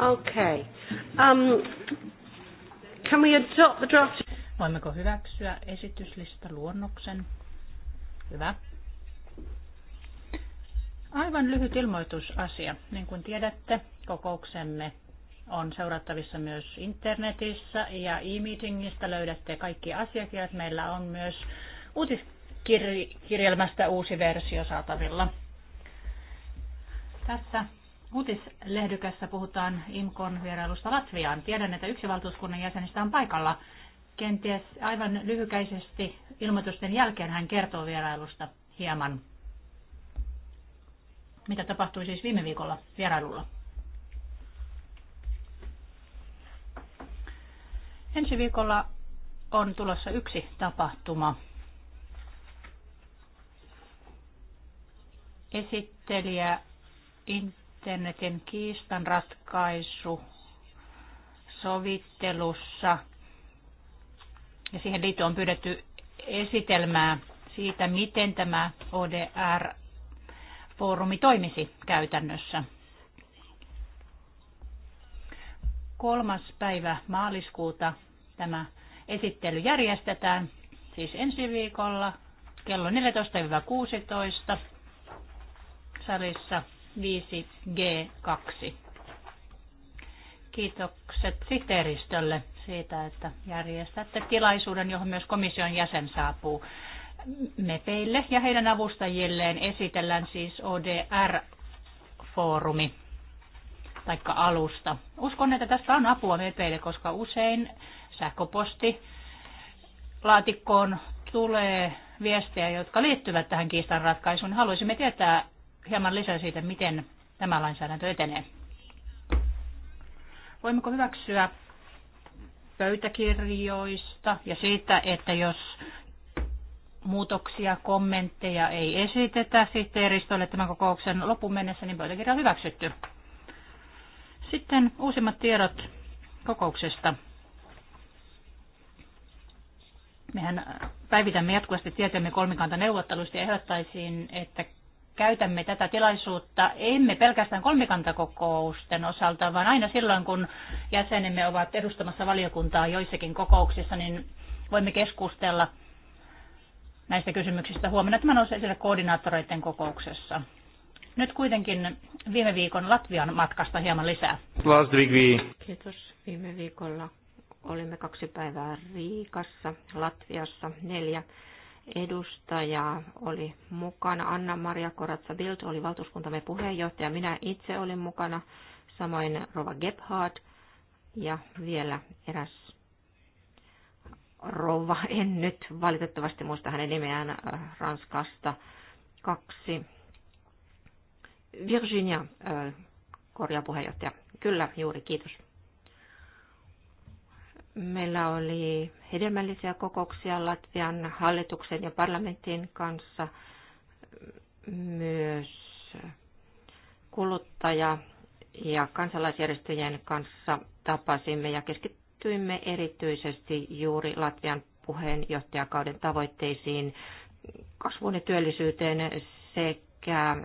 Okay. Um, can we adopt the draft? Voimmeko hyväksyä esityslista luonnoksen? Hyvä. Aivan lyhyt ilmoitusasia. Niin kuin tiedätte, kokouksemme on seurattavissa myös internetissä ja e-meetingistä löydätte kaikki asiakirjat. Meillä on myös uutiskirjelmästä uusi versio saatavilla. Tässä uutislehdykässä puhutaan IMKon vierailusta Latviaan. Tiedän, että yksi valtuuskunnan jäsenistä on paikalla. Kenties aivan lyhykäisesti ilmoitusten jälkeen hän kertoo vierailusta hieman. Mitä tapahtui siis viime viikolla vierailulla? Ensi viikolla on tulossa yksi tapahtuma. Esittelijä internetin kiistan ratkaisu sovittelussa ja siihen liittyen on pyydetty esitelmää siitä, miten tämä ODR-foorumi toimisi käytännössä. Kolmas päivä maaliskuuta tämä esittely järjestetään, siis ensi viikolla kello 14-16 salissa 5G2. Kiitokset sihteeristölle siitä, että järjestätte tilaisuuden, johon myös komission jäsen saapuu. MEPeille ja heidän avustajilleen esitellään siis ODR-foorumi taikka alusta. Uskon, että tästä on apua MEPeille, koska usein sähköposti laatikkoon tulee viestejä, jotka liittyvät tähän kiistan ratkaisuun. Haluaisimme tietää, hieman lisää siitä, miten tämä lainsäädäntö etenee. Voimmeko hyväksyä pöytäkirjoista ja siitä, että jos muutoksia, kommentteja ei esitetä sihteeristölle tämän kokouksen lopun mennessä, niin pöytäkirja on hyväksytty. Sitten uusimmat tiedot kokouksesta. Mehän päivitämme jatkuvasti tietämme kolmikanta neuvotteluista ja ehdottaisin, että käytämme tätä tilaisuutta emme pelkästään kolmikantakokousten osalta, vaan aina silloin, kun jäsenemme ovat edustamassa valiokuntaa joissakin kokouksissa, niin voimme keskustella näistä kysymyksistä huomenna. Tämä nousee esille koordinaattoreiden kokouksessa. Nyt kuitenkin viime viikon Latvian matkasta hieman lisää. Kiitos. Viime viikolla olimme kaksi päivää Riikassa, Latviassa, neljä edustajaa oli mukana. Anna-Maria Koratsa-Bild oli valtuuskuntamme puheenjohtaja. Minä itse olin mukana, samoin Rova Gebhard ja vielä eräs Rova, en nyt valitettavasti muista hänen nimeään äh, Ranskasta, kaksi. Virginia, äh, korjaa puheenjohtaja. Kyllä, juuri, kiitos. Meillä oli hedelmällisiä kokouksia Latvian hallituksen ja parlamentin kanssa. Myös kuluttaja- ja kansalaisjärjestöjen kanssa tapasimme ja keskittyimme erityisesti juuri Latvian puheenjohtajakauden tavoitteisiin, kasvuun ja työllisyyteen sekä sekä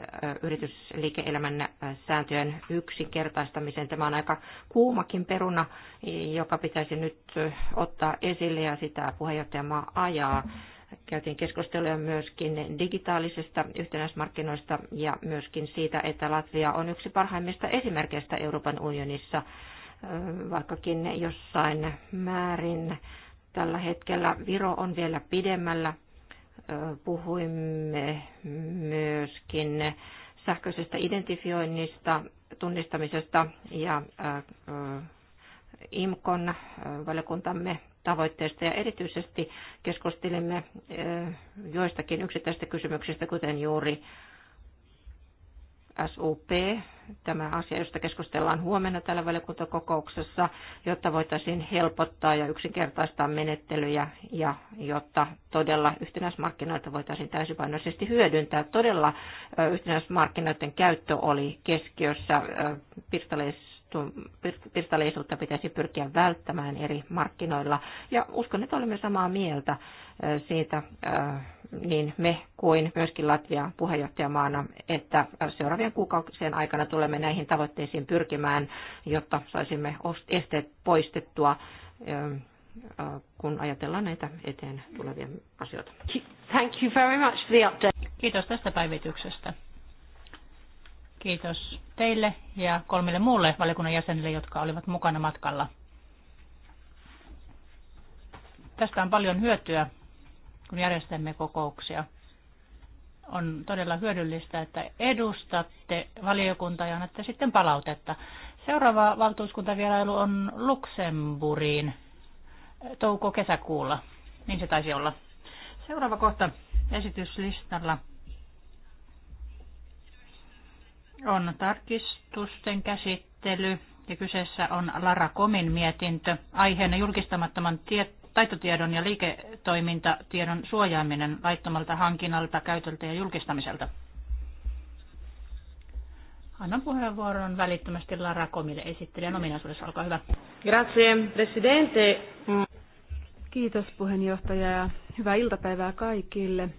yritysliike-elämän sääntöjen yksinkertaistamiseen. Tämä on aika kuumakin peruna, joka pitäisi nyt ottaa esille ja sitä puheenjohtajamaa ajaa. Käytiin keskusteluja myöskin digitaalisesta yhtenäismarkkinoista ja myöskin siitä, että Latvia on yksi parhaimmista esimerkkeistä Euroopan unionissa, vaikkakin jossain määrin tällä hetkellä Viro on vielä pidemmällä puhuimme myöskin sähköisestä identifioinnista, tunnistamisesta ja IMKON valiokuntamme tavoitteista ja erityisesti keskustelimme joistakin yksittäisistä kysymyksistä, kuten juuri SUP, tämä asia, josta keskustellaan huomenna täällä valiokuntakokouksessa, jotta voitaisiin helpottaa ja yksinkertaistaa menettelyjä ja jotta todella yhtenäismarkkinoita voitaisiin täysipainoisesti hyödyntää. Todella yhtenäismarkkinoiden käyttö oli keskiössä pirstaleissa pirstaleisuutta pitäisi pyrkiä välttämään eri markkinoilla. Ja uskon, että olemme samaa mieltä siitä, niin me kuin myöskin Latvia puheenjohtajamaana, että seuraavien kuukausien aikana tulemme näihin tavoitteisiin pyrkimään, jotta saisimme esteet poistettua, ähm, äh, kun ajatellaan näitä eteen tulevia asioita. Thank you very much for the update. Kiitos tästä päivityksestä. Kiitos teille ja kolmelle muulle valiokunnan jäsenille, jotka olivat mukana matkalla. Tästä on paljon hyötyä kun järjestämme kokouksia. On todella hyödyllistä, että edustatte valiokuntaa ja annatte sitten palautetta. Seuraava valtuuskuntavierailu on Luxemburiin touko-kesäkuulla. Niin se taisi olla. Seuraava kohta esityslistalla on tarkistusten käsittely ja kyseessä on Lara Komin mietintö aiheena julkistamattoman tiet- taitotiedon ja liiketoimintatiedon suojaaminen laittomalta hankinnalta, käytöltä ja julkistamiselta. Annan puheenvuoron välittömästi Lara Komille esittelijän ominaisuudessa. Olkaa hyvä. Grazie, presidente. Kiitos puheenjohtaja ja hyvää iltapäivää kaikille.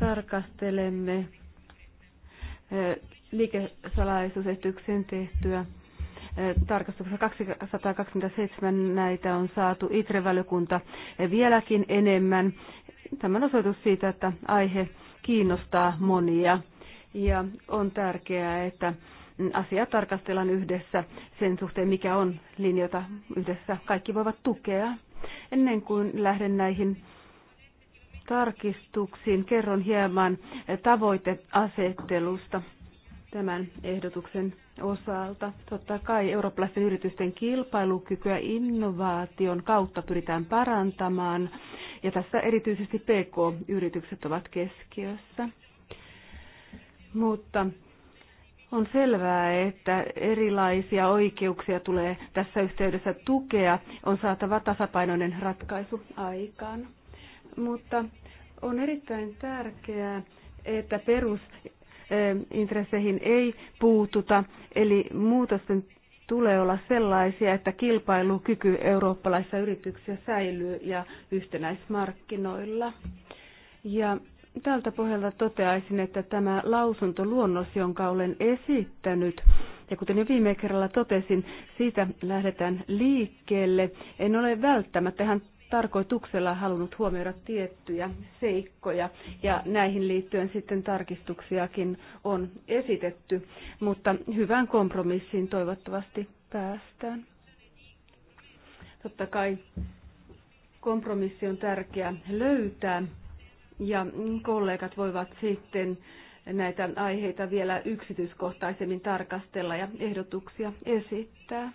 Tarkastelemme eh, liikesalaisuusetyksen tehtyä tarkastuksessa 227 näitä on saatu ITRE-valiokunta vieläkin enemmän. on osoitus siitä, että aihe kiinnostaa monia ja on tärkeää, että asia tarkastellaan yhdessä sen suhteen, mikä on linjota yhdessä. Kaikki voivat tukea. Ennen kuin lähden näihin tarkistuksiin, kerron hieman tavoiteasettelusta tämän ehdotuksen osalta. Totta kai eurooppalaisten yritysten kilpailukykyä innovaation kautta pyritään parantamaan, ja tässä erityisesti PK-yritykset ovat keskiössä. Mutta on selvää, että erilaisia oikeuksia tulee tässä yhteydessä tukea. On saatava tasapainoinen ratkaisu aikaan. Mutta on erittäin tärkeää, että perus- intresseihin ei puututa, eli muutosten tulee olla sellaisia, että kilpailukyky eurooppalaisissa yrityksissä säilyy ja yhtenäismarkkinoilla. Ja tältä pohjalta toteaisin, että tämä lausuntoluonnos, jonka olen esittänyt, ja kuten jo viime kerralla totesin, siitä lähdetään liikkeelle. En ole välttämättä ihan tarkoituksella halunnut huomioida tiettyjä seikkoja ja näihin liittyen sitten tarkistuksiakin on esitetty, mutta hyvään kompromissiin toivottavasti päästään. Totta kai kompromissi on tärkeä löytää ja kollegat voivat sitten näitä aiheita vielä yksityiskohtaisemmin tarkastella ja ehdotuksia esittää.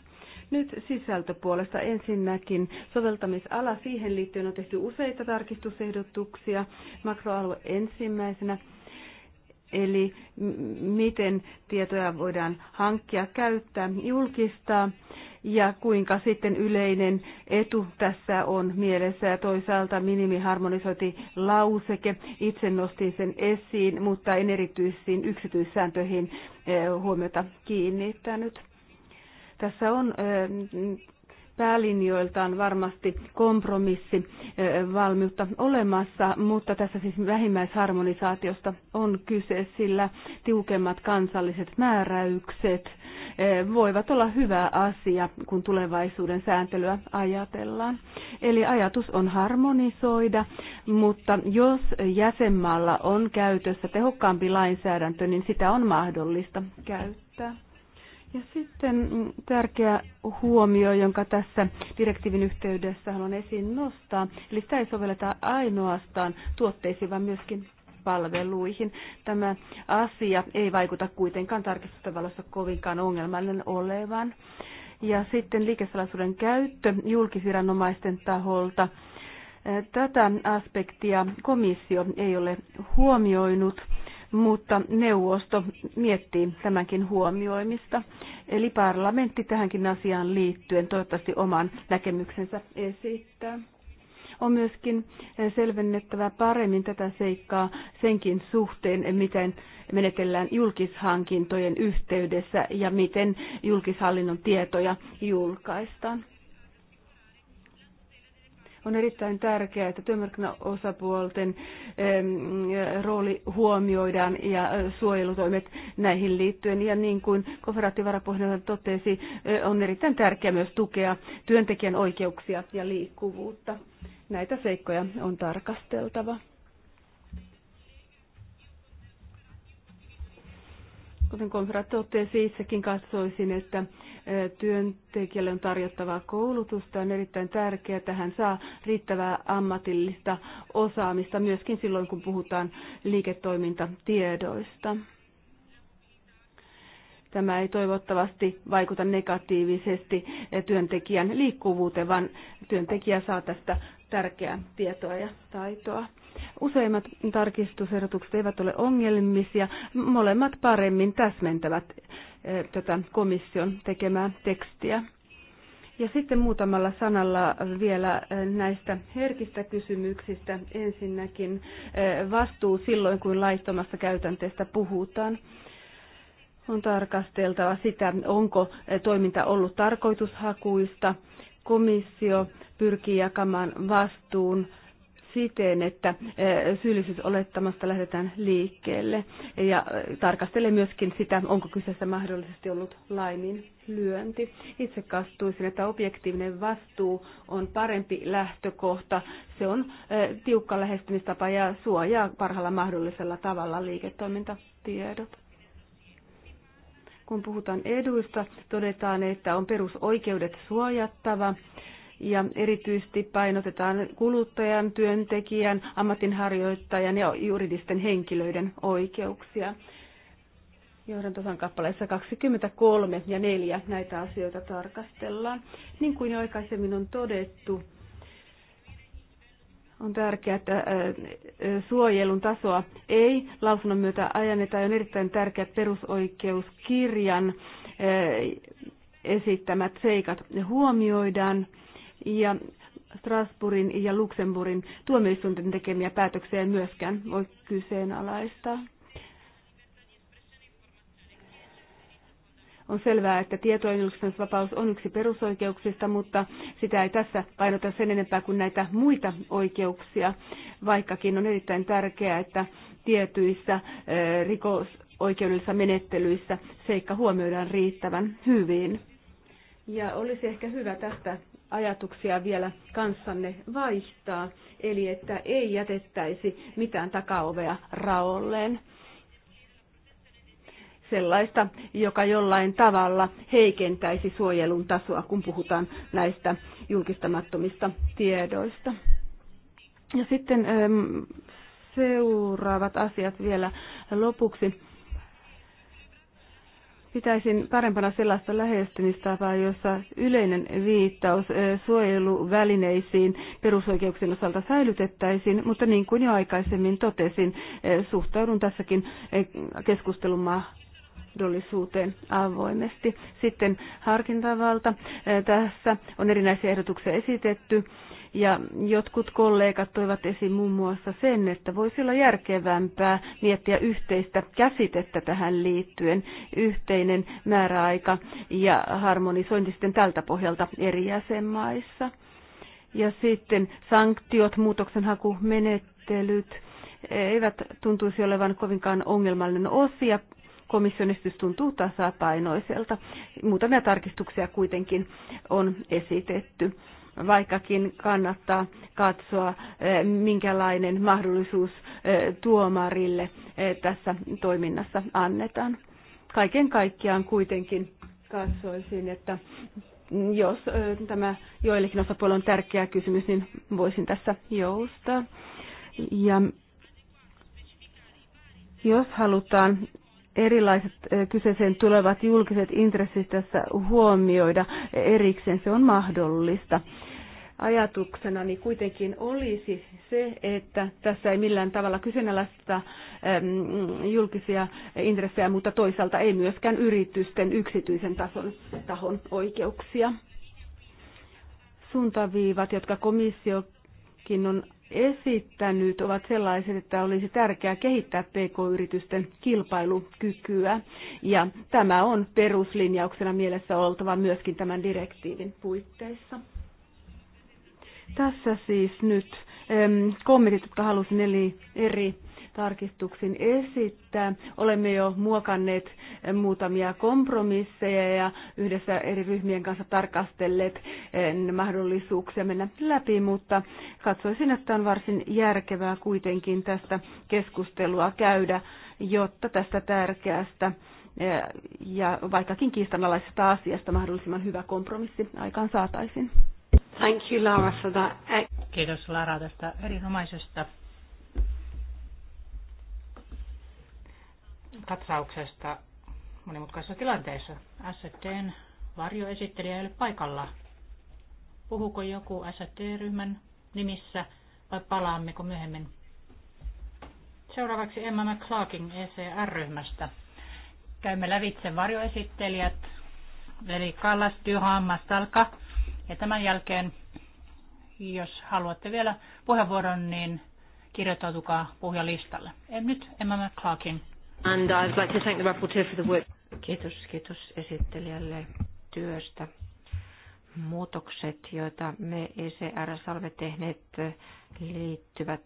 Nyt sisältöpuolesta ensinnäkin soveltamisala. Siihen liittyen on tehty useita tarkistusehdotuksia. Makroalue ensimmäisenä. Eli miten tietoja voidaan hankkia, käyttää, julkistaa ja kuinka sitten yleinen etu tässä on mielessä ja toisaalta minimiharmonisoiti lauseke. Itse nostin sen esiin, mutta en erityisiin yksityissääntöihin eh, huomiota kiinnittänyt. Tässä on päälinjoiltaan varmasti kompromissi valmiutta olemassa, mutta tässä siis vähimmäisharmonisaatiosta on kyse, sillä tiukemmat kansalliset määräykset voivat olla hyvä asia, kun tulevaisuuden sääntelyä ajatellaan. Eli ajatus on harmonisoida, mutta jos jäsenmaalla on käytössä tehokkaampi lainsäädäntö, niin sitä on mahdollista käyttää. Ja sitten tärkeä huomio, jonka tässä direktiivin yhteydessä haluan esiin nostaa, eli sitä ei sovelleta ainoastaan tuotteisiin, vaan myöskin palveluihin. Tämä asia ei vaikuta kuitenkaan tarkistustavallossa kovinkaan ongelmallinen olevan. Ja sitten liikesalaisuuden käyttö julkisviranomaisten taholta. Tätä aspektia komissio ei ole huomioinut mutta neuvosto miettii tämänkin huomioimista. Eli parlamentti tähänkin asiaan liittyen toivottavasti oman näkemyksensä esittää on myöskin selvennettävä paremmin tätä seikkaa senkin suhteen, miten menetellään julkishankintojen yhteydessä ja miten julkishallinnon tietoja julkaistaan. On erittäin tärkeää, että työmarkkinaosapuolten rooli huomioidaan ja suojelutoimet näihin liittyen. Ja niin kuin konferaattivarapuheenjohtaja totesi, on erittäin tärkeää myös tukea työntekijän oikeuksia ja liikkuvuutta. Näitä seikkoja on tarkasteltava. kuten Konfra totesi, itsekin katsoisin, että työntekijälle on tarjottavaa koulutusta. On erittäin tärkeää, että hän saa riittävää ammatillista osaamista myöskin silloin, kun puhutaan liiketoimintatiedoista. Tämä ei toivottavasti vaikuta negatiivisesti työntekijän liikkuvuuteen, vaan työntekijä saa tästä tärkeää tietoa ja taitoa. Useimmat tarkistusehdotukset eivät ole ongelmisia, molemmat paremmin täsmentävät eh, tätä komission tekemää tekstiä. Ja sitten muutamalla sanalla vielä eh, näistä herkistä kysymyksistä. Ensinnäkin eh, vastuu silloin, kun laittomasta käytänteestä puhutaan. On tarkasteltava sitä, onko toiminta ollut tarkoitushakuista. Komissio pyrkii jakamaan vastuun siten, että syyllisyysolettamasta lähdetään liikkeelle ja tarkastelee myöskin sitä, onko kyseessä mahdollisesti ollut lainin lyönti. Itse kastuisin, että objektiivinen vastuu on parempi lähtökohta. Se on tiukka lähestymistapa ja suojaa parhaalla mahdollisella tavalla liiketoimintatiedot kun puhutaan eduista, todetaan, että on perusoikeudet suojattava ja erityisesti painotetaan kuluttajan, työntekijän, ammatinharjoittajan ja juridisten henkilöiden oikeuksia. Johdantosan kappaleissa 23 ja 4 näitä asioita tarkastellaan. Niin kuin jo aikaisemmin on todettu, on tärkeää, että suojelun tasoa ei lausunnon myötä ajanneta. On erittäin tärkeää perusoikeuskirjan esittämät seikat huomioidaan ja Strasbourgin ja Luxemburgin tuomioistuinten tekemiä päätöksiä myöskään voi kyseenalaistaa. On selvää, että tietojen julkistamisvapaus on yksi perusoikeuksista, mutta sitä ei tässä painota sen enempää kuin näitä muita oikeuksia, vaikkakin on erittäin tärkeää, että tietyissä eh, rikosoikeudellisissa menettelyissä seikka huomioidaan riittävän hyvin. Ja olisi ehkä hyvä tästä ajatuksia vielä kanssanne vaihtaa, eli että ei jätettäisi mitään takaovea raolleen sellaista, joka jollain tavalla heikentäisi suojelun tasoa, kun puhutaan näistä julkistamattomista tiedoista. Ja sitten ähm, seuraavat asiat vielä lopuksi pitäisin parempana sellaista lähestymistapaa, jossa yleinen viittaus suojeluvälineisiin perusoikeuksien osalta säilytettäisiin, mutta niin kuin jo aikaisemmin totesin, suhtaudun tässäkin keskustelumaa mahdollisuuteen avoimesti. Sitten harkintavalta. Tässä on erinäisiä ehdotuksia esitetty ja jotkut kollegat toivat esiin muun muassa sen, että voisi olla järkevämpää miettiä yhteistä käsitettä tähän liittyen, yhteinen määräaika ja harmonisointi sitten tältä pohjalta eri jäsenmaissa. Ja sitten sanktiot, muutoksenhakumenettelyt eivät tuntuisi olevan kovinkaan ongelmallinen osia komission esitys tuntuu tasapainoiselta. Muutamia tarkistuksia kuitenkin on esitetty vaikkakin kannattaa katsoa, eh, minkälainen mahdollisuus eh, tuomarille eh, tässä toiminnassa annetaan. Kaiken kaikkiaan kuitenkin katsoisin, että jos tämä joillekin osapuolella on tärkeä kysymys, niin voisin tässä joustaa. Ja jos halutaan erilaiset kyseiseen tulevat julkiset intressit tässä huomioida erikseen. Se on mahdollista ajatuksena niin kuitenkin olisi se, että tässä ei millään tavalla kyseenalaista julkisia intressejä, mutta toisaalta ei myöskään yritysten yksityisen tason, tahon oikeuksia. Suuntaviivat, jotka komissiokin on esittänyt, ovat sellaiset, että olisi tärkeää kehittää pk-yritysten kilpailukykyä. Ja tämä on peruslinjauksena mielessä oltava myöskin tämän direktiivin puitteissa. Tässä siis nyt kommentit, jotka halusin eli eri tarkistuksin esittää. Olemme jo muokanneet muutamia kompromisseja ja yhdessä eri ryhmien kanssa tarkastelleet eh, mahdollisuuksia mennä läpi, mutta katsoisin, että on varsin järkevää kuitenkin tästä keskustelua käydä, jotta tästä tärkeästä eh, ja vaikkakin kiistanalaisesta asiasta mahdollisimman hyvä kompromissi aikaan saataisiin. Thank you, Lara, for that. Kiitos Lara tästä erinomaisesta katsauksesta monimutkaisessa tilanteessa. STn varjoesittelijä ei ole paikalla. Puhuko joku ST-ryhmän nimissä vai palaammeko myöhemmin? Seuraavaksi Emma McClarkin ECR-ryhmästä. Käymme lävitse varjoesittelijät, eli Kallas, Dyhan, Mastalka. Ja tämän jälkeen, jos haluatte vielä puheenvuoron, niin kirjoittautukaa puhujalistalle. Nyt Emma McClarkin. And I'd like to thank the rapporteur for the work. Kiitos, kiitos esittelijälle työstä. Muutokset, joita me ECRS olemme tehneet, liittyvät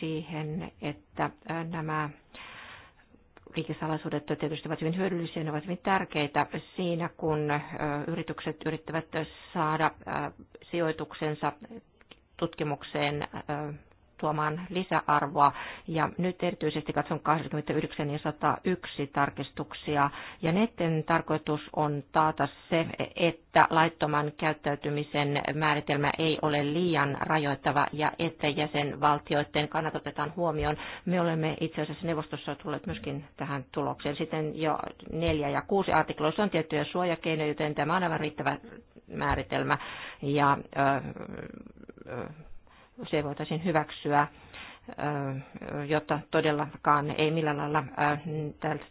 siihen, että nämä liikesalaisuudet tietysti ovat hyvin hyödyllisiä, ne ovat hyvin tärkeitä siinä, kun yritykset yrittävät saada sijoituksensa tutkimukseen tuomaan lisäarvoa. Ja nyt erityisesti katson 29 ja 101 tarkistuksia. Ja netten tarkoitus on taata se, että laittoman käyttäytymisen määritelmä ei ole liian rajoittava ja että jäsenvaltioiden kannat otetaan huomioon. Me olemme itse asiassa neuvostossa tulleet myöskin tähän tulokseen. Sitten jo neljä ja kuusi artikloissa on tiettyjä suojakeinoja, joten tämä on aivan riittävä määritelmä. Ja ö, ö, se voitaisiin hyväksyä jotta todellakaan ei millään lailla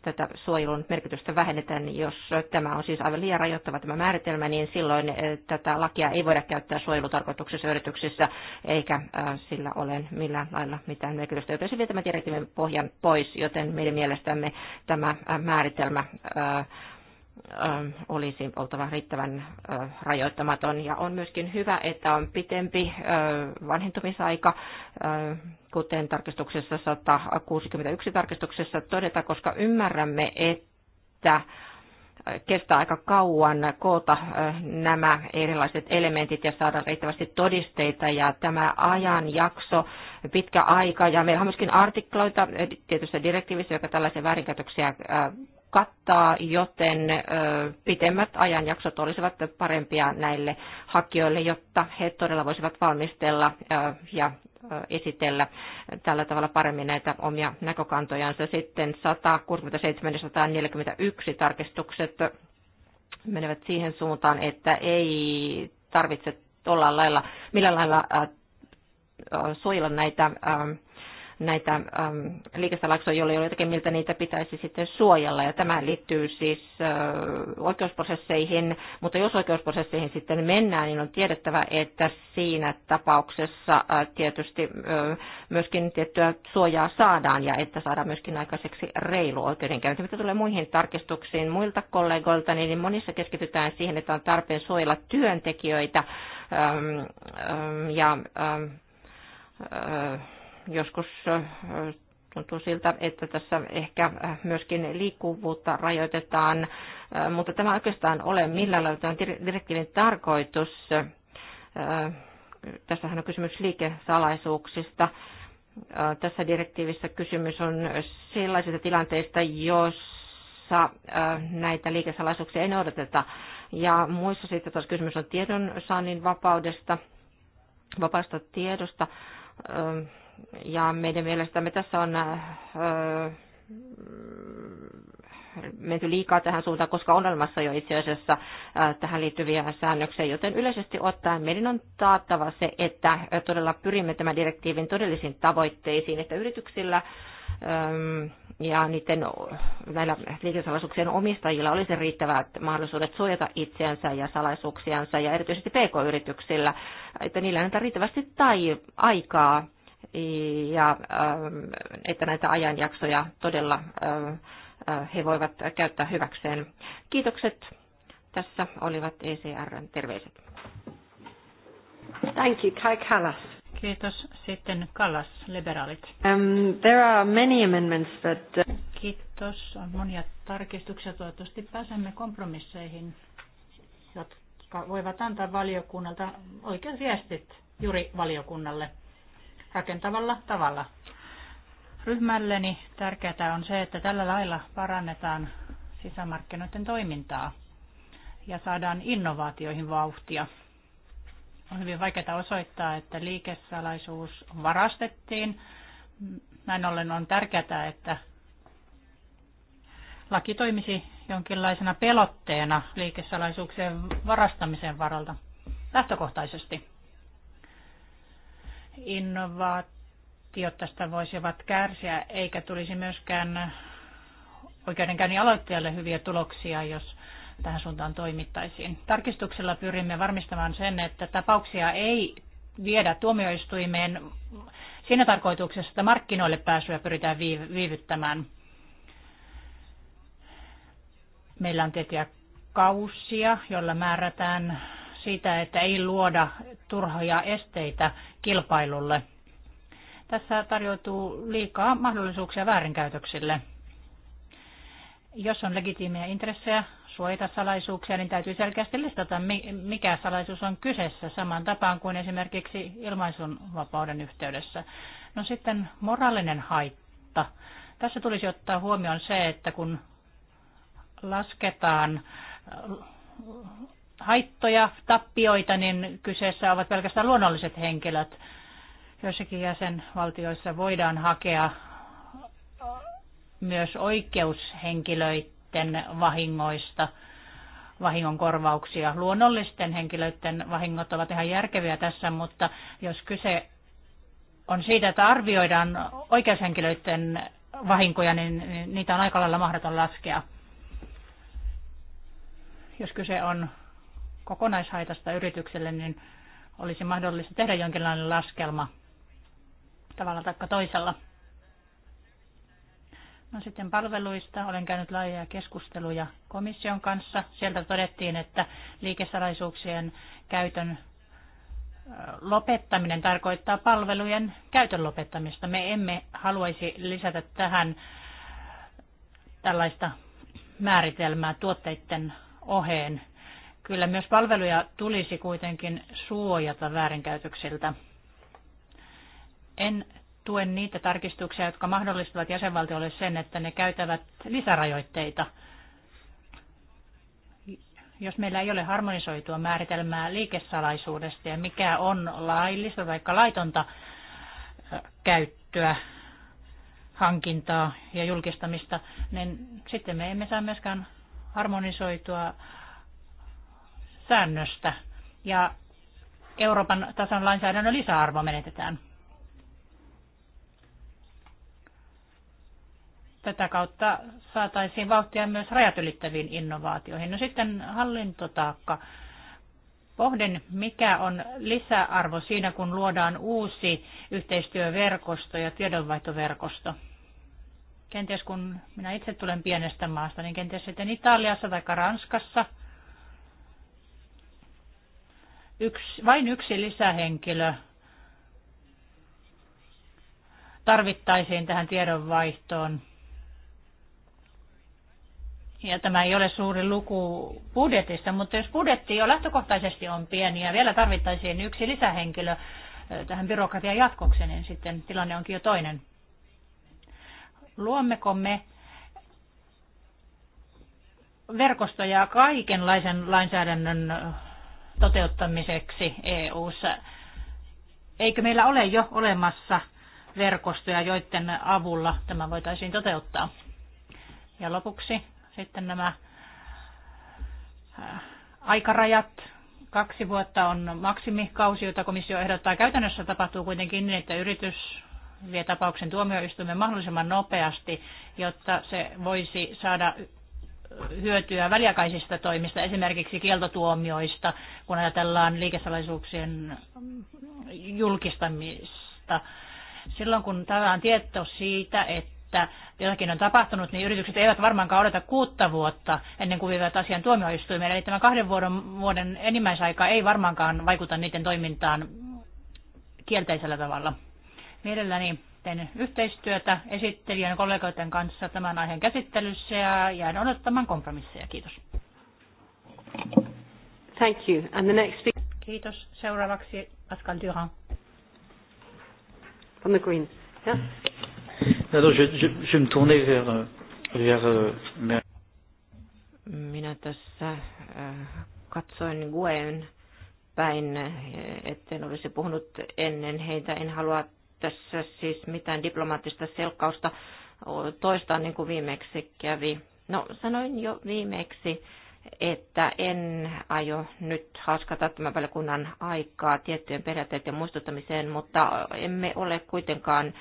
tätä suojelun merkitystä vähennetään. Niin jos tämä on siis aivan liian rajoittava tämä määritelmä, niin silloin tätä lakia ei voida käyttää suojelutarkoituksessa yrityksissä, eikä sillä ole millään lailla mitään merkitystä. Joten se vie tämän direktiivin pohjan pois, joten meidän mielestämme tämä määritelmä Ähm, olisi oltava riittävän rajoittamaton. Ja on myöskin hyvä, että on pitempi vanhentumisaika, kuten tarkistuksessa 161 tarkistuksessa todeta, koska ymmärrämme, että kestää aika kauan koota nämä erilaiset elementit ja saada riittävästi todisteita. Ja tämä ajanjakso, pitkä aika, ja meillä on myöskin artikloita tietyssä direktiivissä, joka tällaisia väärinkäytöksiä kattaa, joten pitemmät ajanjaksot olisivat parempia näille hakijoille, jotta he todella voisivat valmistella ja esitellä tällä tavalla paremmin näitä omia näkökantojansa. Sitten 167-141 tarkistukset menevät siihen suuntaan, että ei tarvitse olla lailla, millä lailla suojella näitä näitä äm, liikestalaksoja, joilla on jotakin, miltä niitä pitäisi sitten suojella. Ja tämä liittyy siis ä, äh, oikeusprosesseihin, mutta jos oikeusprosesseihin sitten mennään, niin on tiedettävä, että siinä tapauksessa ä, äh, tietysti ä, äh, myöskin tiettyä suojaa saadaan ja että saadaan myöskin aikaiseksi reilu oikeudenkäynti. Mitä tulee muihin tarkistuksiin muilta kollegoilta, niin monissa keskitytään siihen, että on tarpeen suojella työntekijöitä äm, äm, ja äm, äm, joskus tuntuu siltä, että tässä ehkä myöskin liikkuvuutta rajoitetaan, mutta tämä oikeastaan ole millään lailla tämän direktiivin tarkoitus. Tässähän on kysymys liikesalaisuuksista. Tässä direktiivissä kysymys on sellaisista tilanteista, joissa näitä liikesalaisuuksia ei noudateta. Ja muissa sitten taas kysymys on tiedonsaannin vapaudesta, vapaasta tiedosta ja meidän mielestämme tässä on äh, menty liikaa tähän suuntaan, koska on olemassa jo itse asiassa äh, tähän liittyviä säännöksiä, joten yleisesti ottaen meidän on taattava se, että todella pyrimme tämän direktiivin todellisiin tavoitteisiin, että yrityksillä ähm, ja niiden näillä liikesalaisuuksien omistajilla olisi riittävät mahdollisuudet suojata itseänsä ja salaisuuksiansa ja erityisesti pk-yrityksillä, että niillä on riittävästi tai aikaa ja ähm, että näitä ajanjaksoja todella ähm, äh, he voivat käyttää hyväkseen. Kiitokset. Tässä olivat ECRn terveiset. Thank you, Kai Kallas. Kiitos. Sitten Kallas, liberaalit. Um, there are many amendments that... Uh, Kiitos. On monia tarkistuksia. Toivottavasti pääsemme kompromisseihin, jotka voivat antaa valiokunnalta oikeat viestit juuri valiokunnalle rakentavalla tavalla. Ryhmälleni tärkeää on se, että tällä lailla parannetaan sisämarkkinoiden toimintaa ja saadaan innovaatioihin vauhtia. On hyvin vaikeaa osoittaa, että liikesalaisuus varastettiin. Näin ollen on tärkeää, että laki toimisi jonkinlaisena pelotteena liikesalaisuuksien varastamisen varalta lähtökohtaisesti innovaatiot tästä voisivat kärsiä, eikä tulisi myöskään oikeudenkäynnin aloittajalle hyviä tuloksia, jos tähän suuntaan toimittaisiin. Tarkistuksella pyrimme varmistamaan sen, että tapauksia ei viedä tuomioistuimeen siinä tarkoituksessa, että markkinoille pääsyä pyritään viivyttämään. Meillä on tiettyjä kausia, jolla määrätään siitä, että ei luoda turhoja esteitä kilpailulle. Tässä tarjoutuu liikaa mahdollisuuksia väärinkäytöksille. Jos on legitiimejä intressejä suojata salaisuuksia, niin täytyy selkeästi listata, mikä salaisuus on kyseessä saman tapaan kuin esimerkiksi ilmaisun vapauden yhteydessä. No sitten moraalinen haitta. Tässä tulisi ottaa huomioon se, että kun lasketaan haittoja, tappioita, niin kyseessä ovat pelkästään luonnolliset henkilöt. Joissakin jäsenvaltioissa voidaan hakea myös oikeushenkilöiden vahingoista vahingonkorvauksia. Luonnollisten henkilöiden vahingot ovat ihan järkeviä tässä, mutta jos kyse on siitä, että arvioidaan oikeushenkilöiden vahinkoja, niin niitä on aika lailla mahdoton laskea. Jos kyse on kokonaishaitasta yritykselle, niin olisi mahdollista tehdä jonkinlainen laskelma tavalla tai toisella. No sitten palveluista. Olen käynyt laajaa keskusteluja komission kanssa. Sieltä todettiin, että liikesalaisuuksien käytön lopettaminen tarkoittaa palvelujen käytön lopettamista. Me emme haluaisi lisätä tähän tällaista määritelmää tuotteiden oheen. Kyllä myös palveluja tulisi kuitenkin suojata väärinkäytöksiltä. En tuen niitä tarkistuksia, jotka mahdollistavat jäsenvaltioille sen, että ne käytävät lisärajoitteita. Jos meillä ei ole harmonisoitua määritelmää liikesalaisuudesta ja mikä on laillista tai laitonta käyttöä, hankintaa ja julkistamista, niin sitten me emme saa myöskään harmonisoitua säännöstä ja Euroopan tason lainsäädännön lisäarvo menetetään. Tätä kautta saataisiin vauhtia myös rajat ylittäviin innovaatioihin. No sitten hallintotaakka. Pohdin, mikä on lisäarvo siinä, kun luodaan uusi yhteistyöverkosto ja tiedonvaihtoverkosto kenties kun minä itse tulen pienestä maasta, niin kenties sitten Italiassa tai Ranskassa yksi, vain yksi lisähenkilö tarvittaisiin tähän tiedonvaihtoon. Ja tämä ei ole suuri luku budjetista, mutta jos budjetti jo lähtökohtaisesti on pieni ja vielä tarvittaisiin yksi lisähenkilö eh, tähän byrokratian jatkokseen, niin sitten tilanne onkin jo toinen. Luommeko me verkostoja kaikenlaisen lainsäädännön toteuttamiseksi EU:ssa. Eikö meillä ole jo olemassa verkostoja, joiden avulla tämä voitaisiin toteuttaa? Ja lopuksi sitten nämä äh, aikarajat. Kaksi vuotta on maksimikausi, jota komissio ehdottaa. Käytännössä tapahtuu kuitenkin niin, että yritys vie tapauksen tuomioistuimen mahdollisimman nopeasti, jotta se voisi saada hyötyä väliaikaisista toimista, esimerkiksi kieltotuomioista, kun ajatellaan liikesalaisuuksien julkistamista. Silloin kun tämä on tieto siitä, että jotakin on tapahtunut, niin yritykset eivät varmaankaan odota kuutta vuotta ennen kuin vievät asian tuomioistuimeen. Eli tämä kahden vuoden, vuoden enimmäisaika ei varmaankaan vaikuta niiden toimintaan kielteisellä tavalla. Mielelläni sitten yhteistyötä esittelijän kollegoiden kanssa tämän aiheen käsittelyssä ja jään odottamaan kompromisseja. Kiitos. Thank you. And the next speaker... Kiitos. Seuraavaksi Pascal Durand. From the Greens. Yeah. Alors, je, je, je me tournais vers, euh, vers... Euh, Minä tässä äh, katsoin Guen päin, äh, etten olisi puhunut ennen heitä. En halua tässä siis mitään diplomaattista selkkausta toistaa niin kuin viimeksi kävi. No sanoin jo viimeksi, että en aio nyt haskata tämän valiokunnan aikaa tiettyjen periaatteiden muistuttamiseen, mutta emme ole kuitenkaan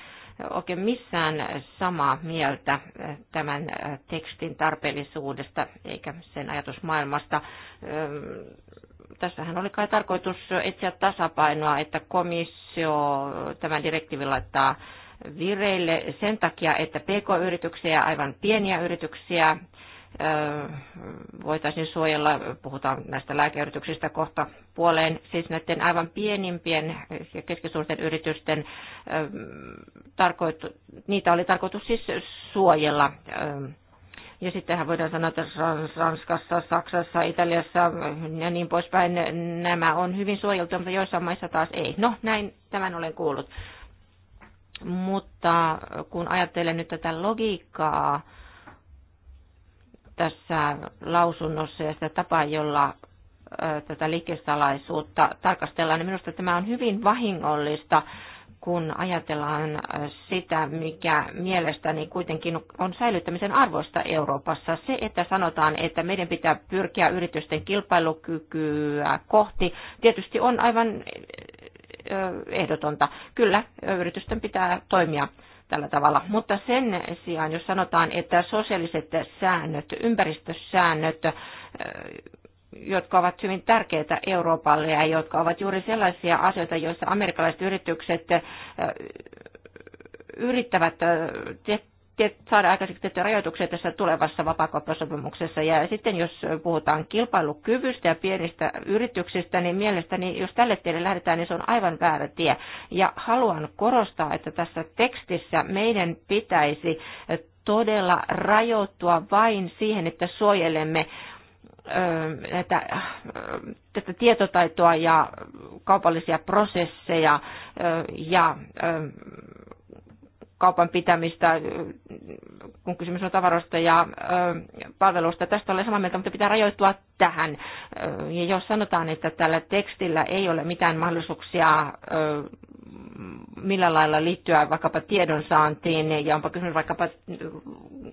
oikein missään samaa mieltä tämän tekstin tarpeellisuudesta eikä sen ajatusmaailmasta tässähän oli kai tarkoitus etsiä tasapainoa, että komissio tämän direktiivin laittaa vireille sen takia, että pk-yrityksiä, aivan pieniä yrityksiä, voitaisiin suojella, puhutaan näistä lääkeyrityksistä kohta puoleen, siis näiden aivan pienimpien ja keskisuurten yritysten, tarkoitu, niitä oli tarkoitus siis suojella ja sittenhän voidaan sanoa, että Ranskassa, Saksassa, Italiassa ja niin poispäin nämä on hyvin suojeltu, mutta joissain maissa taas ei. No, näin tämän olen kuullut. Mutta kun ajattelen nyt tätä logiikkaa tässä lausunnossa ja sitä tapaa, jolla äh, tätä liikesalaisuutta tarkastellaan, niin minusta tämä on hyvin vahingollista kun ajatellaan äh, sitä, mikä mielestäni kuitenkin on säilyttämisen arvosta Euroopassa. Se, että sanotaan, että meidän pitää pyrkiä yritysten kilpailukykyä kohti, tietysti on aivan äh, ehdotonta. Kyllä, äh, yritysten pitää toimia tällä tavalla. Mutta sen sijaan, jos sanotaan, että sosiaaliset säännöt, ympäristösäännöt, jotka ovat hyvin tärkeitä Euroopalle ja jotka ovat juuri sellaisia asioita, joissa amerikkalaiset yritykset yrittävät saada aikaiseksi tehtyä rajoituksia tässä tulevassa vapaakauppasopimuksessa. Ja sitten jos puhutaan kilpailukyvystä ja pienistä yrityksistä, niin mielestäni jos tälle tielle lähdetään, niin se on aivan väärä tie. Ja haluan korostaa, että tässä tekstissä meidän pitäisi todella rajoittua vain siihen, että suojelemme näitä, tätä tietotaitoa ja kaupallisia prosesseja ja kaupan pitämistä, kun kysymys on tavaroista ja palveluista. Tästä olen samaa mieltä, mutta pitää rajoittua tähän. Ja jos sanotaan, että tällä tekstillä ei ole mitään mahdollisuuksia millä lailla liittyä vaikkapa tiedonsaantiin, ja onpa kysymys vaikkapa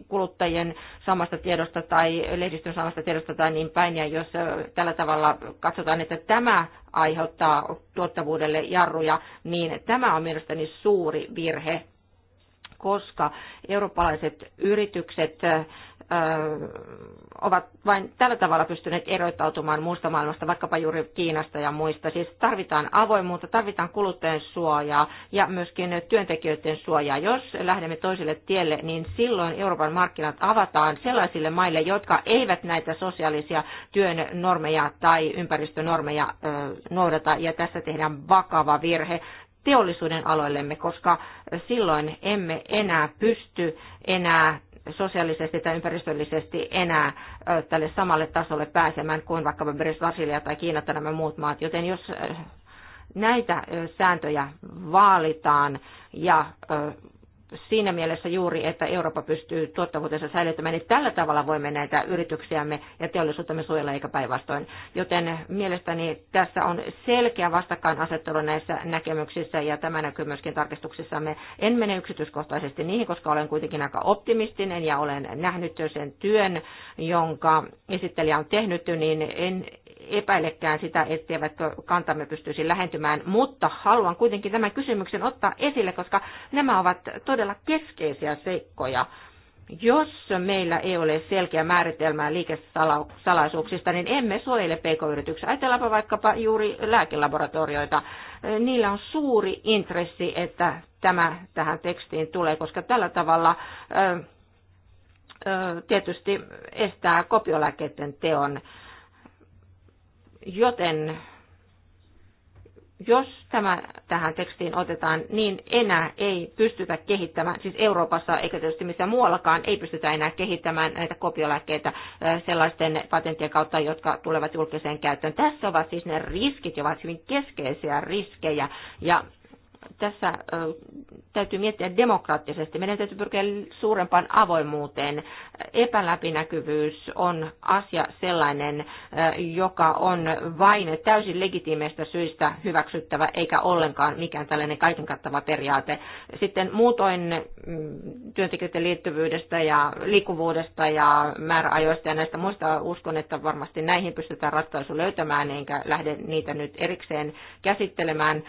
kuluttajien samasta tiedosta tai lehdistön samasta tiedosta tai niin päin, ja jos tällä tavalla katsotaan, että tämä aiheuttaa tuottavuudelle jarruja, niin tämä on mielestäni suuri virhe, koska eurooppalaiset yritykset ovat vain tällä tavalla pystyneet erottautumaan muusta maailmasta, vaikkapa juuri Kiinasta ja muista. Siis tarvitaan avoimuutta, tarvitaan kuluttajien suojaa ja myöskin työntekijöiden suojaa. Jos lähdemme toiselle tielle, niin silloin Euroopan markkinat avataan sellaisille maille, jotka eivät näitä sosiaalisia työn normeja tai ympäristönormeja noudata. Ja tässä tehdään vakava virhe teollisuuden aloillemme, koska silloin emme enää pysty enää sosiaalisesti tai ympäristöllisesti enää tälle samalle tasolle pääsemään kuin vaikka Brasilia tai Kiina tai nämä muut maat. Joten jos näitä sääntöjä vaalitaan ja siinä mielessä juuri, että Eurooppa pystyy tuottavuutensa säilyttämään, niin tällä tavalla voimme näitä yrityksiämme ja teollisuuttamme suojella eikä päinvastoin. Joten mielestäni tässä on selkeä vastakkainasettelu näissä näkemyksissä ja tämä näkyy myöskin tarkistuksissamme. En mene yksityiskohtaisesti niihin, koska olen kuitenkin aika optimistinen ja olen nähnyt sen työn, jonka esittelijä on tehnyt, niin en epäilekään sitä, etteivätkö kantamme pystyisi lähentymään, mutta haluan kuitenkin tämän kysymyksen ottaa esille, koska nämä ovat todella keskeisiä seikkoja. Jos meillä ei ole selkeä määritelmää liikesalaisuuksista, niin emme suojele pk-yrityksiä. Ajatellaanpa vaikkapa juuri lääkelaboratorioita. Niillä on suuri intressi, että tämä tähän tekstiin tulee, koska tällä tavalla tietysti estää kopiolääkkeiden teon Joten jos tämä tähän tekstiin otetaan, niin enää ei pystytä kehittämään, siis Euroopassa eikä tietysti missään muuallakaan, ei pystytä enää kehittämään näitä kopiolääkkeitä sellaisten patenttien kautta, jotka tulevat julkiseen käyttöön. Tässä ovat siis ne riskit, ovat hyvin keskeisiä riskejä, ja tässä täytyy miettiä demokraattisesti. Meidän täytyy pyrkiä suurempaan avoimuuteen. Epäläpinäkyvyys on asia sellainen, joka on vain täysin legitiimeistä syistä hyväksyttävä, eikä ollenkaan mikään tällainen kaiken kattava periaate. Sitten muutoin mm, työntekijöiden liittyvyydestä ja liikkuvuudesta ja määräajoista ja näistä muista uskon, että varmasti näihin pystytään ratkaisu löytämään, enkä lähde niitä nyt erikseen käsittelemään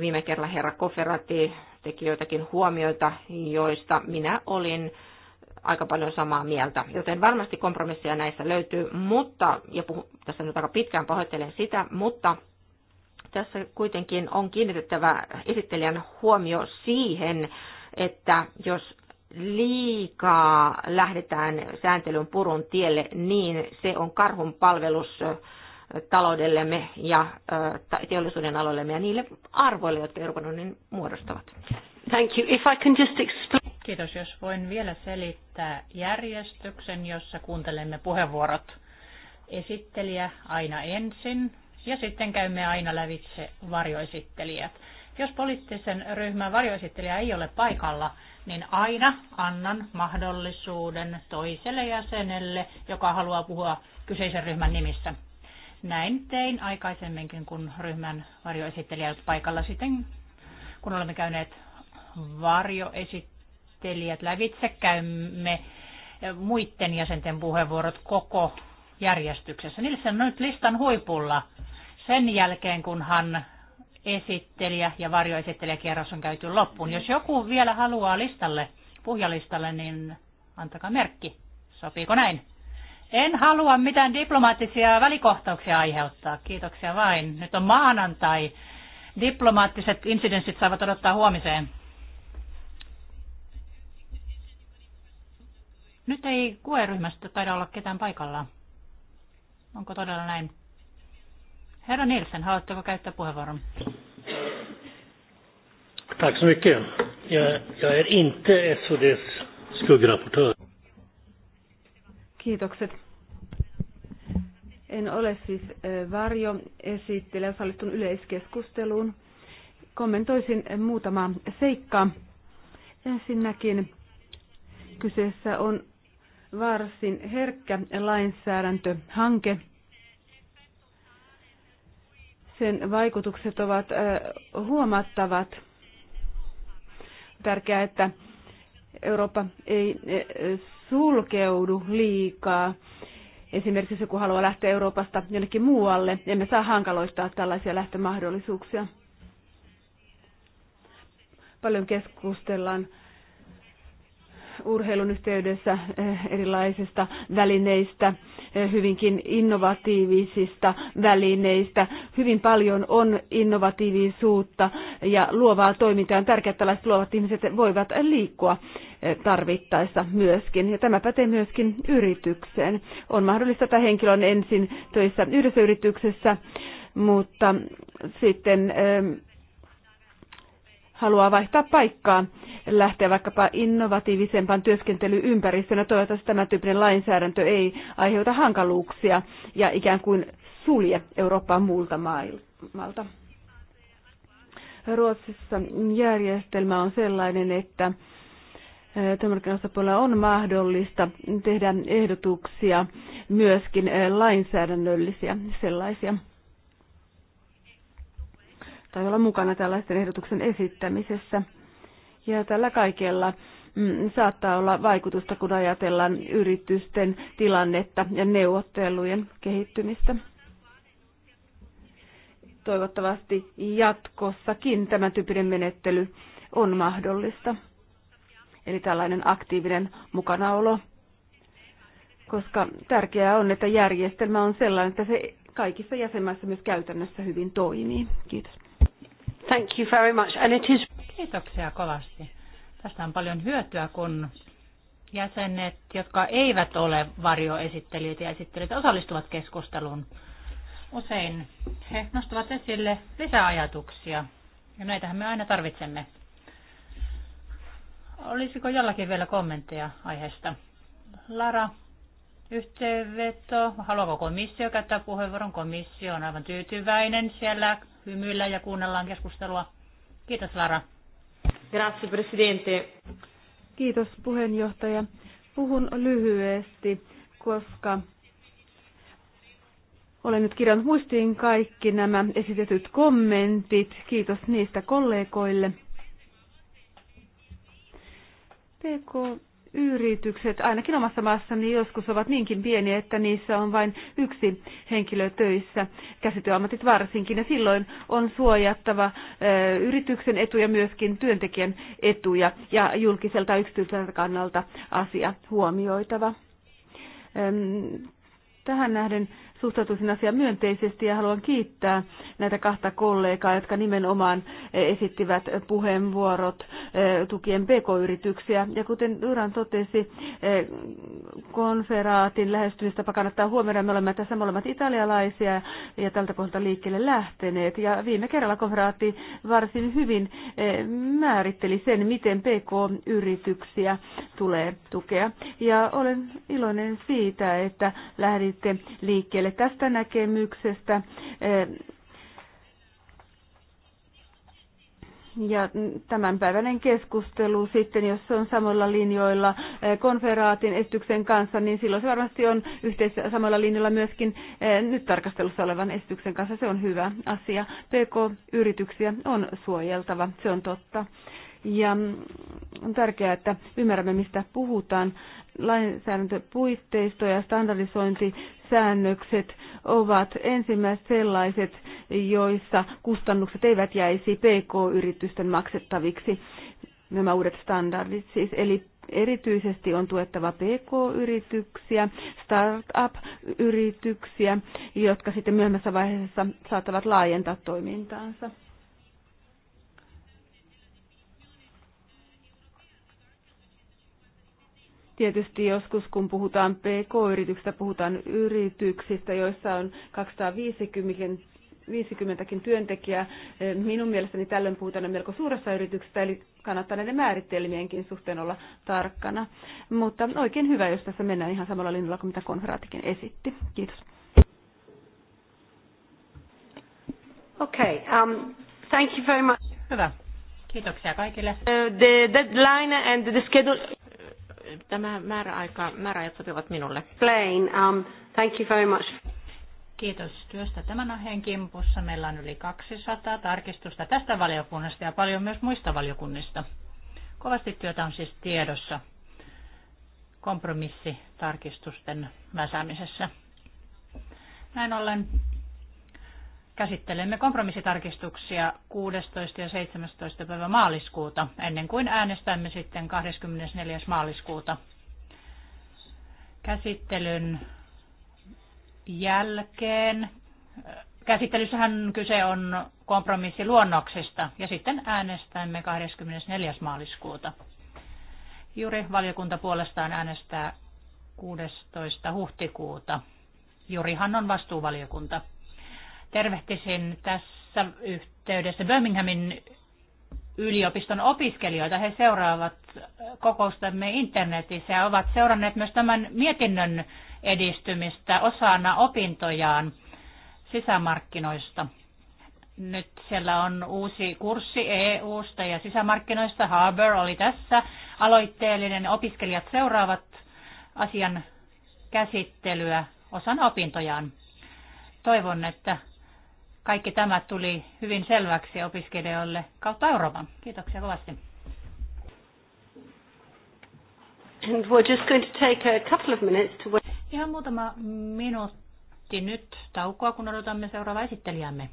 Viime kerralla herra Koferati teki joitakin huomioita, joista minä olin aika paljon samaa mieltä. Joten varmasti kompromisseja näissä löytyy, mutta, ja puhun tässä nyt aika pitkään pahoittelen sitä, mutta tässä kuitenkin on kiinnitettävä esittelijän huomio siihen, että jos liikaa lähdetään sääntelyn purun tielle, niin se on karhun palvelus taloudellemme ja teollisuuden aloillemme ja niille arvoille, jotka Euroopan unionin muodostavat. Thank you. If I can just explain... Kiitos, jos voin vielä selittää järjestyksen, jossa kuuntelemme puheenvuorot. Esittelijä aina ensin ja sitten käymme aina lävitse varjoesittelijät. Jos poliittisen ryhmän varjoesittelijä ei ole paikalla, niin aina annan mahdollisuuden toiselle jäsenelle, joka haluaa puhua kyseisen ryhmän nimissä. Näin tein aikaisemminkin, kun ryhmän varjoesittelijät paikalla sitten, kun olemme käyneet varjoesittelijät lävitse, käymme muiden jäsenten puheenvuorot koko järjestyksessä. se on nyt listan huipulla sen jälkeen, kun hän esittelijä ja varjoesittelijäkierros on käyty loppuun. Jos joku vielä haluaa listalle, puhjalistalle, niin antakaa merkki. Sopiiko näin? En halua mitään diplomaattisia välikohtauksia aiheuttaa. Kiitoksia vain. Nyt on maanantai. Diplomaattiset insidenssit saavat odottaa huomiseen. Nyt ei kueryhmästä taida olla ketään paikalla. Onko todella näin? Herra Nielsen, haluatteko käyttää puheenvuoron? Tack så mycket. Jag, jag är inte SODs skuggrapportör. Kiitokset. En ole siis eh, varjo esittelijä, osallistun yleiskeskusteluun. Kommentoisin muutama seikka. Ensinnäkin kyseessä on varsin herkkä lainsäädäntöhanke. Sen vaikutukset ovat eh, huomattavat. Tärkeää, että Eurooppa ei eh, sulkeudu liikaa. Esimerkiksi joku haluaa lähteä Euroopasta jonnekin muualle, emme saa hankaloittaa tällaisia lähtömahdollisuuksia. Paljon keskustellaan urheilun yhteydessä eh, erilaisista välineistä, eh, hyvinkin innovatiivisista välineistä. Hyvin paljon on innovatiivisuutta ja luovaa toimintaa. On tärkeää, että tällaiset luovat ihmiset voivat liikkua eh, tarvittaessa myöskin. Ja tämä pätee myöskin yritykseen. On mahdollista, että henkilö on ensin töissä yhdessä yrityksessä, mutta mm, sitten haluaa vaihtaa paikkaa, lähteä vaikkapa innovatiivisempaan työskentelyympäristöön. Toivottavasti tämä tyyppinen lainsäädäntö ei aiheuta hankaluuksia ja ikään kuin sulje Eurooppaa muulta maailmalta. Ruotsissa järjestelmä on sellainen, että eh, työmarkkinoissa on mahdollista tehdä ehdotuksia, myöskin eh, lainsäädännöllisiä sellaisia tai olla mukana tällaisten ehdotuksen esittämisessä. Ja tällä kaikella mm, saattaa olla vaikutusta, kun ajatellaan yritysten tilannetta ja neuvottelujen kehittymistä. Toivottavasti jatkossakin tämän tyyppinen menettely on mahdollista. Eli tällainen aktiivinen mukanaolo, koska tärkeää on, että järjestelmä on sellainen, että se kaikissa jäsenmaissa myös käytännössä hyvin toimii. Kiitos. Thank you very much. And it is... Kiitoksia kovasti. Tästä on paljon hyötyä, kun jäsenet, jotka eivät ole varjoesittelijöitä ja esittelijöitä, osallistuvat keskusteluun. Usein he nostavat esille lisäajatuksia, ja näitähän me aina tarvitsemme. Olisiko jollakin vielä kommentteja aiheesta? Lara, yhteenveto. Haluaako komissio käyttää puheenvuoron? Komissio on aivan tyytyväinen siellä hymyillä ja kuunnellaan keskustelua. Kiitos Lara. Grazie Presidente. Kiitos puheenjohtaja. Puhun lyhyesti, koska olen nyt kirjannut muistiin kaikki nämä esitetyt kommentit. Kiitos niistä kollegoille. PK yritykset, ainakin omassa maassani joskus ovat niinkin pieniä, että niissä on vain yksi henkilö töissä, käsityöammatit varsinkin, ja silloin on suojattava yrityksen etuja myöskin työntekijän etuja ja julkiselta yksityiseltä kannalta asia huomioitava. Tähän nähden suhtautuisin asiaan myönteisesti ja haluan kiittää näitä kahta kollegaa, jotka nimenomaan eh, esittivät puheenvuorot eh, tukien pk-yrityksiä. Ja kuten Yran totesi, eh, konferaatin lähestymistapa kannattaa huomioida. Me olemme tässä molemmat italialaisia ja tältä pohjalta liikkeelle lähteneet. Ja viime kerralla konferaatti varsin hyvin määritteli sen, miten pk-yrityksiä tulee tukea. Ja olen iloinen siitä, että lähditte liikkeelle teille tästä näkemyksestä. Ja tämänpäiväinen keskustelu sitten, jos se on samoilla linjoilla eh, konferaatin esityksen kanssa, niin silloin se varmasti on yhteisessä samoilla linjoilla myöskin eh, nyt tarkastelussa olevan esityksen kanssa. Se on hyvä asia. PK-yrityksiä on suojeltava, se on totta. Ja on tärkeää, että ymmärrämme, mistä puhutaan. Lainsäädäntöpuitteisto ja standardisointisäännökset ovat ensimmäiset sellaiset, joissa kustannukset eivät jäisi PK-yritysten maksettaviksi, nämä uudet standardit siis. Eli erityisesti on tuettava PK-yrityksiä, startup-yrityksiä, jotka sitten myöhemmässä vaiheessa saattavat laajentaa toimintaansa. Tietysti joskus, kun puhutaan PK-yrityksistä, puhutaan yrityksistä, joissa on 250 50 työntekijää. Minun mielestäni tällöin puhutaan melko suuressa yrityksestä, eli kannattaa näiden määritelmienkin suhteen olla tarkkana. Mutta oikein hyvä, jos tässä mennään ihan samalla linjalla kuin mitä konferaatikin esitti. Kiitos. Okay, um, thank you very much. Hyvä. Kiitoksia kaikille. Uh, the deadline and the schedule tämä määräaika, määräajat sopivat minulle. Plain, um, thank you very much. Kiitos työstä tämän aiheen kimpussa. Meillä on yli 200 tarkistusta tästä valiokunnasta ja paljon myös muista valiokunnista. Kovasti työtä on siis tiedossa kompromissitarkistusten väsäämisessä. Näin ollen Käsittelemme kompromissitarkistuksia 16. ja 17. päivä maaliskuuta, ennen kuin äänestämme sitten 24. maaliskuuta. Käsittelyn jälkeen äh, käsittelyssähän kyse on kompromissiluonnoksesta ja sitten äänestämme 24. maaliskuuta. Juuri valiokunta puolestaan äänestää 16. huhtikuuta. Jurihan on vastuuvaliokunta tervehtisin tässä yhteydessä Birminghamin yliopiston opiskelijoita. He seuraavat kokoustamme internetissä ja ovat seuranneet myös tämän mietinnön edistymistä osana opintojaan sisämarkkinoista. Nyt siellä on uusi kurssi EU-sta ja sisämarkkinoista. Harbour oli tässä aloitteellinen. Opiskelijat seuraavat asian käsittelyä osana opintojaan. Toivon, että kaikki tämä tuli hyvin selväksi opiskelijoille kautta Euroopan. Kiitoksia kovasti. And we're just going to take a couple of minutes to... Ihan muutama minuutti nyt taukoa, kun odotamme seuraavaa esittelijämme.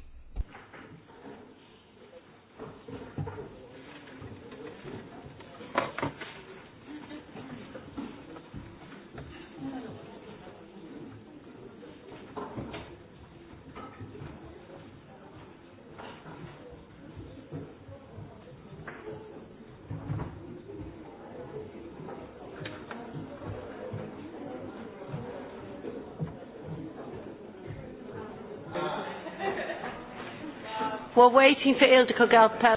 We're waiting for Ildiko Galpel.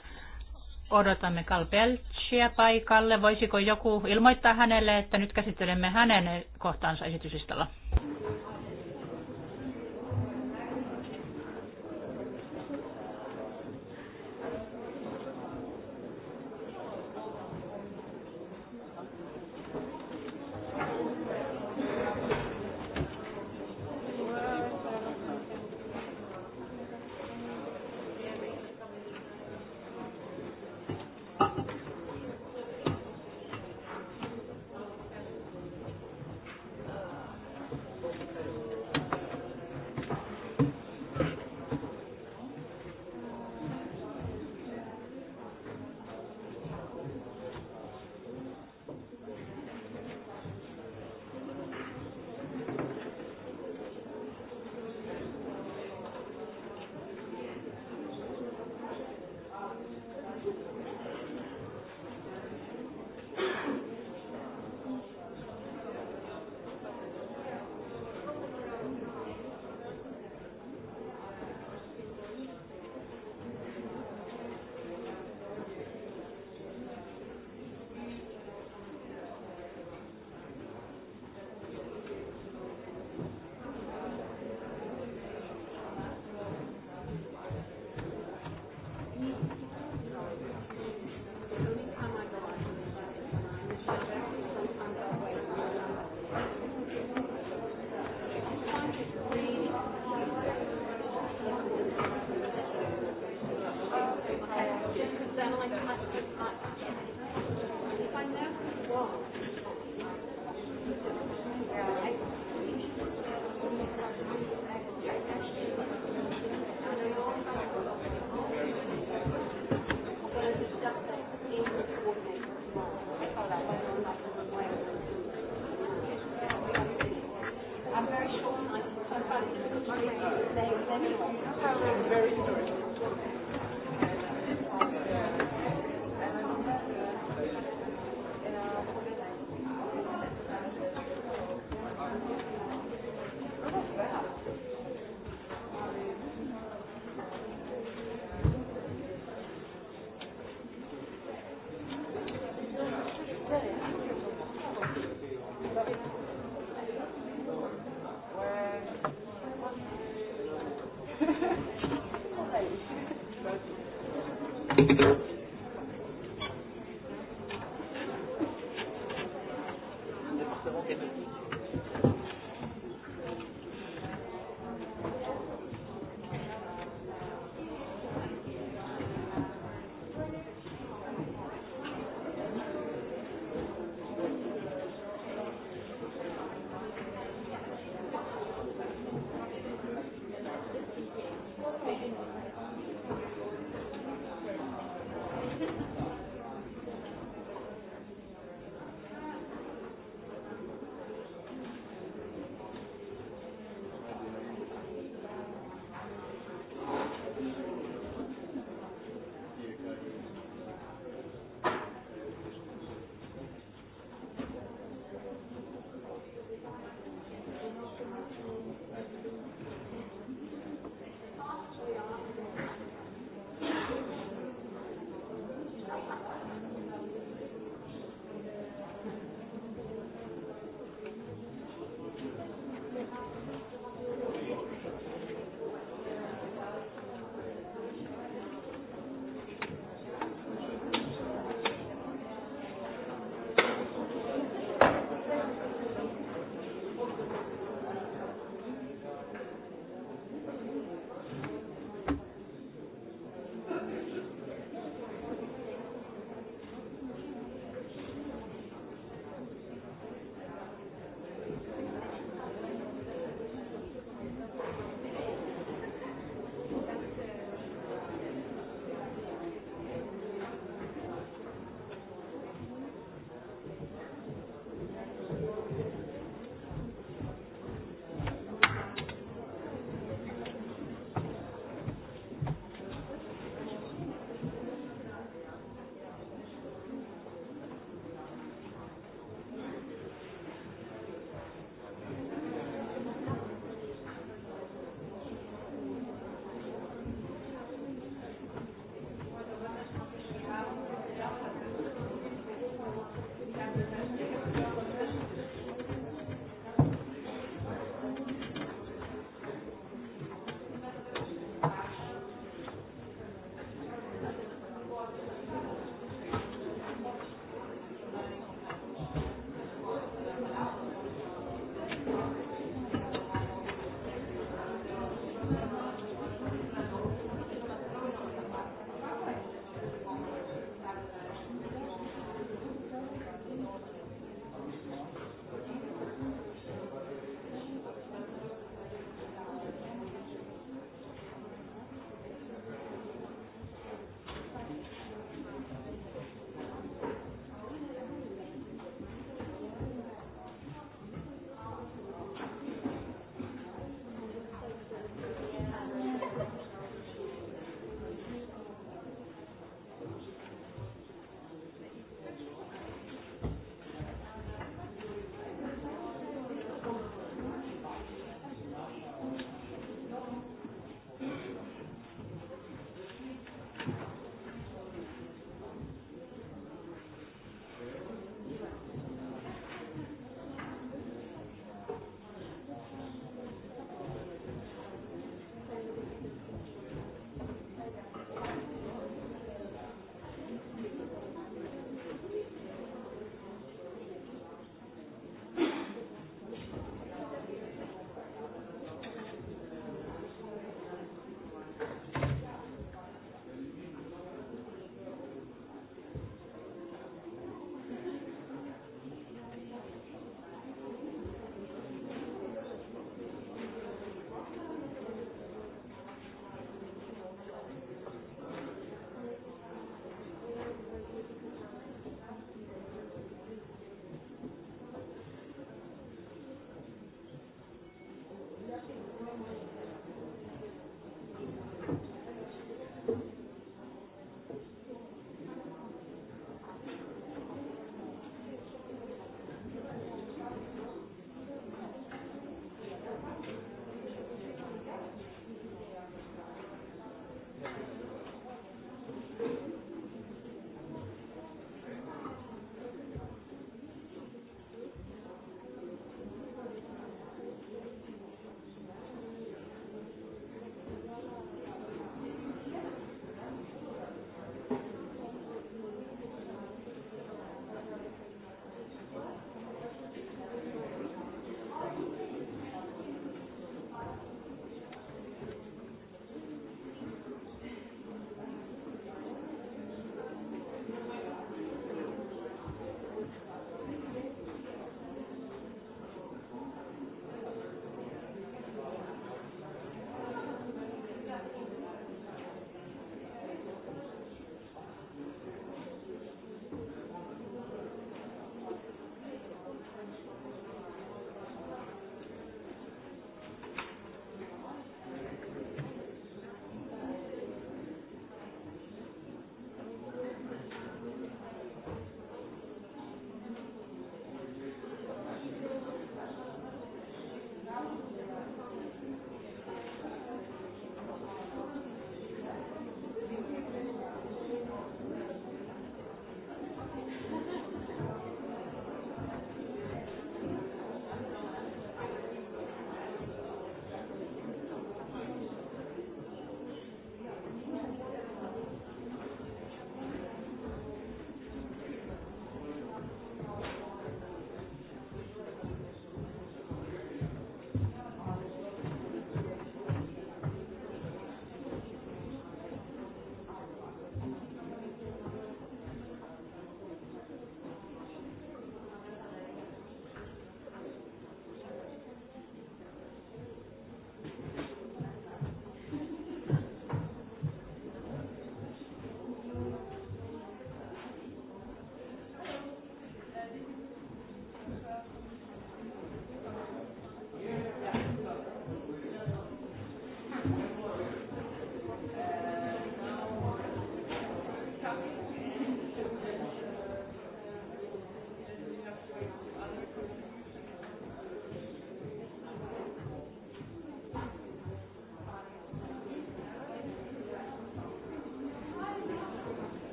Odotamme Kalpeltsiä paikalle. Voisiko joku ilmoittaa hänelle, että nyt käsittelemme hänen kohtaansa esityslistalla?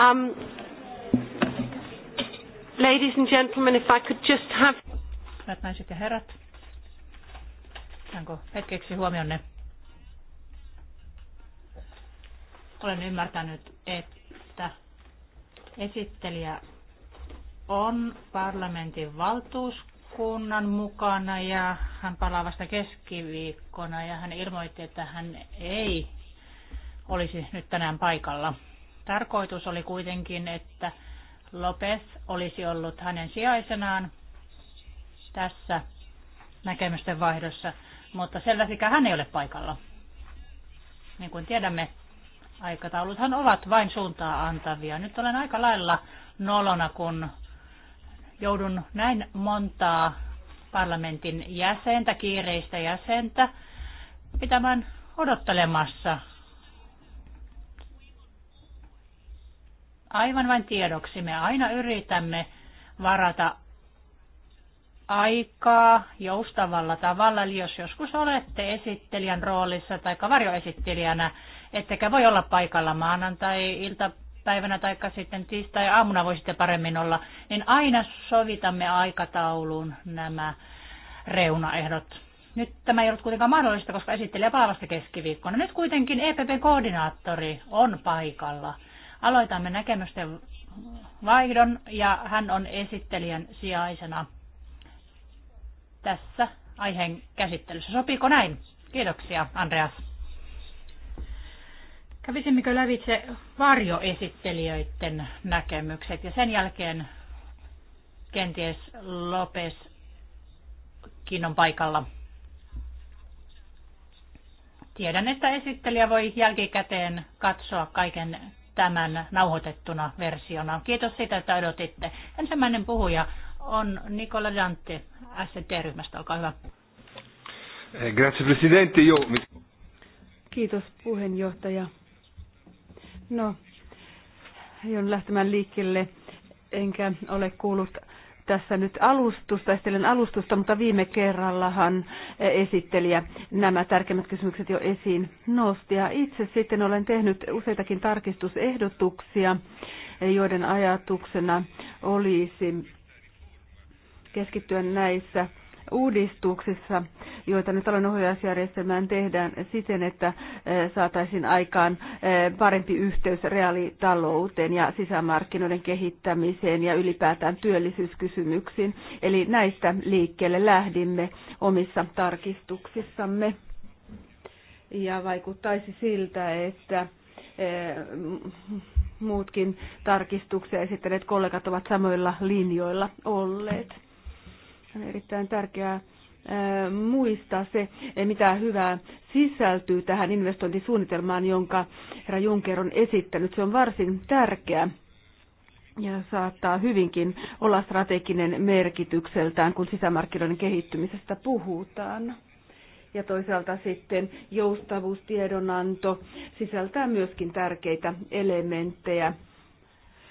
Um, ladies and gentlemen, if I could just have... Hyvät naiset ja herrat, saanko hetkeksi huomionne? Olen ymmärtänyt, että esittelijä on parlamentin valtuuskunnan mukana ja hän palaa vasta keskiviikkona ja hän ilmoitti, että hän ei olisi nyt tänään paikalla. Tarkoitus oli kuitenkin, että Lopez olisi ollut hänen sijaisenaan tässä näkemysten vaihdossa, mutta selväsikään hän ei ole paikalla. Niin kuin tiedämme, aikatauluthan ovat vain suuntaa antavia. Nyt olen aika lailla nolona, kun joudun näin montaa parlamentin jäsentä, kiireistä jäsentä, pitämään odottelemassa Aivan vain tiedoksi me aina yritämme varata aikaa joustavalla tavalla, eli jos joskus olette esittelijän roolissa tai varjoesittelijänä, ettekä voi olla paikalla maanantai-iltapäivänä tai sitten tiistai-aamuna voisitte paremmin olla, niin aina sovitamme aikatauluun nämä reunaehdot. Nyt tämä ei ollut kuitenkaan mahdollista, koska esittelijä palaa keskiviikkona. Nyt kuitenkin EPP-koordinaattori on paikalla – Aloitamme näkemysten vaihdon ja hän on esittelijän sijaisena tässä aiheen käsittelyssä. Sopiiko näin? Kiitoksia, Andreas. Kävisimmekö lävitse varjoesittelijöiden näkemykset ja sen jälkeen kenties Lopeskin on paikalla. Tiedän, että esittelijä voi jälkikäteen katsoa kaiken tämän nauhoitettuna versiona. Kiitos siitä, että odotitte. Ensimmäinen puhuja on Nicola Dante ST-ryhmästä. Olkaa hyvä. Eh, grazie Presidente. Io... Kiitos puheenjohtaja. No, aion lähtemään liikkeelle, enkä ole kuullut tässä nyt alustusta, esittelen alustusta, mutta viime kerrallahan e, esittelijä nämä tärkeimmät kysymykset jo esiin nosti. Ja itse sitten olen tehnyt useitakin tarkistusehdotuksia, e, joiden ajatuksena olisi keskittyä näissä uudistuksissa, joita nyt talon ohjausjärjestelmään tehdään siten, että eh, saataisiin aikaan eh, parempi yhteys reaalitalouteen ja sisämarkkinoiden kehittämiseen ja ylipäätään työllisyyskysymyksiin. Eli näistä liikkeelle lähdimme omissa tarkistuksissamme. Ja vaikuttaisi siltä, että eh, muutkin tarkistuksia esittäneet kollegat ovat samoilla linjoilla olleet. On erittäin tärkeää muistaa se, mitä hyvää sisältyy tähän investointisuunnitelmaan, jonka herra Juncker on esittänyt. Se on varsin tärkeä ja saattaa hyvinkin olla strateginen merkitykseltään, kun sisämarkkinoiden kehittymisestä puhutaan. Ja toisaalta sitten joustavuustiedonanto sisältää myöskin tärkeitä elementtejä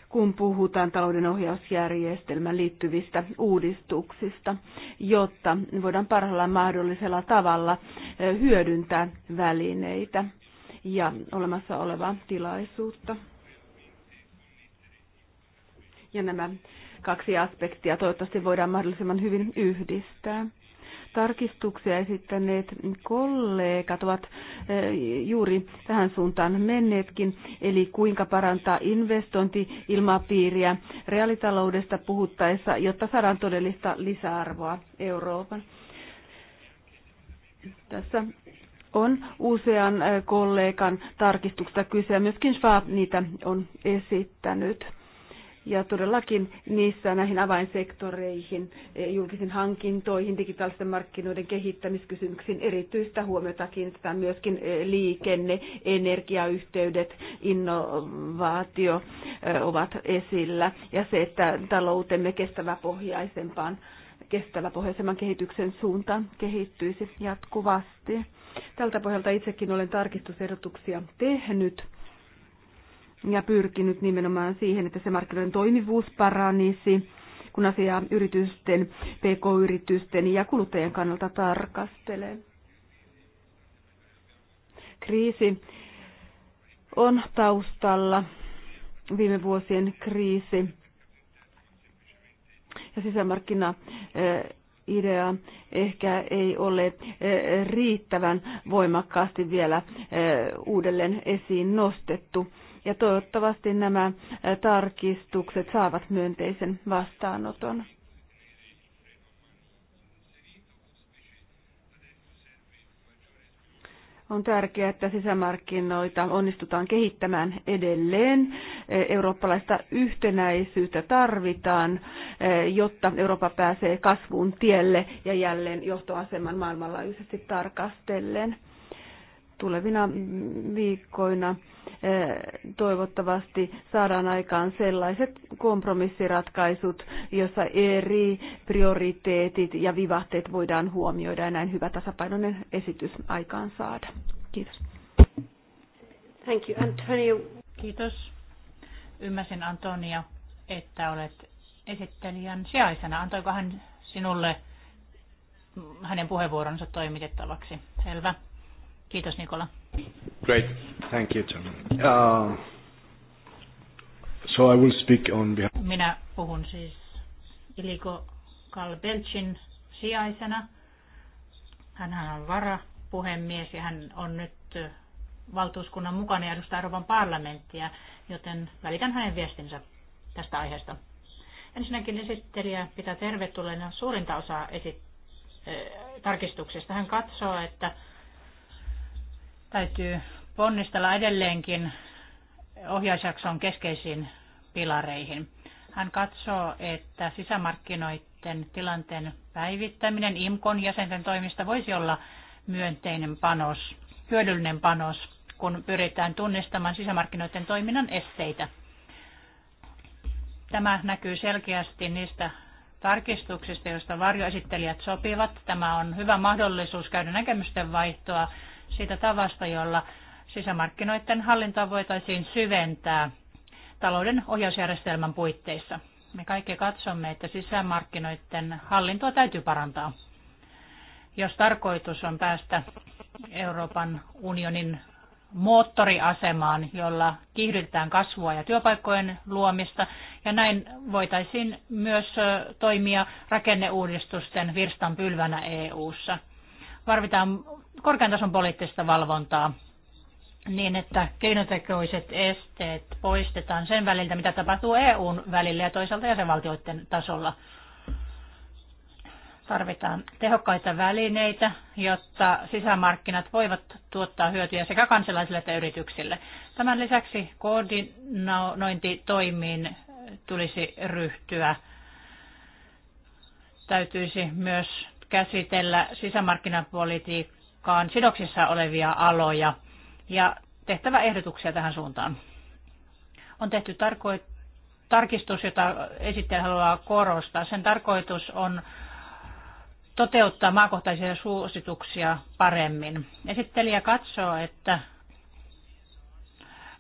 kun puhutaan talouden ohjausjärjestelmän liittyvistä uudistuksista, jotta voidaan parhaalla mahdollisella tavalla hyödyntää välineitä ja olemassa olevaa tilaisuutta. Ja nämä kaksi aspektia toivottavasti voidaan mahdollisimman hyvin yhdistää tarkistuksia esittäneet kollegat ovat eh, juuri tähän suuntaan menneetkin, eli kuinka parantaa investointiilmapiiriä reaalitaloudesta puhuttaessa, jotta saadaan todellista lisäarvoa Euroopan. Tässä on usean eh, kollegan tarkistuksesta kyse ja myöskin Schwab niitä on esittänyt ja todellakin niissä näihin avainsektoreihin, e, julkisiin hankintoihin, digitaalisten markkinoiden kehittämiskysymyksiin erityistä huomiota kiinnitetään myöskin e, liikenne, energiayhteydet, innovaatio e, ovat esillä ja se, että taloutemme pohjaisempaan kestävä pohjoisemman kehityksen suuntaan kehittyisi jatkuvasti. Tältä pohjalta itsekin olen tarkistusehdotuksia tehnyt ja pyrkinyt nimenomaan siihen, että se markkinoiden toimivuus paranisi, kun asiaa yritysten, pk-yritysten ja kuluttajien kannalta tarkastelee. Kriisi on taustalla, viime vuosien kriisi ja sisämarkkina eh, idea ehkä ei ole eh, riittävän voimakkaasti vielä eh, uudelleen esiin nostettu ja toivottavasti nämä tarkistukset saavat myönteisen vastaanoton. On tärkeää, että sisämarkkinoita onnistutaan kehittämään edelleen. Eurooppalaista yhtenäisyyttä tarvitaan, jotta Eurooppa pääsee kasvuun tielle ja jälleen johtoaseman maailmanlaajuisesti tarkastellen tulevina viikkoina eh, toivottavasti saadaan aikaan sellaiset kompromissiratkaisut, joissa eri prioriteetit ja vivahteet voidaan huomioida ja näin hyvä tasapainoinen esitys aikaan saada. Kiitos. Thank you, Antonio. Kiitos. Ymmärsin Antonio, että olet esittelijän sijaisena. Antoiko hän sinulle hänen puheenvuoronsa toimitettavaksi? Selvä. Kiitos Nikola. Great. Thank you, Chairman. Uh, so I will speak on behalf... Minä puhun siis Iliko Kalbelchin sijaisena. Hän on varapuhemies ja hän on nyt äh, valtuuskunnan mukana ja edustaa Euroopan parlamenttia, joten välitän hänen viestinsä tästä aiheesta. Ensinnäkin esittelijä pitää tervetulleena suurinta osaa esi- äh, tarkistuksesta. Hän katsoo, että Täytyy ponnistella edelleenkin ohjausjakson keskeisiin pilareihin. Hän katsoo, että sisämarkkinoiden tilanteen päivittäminen IMKON jäsenten toimista voisi olla myönteinen panos, hyödyllinen panos, kun pyritään tunnistamaan sisämarkkinoiden toiminnan esteitä. Tämä näkyy selkeästi niistä tarkistuksista, joista varjoesittelijät sopivat. Tämä on hyvä mahdollisuus käydä näkemysten vaihtoa siitä tavasta, jolla sisämarkkinoiden hallintoa voitaisiin syventää talouden ohjausjärjestelmän puitteissa. Me kaikki katsomme, että sisämarkkinoiden hallintoa täytyy parantaa. Jos tarkoitus on päästä Euroopan unionin moottoriasemaan, jolla kiihdytetään kasvua ja työpaikkojen luomista. Ja näin voitaisiin myös toimia rakenneuudistusten pylvänä EU-ssa. Tarvitaan korkean tason poliittista valvontaa niin, että keinotekoiset esteet poistetaan sen väliltä, mitä tapahtuu EUn välillä ja toisaalta jäsenvaltioiden tasolla. Tarvitaan tehokkaita välineitä, jotta sisämarkkinat voivat tuottaa hyötyjä sekä kansalaisille että yrityksille. Tämän lisäksi koordinointitoimiin tulisi ryhtyä. Täytyisi myös käsitellä sisämarkkinapolitiikkaan sidoksissa olevia aloja ja tehtävä ehdotuksia tähän suuntaan. On tehty tarko- tarkistus, jota esittäjä haluaa korostaa. Sen tarkoitus on toteuttaa maakohtaisia suosituksia paremmin. Esittelijä katsoo, että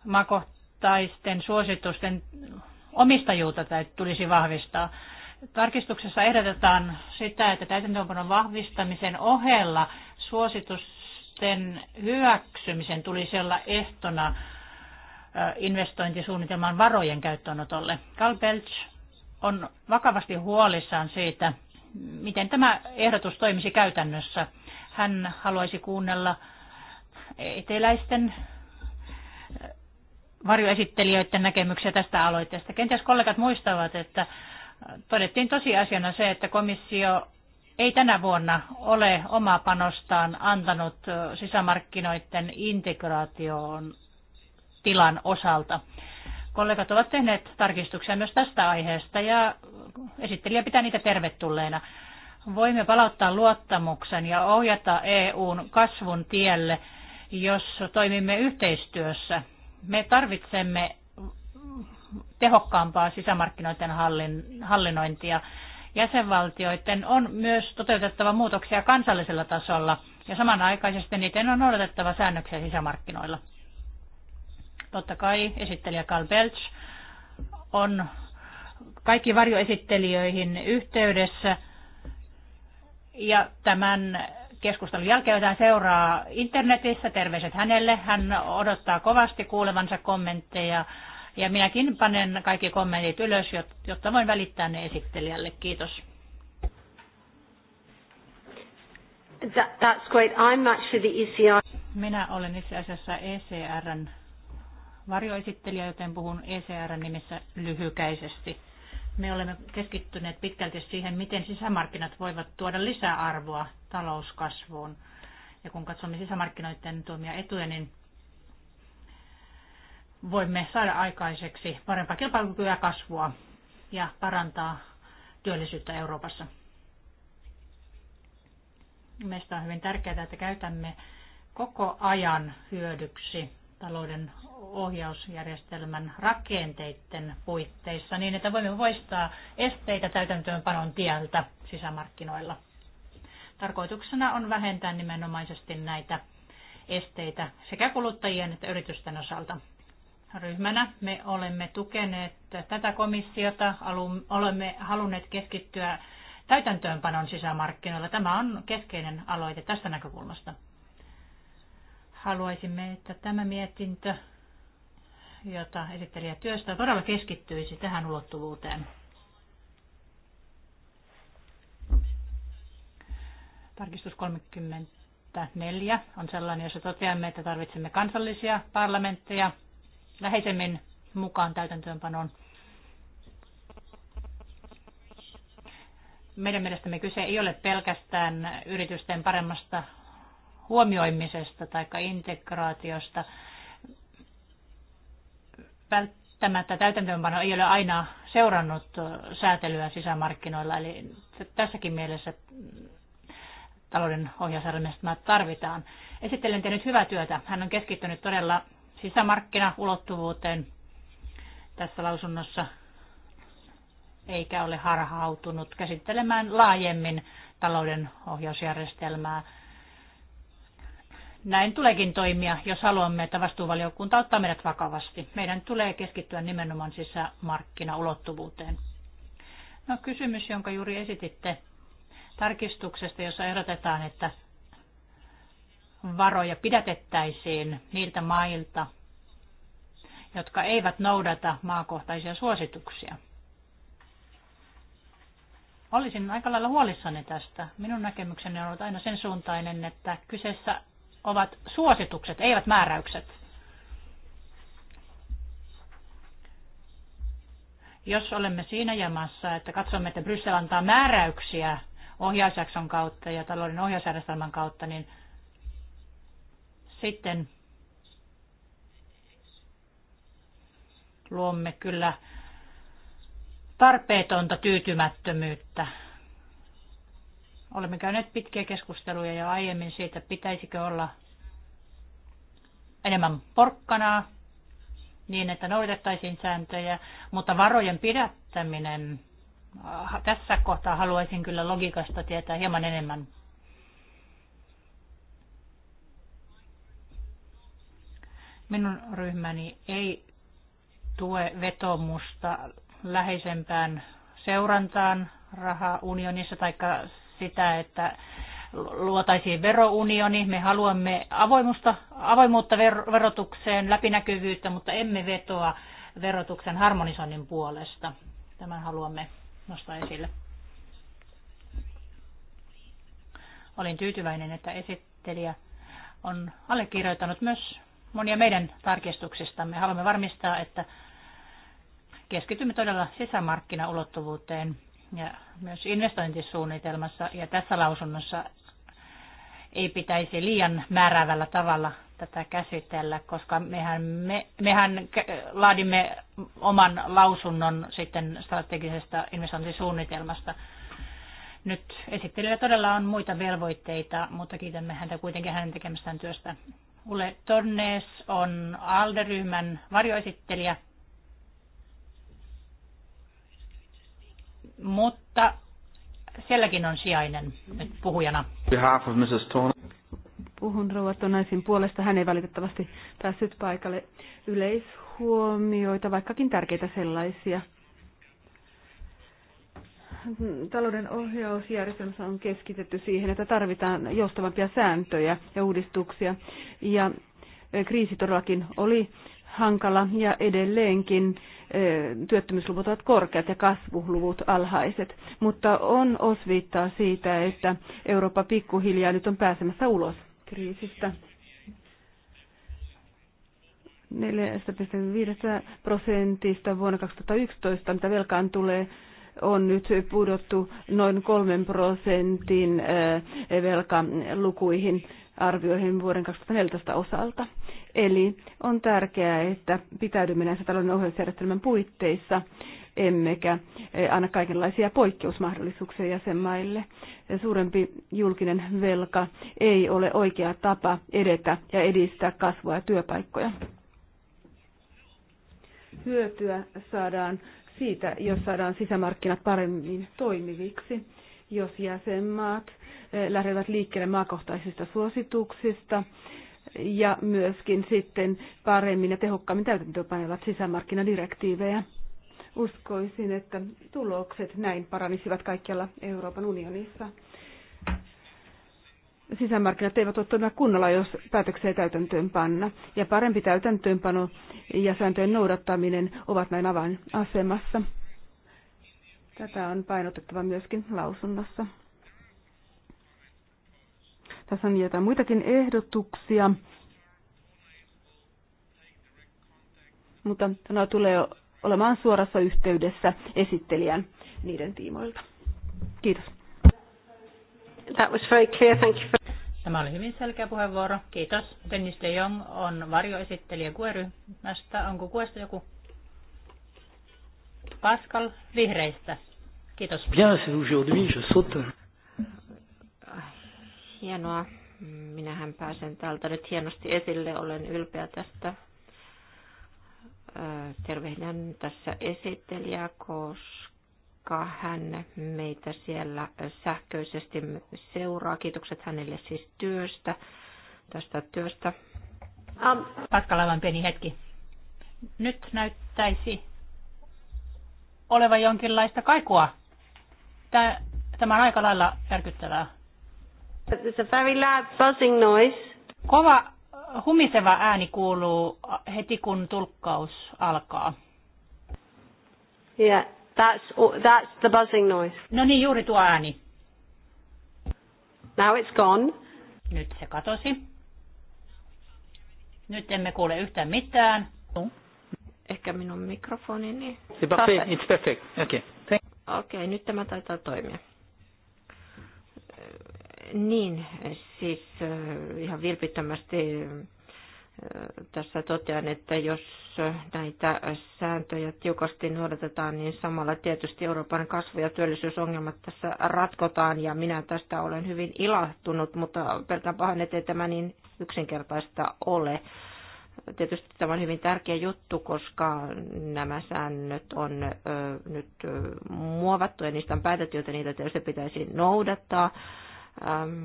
maakohtaisten suositusten omistajuutta tulisi vahvistaa. Tarkistuksessa ehdotetaan sitä, että täytäntöönpanon vahvistamisen ohella suositusten hyväksymisen tulisi olla ehtona investointisuunnitelman varojen käyttöönotolle. Carl Belch on vakavasti huolissaan siitä, miten tämä ehdotus toimisi käytännössä. Hän haluaisi kuunnella eteläisten varjoesittelijöiden näkemyksiä tästä aloitteesta. Kenties kollegat muistavat, että todettiin tosiasiana se, että komissio ei tänä vuonna ole omaa panostaan antanut sisämarkkinoiden integraation tilan osalta. Kollegat ovat tehneet tarkistuksia myös tästä aiheesta ja esittelijä pitää niitä tervetulleena. Voimme palauttaa luottamuksen ja ohjata EUn kasvun tielle, jos toimimme yhteistyössä. Me tarvitsemme tehokkaampaa sisämarkkinoiden hallinnointia. Jäsenvaltioiden on myös toteutettava muutoksia kansallisella tasolla ja samanaikaisesti niiden on odotettava säännöksiä sisämarkkinoilla. Totta kai esittelijä Carl Belch on kaikki varjoesittelijöihin yhteydessä ja tämän keskustelun jälkeen, jota seuraa internetissä. Terveiset hänelle. Hän odottaa kovasti kuulevansa kommentteja ja minäkin panen kaikki kommentit ylös, jotta voin välittää ne esittelijälle. Kiitos. That, that's great. I'm actually the ECR. Minä olen itse asiassa ECRn varjoesittelijä, joten puhun ECRn nimissä lyhykäisesti. Me olemme keskittyneet pitkälti siihen, miten sisämarkkinat voivat tuoda lisäarvoa talouskasvuun. Ja kun katsomme sisämarkkinoiden tuomia etuja, niin voimme saada aikaiseksi parempaa kilpailukykyä kasvua ja parantaa työllisyyttä Euroopassa. Meistä on hyvin tärkeää, että käytämme koko ajan hyödyksi talouden ohjausjärjestelmän rakenteiden puitteissa niin, että voimme poistaa esteitä täytäntöönpanon tieltä sisämarkkinoilla. Tarkoituksena on vähentää nimenomaisesti näitä esteitä sekä kuluttajien että yritysten osalta ryhmänä me olemme tukeneet tätä komissiota, olemme halunneet keskittyä täytäntöönpanon sisämarkkinoilla. Tämä on keskeinen aloite tästä näkökulmasta. Haluaisimme, että tämä mietintö, jota esittelijä työstää, todella keskittyisi tähän ulottuvuuteen. Tarkistus 34 on sellainen, jossa toteamme, että tarvitsemme kansallisia parlamentteja läheisemmin mukaan täytäntöönpanoon. Meidän mielestämme kyse ei ole pelkästään yritysten paremmasta huomioimisesta tai integraatiosta. Välttämättä täytäntöönpano ei ole aina seurannut säätelyä sisämarkkinoilla, eli tässäkin mielessä talouden ohjausarvoista tarvitaan. Esittelen tehnyt hyvää työtä. Hän on keskittynyt todella sisämarkkinaulottuvuuteen tässä lausunnossa, eikä ole harhautunut käsittelemään laajemmin talouden ohjausjärjestelmää. Näin tuleekin toimia, jos haluamme, että vastuuvaliokunta ottaa meidät vakavasti. Meidän tulee keskittyä nimenomaan sisämarkkinaulottuvuuteen. No, kysymys, jonka juuri esititte tarkistuksesta, jossa ehdotetaan, että varoja pidätettäisiin niiltä mailta, jotka eivät noudata maakohtaisia suosituksia. Olisin aika lailla huolissani tästä. Minun näkemykseni on ollut aina sen suuntainen, että kyseessä ovat suositukset, eivät määräykset. Jos olemme siinä jamassa, että katsomme, että Bryssel antaa määräyksiä ohjausjakson kautta ja talouden ohjausjärjestelmän kautta, niin sitten luomme kyllä tarpeetonta tyytymättömyyttä. Olemme käyneet pitkiä keskusteluja ja aiemmin siitä, pitäisikö olla enemmän porkkanaa niin, että noudatettaisiin sääntöjä, mutta varojen pidättäminen, tässä kohtaa haluaisin kyllä logiikasta tietää hieman enemmän. Minun ryhmäni ei tue vetomusta läheisempään seurantaan rahaunionissa tai sitä, että luotaisiin verounioni. Me haluamme avoimusta, avoimuutta verotukseen, läpinäkyvyyttä, mutta emme vetoa verotuksen harmonisoinnin puolesta. Tämän haluamme nostaa esille. Olin tyytyväinen, että esittelijä on allekirjoittanut myös monia meidän tarkistuksistamme. Haluamme varmistaa, että keskitymme todella sisämarkkinaulottuvuuteen ja myös investointisuunnitelmassa ja tässä lausunnossa ei pitäisi liian määrävällä tavalla tätä käsitellä, koska mehän, me, mehän laadimme oman lausunnon sitten strategisesta investointisuunnitelmasta. Nyt esittelijällä todella on muita velvoitteita, mutta kiitämme häntä kuitenkin hänen tekemästään työstä Ule Tornes on ALDE-ryhmän varjoesittelijä. Mutta sielläkin on sijainen nyt puhujana. Behalf of Mrs. Puhun rouva Tornesin puolesta. Hän ei valitettavasti päässyt paikalle yleishuomioita, vaikkakin tärkeitä sellaisia talouden ohjausjärjestelmässä on keskitetty siihen, että tarvitaan joustavampia sääntöjä ja uudistuksia. Ja kriisi todellakin oli hankala ja edelleenkin työttömyysluvut ovat korkeat ja kasvuluvut alhaiset. Mutta on osviittaa siitä, että Eurooppa pikkuhiljaa nyt on pääsemässä ulos kriisistä. 4,5 prosentista vuonna 2011, mitä velkaan tulee, on nyt pudottu noin kolmen prosentin velkalukuihin arvioihin vuoden 2014 osalta. Eli on tärkeää, että pitäydymme näissä talouden ohjausjärjestelmän puitteissa, emmekä anna kaikenlaisia poikkeusmahdollisuuksia jäsenmaille. Suurempi julkinen velka ei ole oikea tapa edetä ja edistää kasvua ja työpaikkoja. Hyötyä saadaan siitä, jos saadaan sisämarkkinat paremmin toimiviksi, jos jäsenmaat eh, lähdevät liikkeelle maakohtaisista suosituksista ja myöskin sitten paremmin ja tehokkaammin täytäntöönpanevat sisämarkkinadirektiivejä. Uskoisin, että tulokset näin paranisivat kaikkialla Euroopan unionissa sisämarkkinat eivät ole toimia kunnolla, jos päätöksiä ei täytäntöön panna. Ja parempi täytäntöönpano ja sääntöjen noudattaminen ovat näin avainasemassa. Tätä on painotettava myöskin lausunnossa. Tässä on jotain muitakin ehdotuksia, mutta tämä tulee olemaan suorassa yhteydessä esittelijän niiden tiimoilta. Kiitos. That was very clear. Thank you for Tämä oli hyvin selkeä puheenvuoro. Kiitos. Dennis de Jong on varjoesittelijä QE-ryhmästä. Onko kuesta joku? Pascal Vihreistä. Kiitos. Bien, c'est aujourd'hui, je saute. Hienoa. Minähän pääsen täältä nyt hienosti esille. Olen ylpeä tästä. Tervehdän tässä esittelijää, koska koska hän meitä siellä sähköisesti seuraa. Kiitokset hänelle siis työstä, tästä työstä. Um, Paskalavan pieni hetki. Nyt näyttäisi olevan jonkinlaista kaikua. Tämä on aika lailla järkyttävää. It's a very loud buzzing noise. Kova humiseva ääni kuuluu heti kun tulkkaus alkaa. Yeah. That's, that's the buzzing noise. No niin, juuri tuo ääni. Now it's gone. Nyt se katosi. Nyt emme kuule yhtään mitään. No. Ehkä minun mikrofonini. It's perfect. It's perfect. Okay. Okei, okay, nyt tämä taitaa toimia. Niin, siis ihan vilpittömästi tässä totean, että jos näitä sääntöjä tiukasti noudatetaan, niin samalla tietysti Euroopan kasvu- ja työllisyysongelmat tässä ratkotaan, ja minä tästä olen hyvin ilahtunut, mutta pelkään pahan, ettei tämä niin yksinkertaista ole. Tietysti tämä on hyvin tärkeä juttu, koska nämä säännöt on ö, nyt ö, muovattu ja niistä on päätetty, joten niitä tietysti pitäisi noudattaa. Ähm,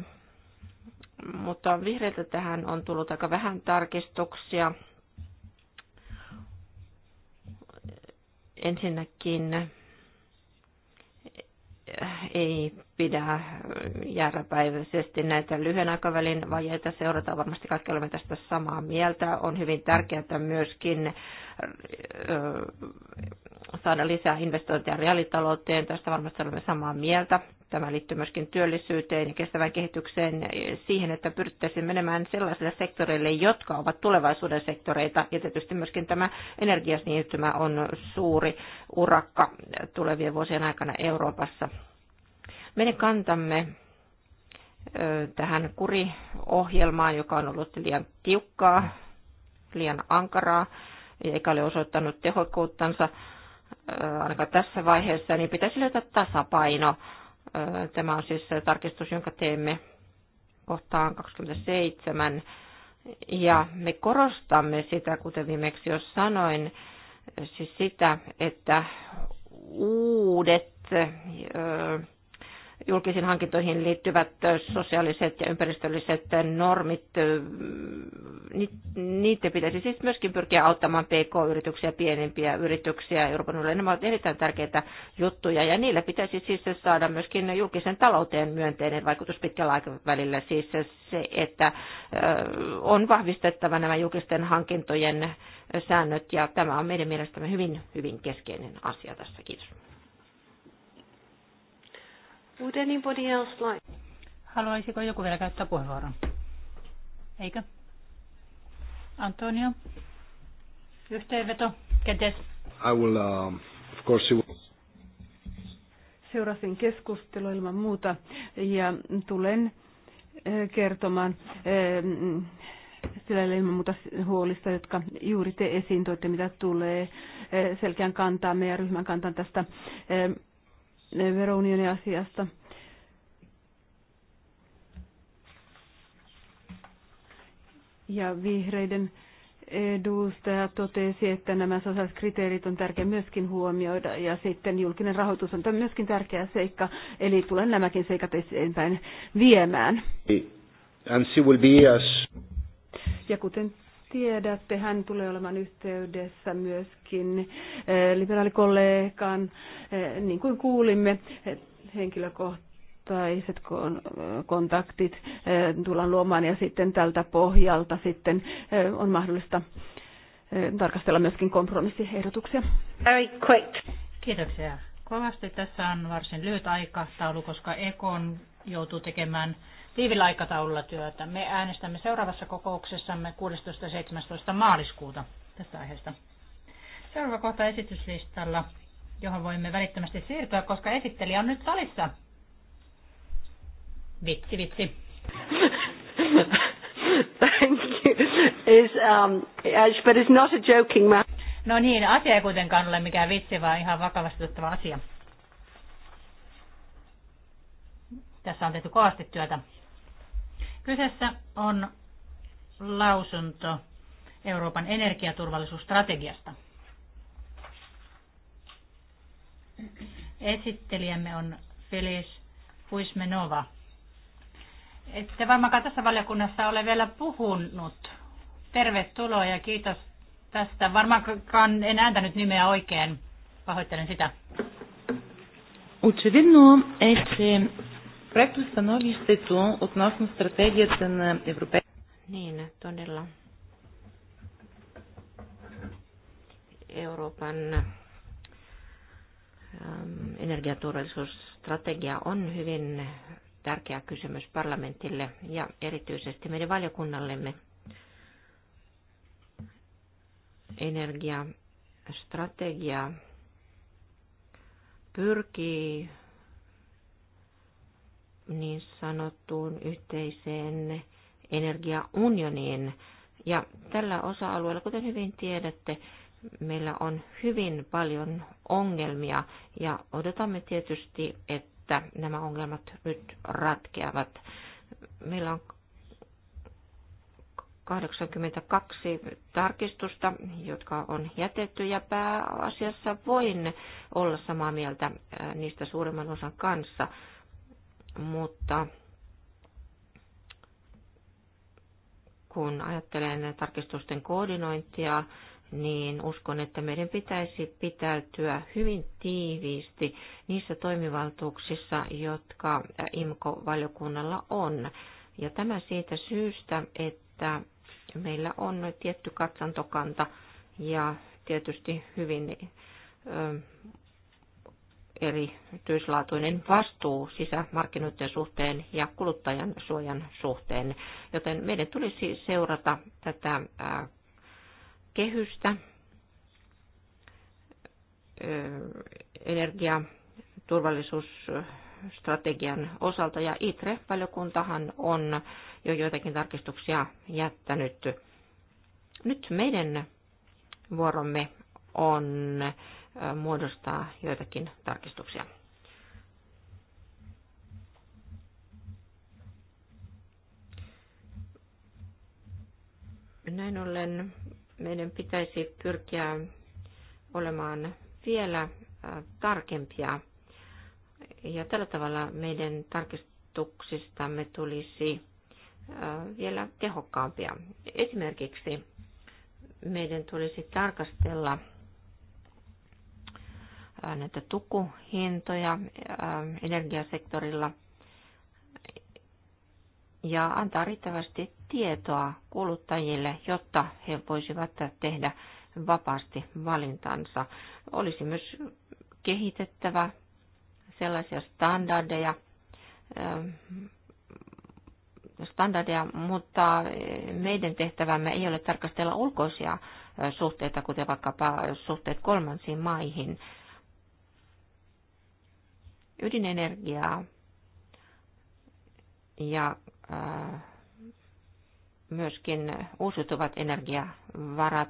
mutta vihreiltä tähän on tullut aika vähän tarkistuksia. Ensinnäkin eh, ei pidä jääräpäiväisesti näitä lyhyen aikavälin vajeita seurata. Varmasti kaikki olemme tästä samaa mieltä. On hyvin tärkeää myöskin eh, saada lisää investointeja reaalitalouteen. Tästä varmasti olemme samaa mieltä. Tämä liittyy myöskin työllisyyteen ja kestävään kehitykseen siihen, että pyrittäisiin menemään sellaisille sektoreille, jotka ovat tulevaisuuden sektoreita. Ja tietysti myöskin tämä energiasiirtymä on suuri urakka tulevien vuosien aikana Euroopassa. Meidän kantamme tähän kuriohjelmaan, joka on ollut liian tiukkaa, liian ankaraa, eikä ole osoittanut tehokkuuttansa ainakaan tässä vaiheessa, niin pitäisi löytää tasapaino Tämä on siis tarkistus, jonka teemme kohtaan 27. Ja me korostamme sitä, kuten viimeksi jo sanoin, siis sitä, että uudet julkisiin hankintoihin liittyvät sosiaaliset ja ympäristölliset normit, niitä pitäisi siis myöskin pyrkiä auttamaan PK-yrityksiä, pienempiä yrityksiä Euroopan unionille. Nämä ovat erittäin tärkeitä juttuja ja niillä pitäisi siis saada myöskin julkisen talouteen myönteinen vaikutus pitkällä aikavälillä. Siis se, että on vahvistettava nämä julkisten hankintojen säännöt ja tämä on meidän mielestämme hyvin, hyvin keskeinen asia tässä. Kiitos. Would anybody else like? Haluaisiko joku vielä käyttää puheenvuoron? Eikö? Antonio? Yhteenveto? Kenties? I will, uh, of course you will. Seurasin keskustelua ilman muuta ja tulen eh, kertomaan sillä eh, ilman muuta huolista, jotka juuri te esiin toitte, mitä tulee eh, selkeän kantaamme ja ryhmän kantaan tästä verounionin asiasta. Ja vihreiden edustaja totesi, että nämä sosiaaliset kriteerit on tärkeä myöskin huomioida ja sitten julkinen rahoitus on myöskin tärkeä seikka, eli tulen nämäkin seikat eteenpäin viemään. Ja kuten tiedätte, hän tulee olemaan yhteydessä myöskin eh, liberaalikollegaan, eh, niin kuin kuulimme, eh, henkilökohtaiset kontaktit tullaan luomaan ja sitten tältä pohjalta sitten on mahdollista tarkastella myöskin kompromissiehdotuksia. Very quick. Kiitoksia kovasti. Tässä on varsin lyhyt aikataulu, koska Ekon joutuu tekemään tiivillä aikataululla työtä. Me äänestämme seuraavassa kokouksessamme 16. 17. maaliskuuta tästä aiheesta. Seuraava kohta esityslistalla, johon voimme välittömästi siirtyä, koska esittelijä on nyt salissa. Vitsi, vitsi. Thank you. Is, um, uh, but it's not a joking matter. No niin, asia ei kuitenkaan ole mikään vitsi, vaan ihan vakavasti otettava asia. Tässä on tehty kovasti työtä Kyseessä on lausunto Euroopan energiaturvallisuusstrategiasta. Esittelijämme on Felis Huismenova. Ette varmaankaan tässä valiokunnassa ole vielä puhunut. Tervetuloa ja kiitos tästä. Varmaankaan en ääntänyt nimeä oikein. Pahoittelen sitä. Очевидно että Проекто становището относно стратегията на Европейския Niin, todella. Euroopan ähm, energiaturvallisuusstrategia on hyvin tärkeä kysymys parlamentille ja erityisesti meidän valiokunnallemme. Energiastrategia pyrkii niin sanottuun yhteiseen energiaunioniin. Ja tällä osa-alueella, kuten hyvin tiedätte, meillä on hyvin paljon ongelmia ja odotamme tietysti, että nämä ongelmat nyt ratkeavat. Meillä on 82 tarkistusta, jotka on jätetty ja pääasiassa voin olla samaa mieltä äh, niistä suurimman osan kanssa mutta kun ajattelen tarkistusten koordinointia, niin uskon, että meidän pitäisi pitäytyä hyvin tiiviisti niissä toimivaltuuksissa, jotka IMKO-valiokunnalla on. Ja tämä siitä syystä, että meillä on tietty katsantokanta ja tietysti hyvin erityislaatuinen vastuu sisämarkkinoiden suhteen ja kuluttajan suojan suhteen. Joten meidän tulisi seurata tätä kehystä energiaturvallisuusstrategian osalta. Ja ITRE-valiokuntahan on jo joitakin tarkistuksia jättänyt. Nyt meidän vuoromme on muodostaa joitakin tarkistuksia. Näin ollen meidän pitäisi pyrkiä olemaan vielä tarkempia. Ja tällä tavalla meidän tarkistuksistamme tulisi vielä tehokkaampia. Esimerkiksi meidän tulisi tarkastella näitä tukuhintoja ähm, energiasektorilla ja antaa riittävästi tietoa kuluttajille, jotta he voisivat tehdä vapaasti valintansa. Olisi myös kehitettävä sellaisia standardeja, ähm, standardeja, mutta meidän tehtävämme ei ole tarkastella ulkoisia äh, suhteita, kuten vaikkapa suhteet kolmansiin maihin ydinenergiaa ja äh, myöskin uusiutuvat energiavarat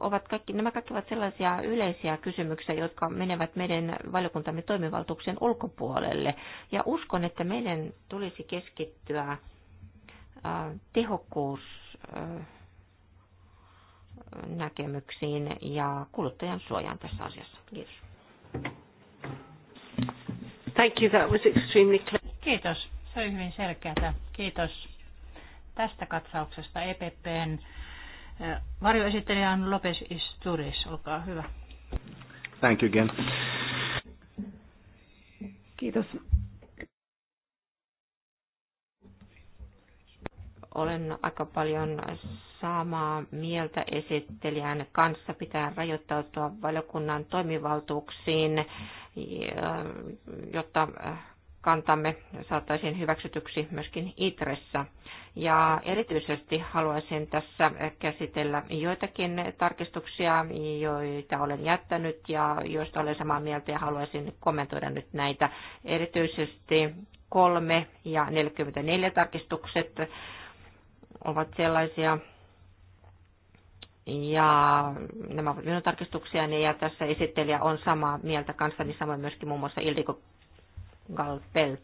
ovat kaikki, nämä kaikki ovat sellaisia yleisiä kysymyksiä, jotka menevät meidän valiokuntamme toimivaltuuksien ulkopuolelle. Ja uskon, että meidän tulisi keskittyä äh, tehokkuusnäkemyksiin äh, ja kuluttajan suojaan tässä asiassa. Kiitos. Thank you, that was extremely clear. Kiitos, se oli hyvin selkeää. Kiitos tästä katsauksesta EPPn varjoesittelijä on Lopes Isturis, olkaa hyvä. Thank you again. Kiitos. Olen aika paljon samaa mieltä esittelijän kanssa. Pitää rajoittautua valiokunnan toimivaltuuksiin jotta äh, kantamme saataisiin hyväksytyksi myöskin ITRESSä. Ja erityisesti haluaisin tässä käsitellä joitakin tarkistuksia, joita olen jättänyt ja joista olen samaa mieltä ja haluaisin kommentoida nyt näitä. Erityisesti 3 ja 44 tarkistukset ovat sellaisia, ja nämä ovat minun tarkistuksiani ja tässä esittelijä on samaa mieltä kanssani, samoin myöskin muun muassa Ildiko Galpelts.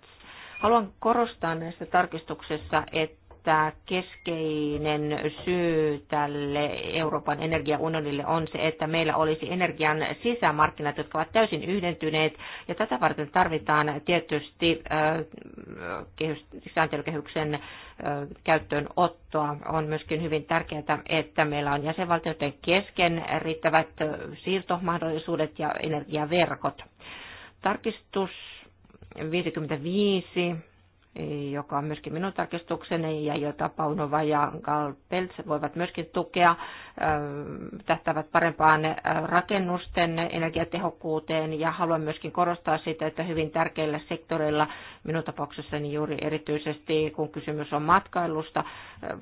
Haluan korostaa näissä tarkistuksissa, että keskeinen syy tälle Euroopan energiaunionille on se, että meillä olisi energian sisämarkkinat, jotka ovat täysin yhdentyneet, ja tätä varten tarvitaan tietysti äh, äh, käyttöönottoa. On myöskin hyvin tärkeää, että meillä on jäsenvaltioiden kesken riittävät siirtomahdollisuudet ja energiaverkot. Tarkistus 55 joka on myöskin minun tarkistukseni ja jota Paunova ja Galpelts voivat myöskin tukea, tähtävät parempaan rakennusten energiatehokkuuteen ja haluan myöskin korostaa sitä, että hyvin tärkeillä sektoreilla, minun tapauksessani juuri erityisesti kun kysymys on matkailusta,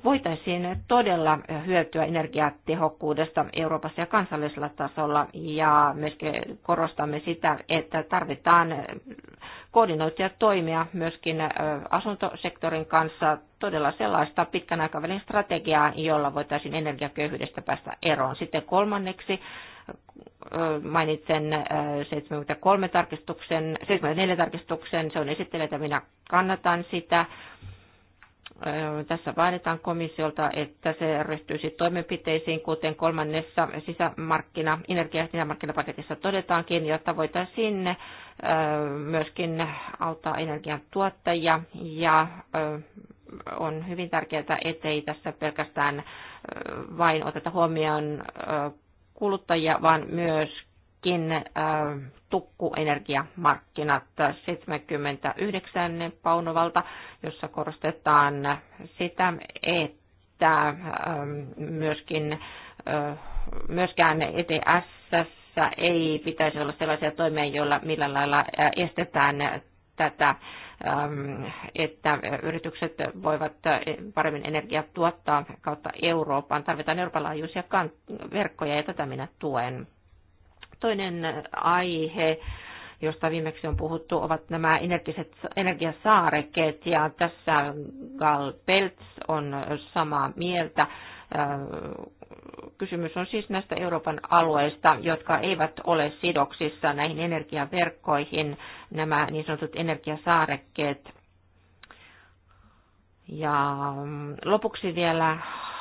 voitaisiin todella hyötyä energiatehokkuudesta Euroopassa ja kansallisella tasolla ja myöskin korostamme sitä, että tarvitaan ja toimia myöskin asuntosektorin kanssa todella sellaista pitkän aikavälin strategiaa, jolla voitaisiin energiaköyhyydestä päästä eroon. Sitten kolmanneksi mainitsen 73 tarkistuksen, 74 tarkistuksen, se on esittelijä, minä kannatan sitä tässä vaaditaan komissiolta, että se ryhtyisi toimenpiteisiin, kuten kolmannessa sisämarkkina, energia- ja sisämarkkinapaketissa todetaankin, jotta voitaisiin myöskin auttaa energian tuottajia ja on hyvin tärkeää, ettei tässä pelkästään vain oteta huomioon kuluttajia, vaan myöskin tukkuenergiamarkkinat 79 Paunovalta, jossa korostetaan sitä, että myöskin myöskään ETS tässä ei pitäisi olla sellaisia toimia, joilla millä lailla estetään tätä, että yritykset voivat paremmin energiaa tuottaa kautta Eurooppaan. Tarvitaan Euroopan laajuisia verkkoja ja tätä minä tuen. Toinen aihe josta viimeksi on puhuttu, ovat nämä energiset, energiasaarekkeet. Ja tässä Gal Peltz on samaa mieltä kysymys on siis näistä Euroopan alueista, jotka eivät ole sidoksissa näihin energiaverkkoihin, nämä niin sanotut energiasaarekkeet. Ja mm, lopuksi vielä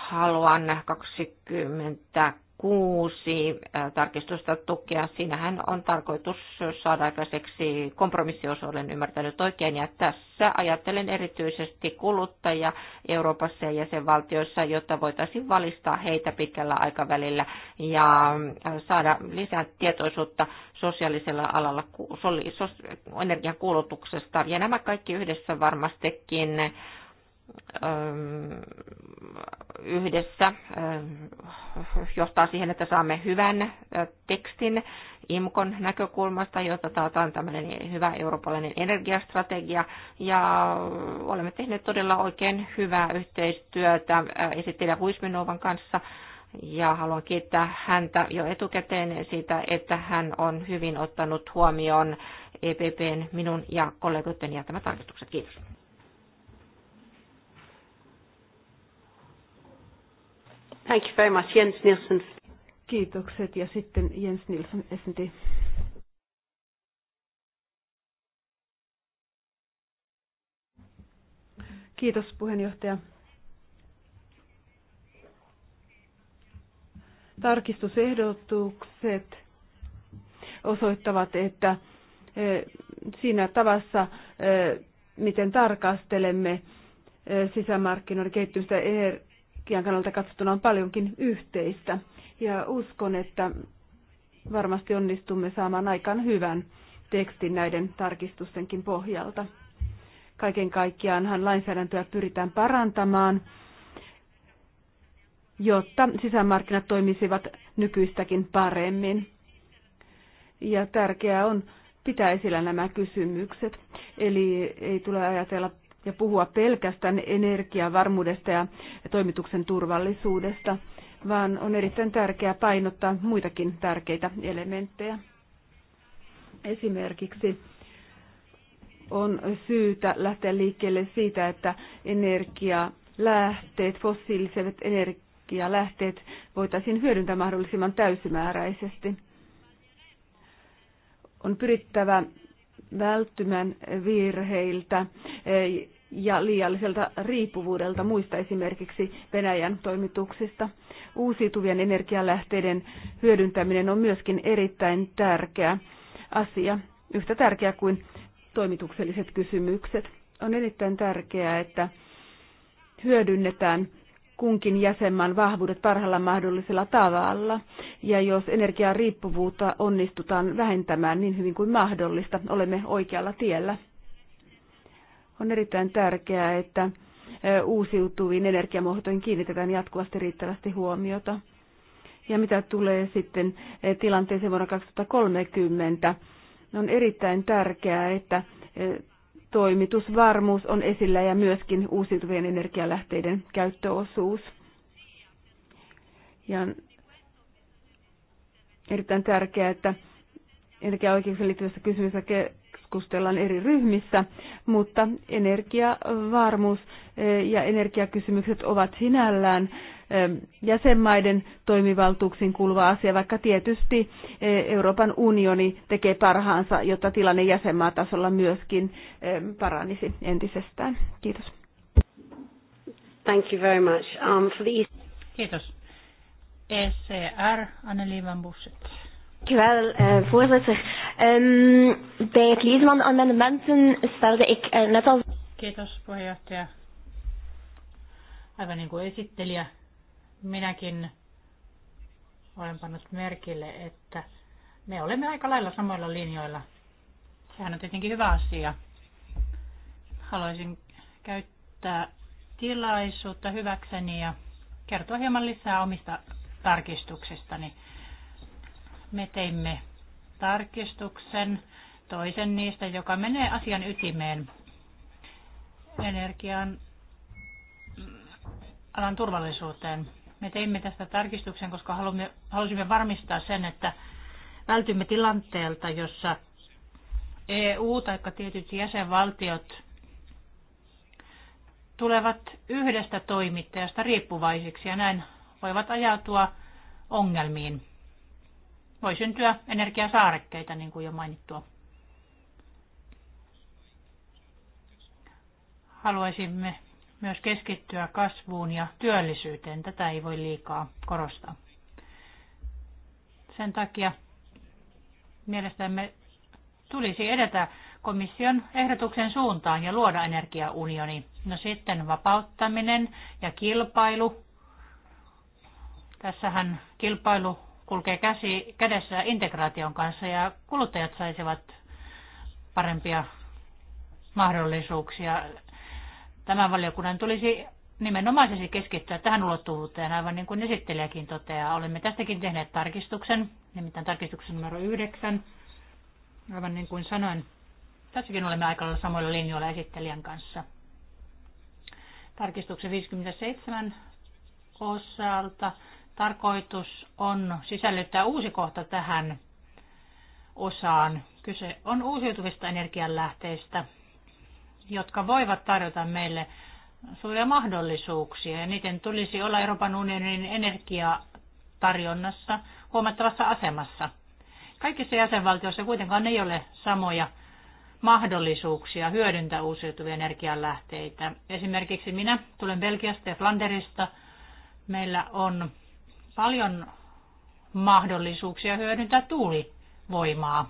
haluan 20 kuusi tarkistusta tukea. Siinähän on tarkoitus saada aikaiseksi kompromissi, olen ymmärtänyt oikein. Ja tässä ajattelen erityisesti kuluttajia Euroopassa ja jäsenvaltioissa, jotta voitaisiin valistaa heitä pitkällä aikavälillä ja saada lisää tietoisuutta sosiaalisella alalla energian kulutuksesta. Ja nämä kaikki yhdessä varmastikin Ähm, yhdessä ähm, johtaa siihen, että saamme hyvän äh, tekstin IMKON näkökulmasta, jotta taataan tämmöinen hyvä eurooppalainen energiastrategia. Ja olemme tehneet todella oikein hyvää yhteistyötä äh, esittelijä Huisminovan kanssa ja haluan kiittää häntä jo etukäteen siitä, että hän on hyvin ottanut huomioon EPPn, minun ja kollegoiden jättämät tarkistukset. Kiitos. Thank you very much, Jens Nilsson. Kiitokset ja sitten Jens Nilsson, S&T. Kiitos puheenjohtaja. Tarkistusehdotukset osoittavat, että e, siinä tavassa, e, miten tarkastelemme e, sisämarkkinoiden kehittymistä er, Belgian kannalta katsottuna on paljonkin yhteistä. Ja uskon, että varmasti onnistumme saamaan aikaan hyvän tekstin näiden tarkistustenkin pohjalta. Kaiken kaikkiaanhan lainsäädäntöä pyritään parantamaan, jotta sisämarkkinat toimisivat nykyistäkin paremmin. Ja tärkeää on pitää esillä nämä kysymykset. Eli ei tule ajatella ja puhua pelkästään energiavarmuudesta ja toimituksen turvallisuudesta, vaan on erittäin tärkeää painottaa muitakin tärkeitä elementtejä. Esimerkiksi on syytä lähteä liikkeelle siitä, että energialähteet, fossiiliset energialähteet voitaisiin hyödyntää mahdollisimman täysimääräisesti. On pyrittävä välttymään virheiltä, ja liialliselta riippuvuudelta muista esimerkiksi Venäjän toimituksista. Uusiutuvien energialähteiden hyödyntäminen on myöskin erittäin tärkeä asia, yhtä tärkeä kuin toimitukselliset kysymykset. On erittäin tärkeää, että hyödynnetään kunkin jäsenmaan vahvuudet parhaalla mahdollisella tavalla. Ja jos energiariippuvuutta onnistutaan vähentämään niin hyvin kuin mahdollista, olemme oikealla tiellä. On erittäin tärkeää, että uusiutuviin energiamuotoihin kiinnitetään jatkuvasti riittävästi huomiota. Ja mitä tulee sitten tilanteeseen vuonna 2030, on erittäin tärkeää, että toimitusvarmuus on esillä ja myöskin uusiutuvien energialähteiden käyttöosuus. Ja on erittäin tärkeää, että energiaoikeuksien liittyvässä kysymyksessä keskustellaan eri ryhmissä, mutta energiavarmuus eh, ja energiakysymykset ovat sinällään eh, jäsenmaiden toimivaltuuksiin kuuluva asia, vaikka tietysti eh, Euroopan unioni tekee parhaansa, jotta tilanne jäsenmaatasolla myöskin paranisi entisestään. Kiitos. Thank you very much. Um, for the... Kiitos. ECR, Anneli Van Busset. Dankjewel, uh, voorzitter. Um, bij het lezen van de amendementen stelde ik uh, net als... Kiitos, puheenjohtaja. Aivan niin kuin esittelijä, minäkin olen pannut merkille, että me olemme aika lailla samoilla linjoilla. Sehän on tietenkin hyvä asia. Haluaisin käyttää tilaisuutta hyväkseni ja kertoa hieman lisää omista tarkistuksistani me teimme tarkistuksen, toisen niistä, joka menee asian ytimeen, energian mm, alan turvallisuuteen. Me teimme tästä tarkistuksen, koska halusimme, halusimme varmistaa sen, että vältymme tilanteelta, jossa EU tai tietyt jäsenvaltiot tulevat yhdestä toimittajasta riippuvaisiksi ja näin voivat ajautua ongelmiin. Voi syntyä energiasaarekkeita, niin kuin jo mainittua. Haluaisimme myös keskittyä kasvuun ja työllisyyteen. Tätä ei voi liikaa korostaa. Sen takia mielestämme tulisi edetä komission ehdotuksen suuntaan ja luoda energiaunioni. No sitten vapauttaminen ja kilpailu. Tässähän kilpailu kulkee käsi kädessä integraation kanssa ja kuluttajat saisivat parempia mahdollisuuksia. Tämän valiokunnan tulisi nimenomaisesti keskittyä tähän ulottuvuuteen, aivan niin kuin esittelijäkin toteaa. Olemme tästäkin tehneet tarkistuksen, nimittäin tarkistuksen numero yhdeksän, Aivan niin kuin sanoin, tässäkin olemme aika lailla samoilla linjoilla esittelijän kanssa. Tarkistuksen 57 osalta tarkoitus on sisällyttää uusi kohta tähän osaan. Kyse on uusiutuvista energianlähteistä, jotka voivat tarjota meille suuria mahdollisuuksia ja niiden tulisi olla Euroopan unionin energiatarjonnassa huomattavassa asemassa. Kaikissa jäsenvaltioissa kuitenkaan ei ole samoja mahdollisuuksia hyödyntää uusiutuvia energianlähteitä. Esimerkiksi minä tulen Belgiasta ja Flanderista. Meillä on paljon mahdollisuuksia hyödyntää tuulivoimaa.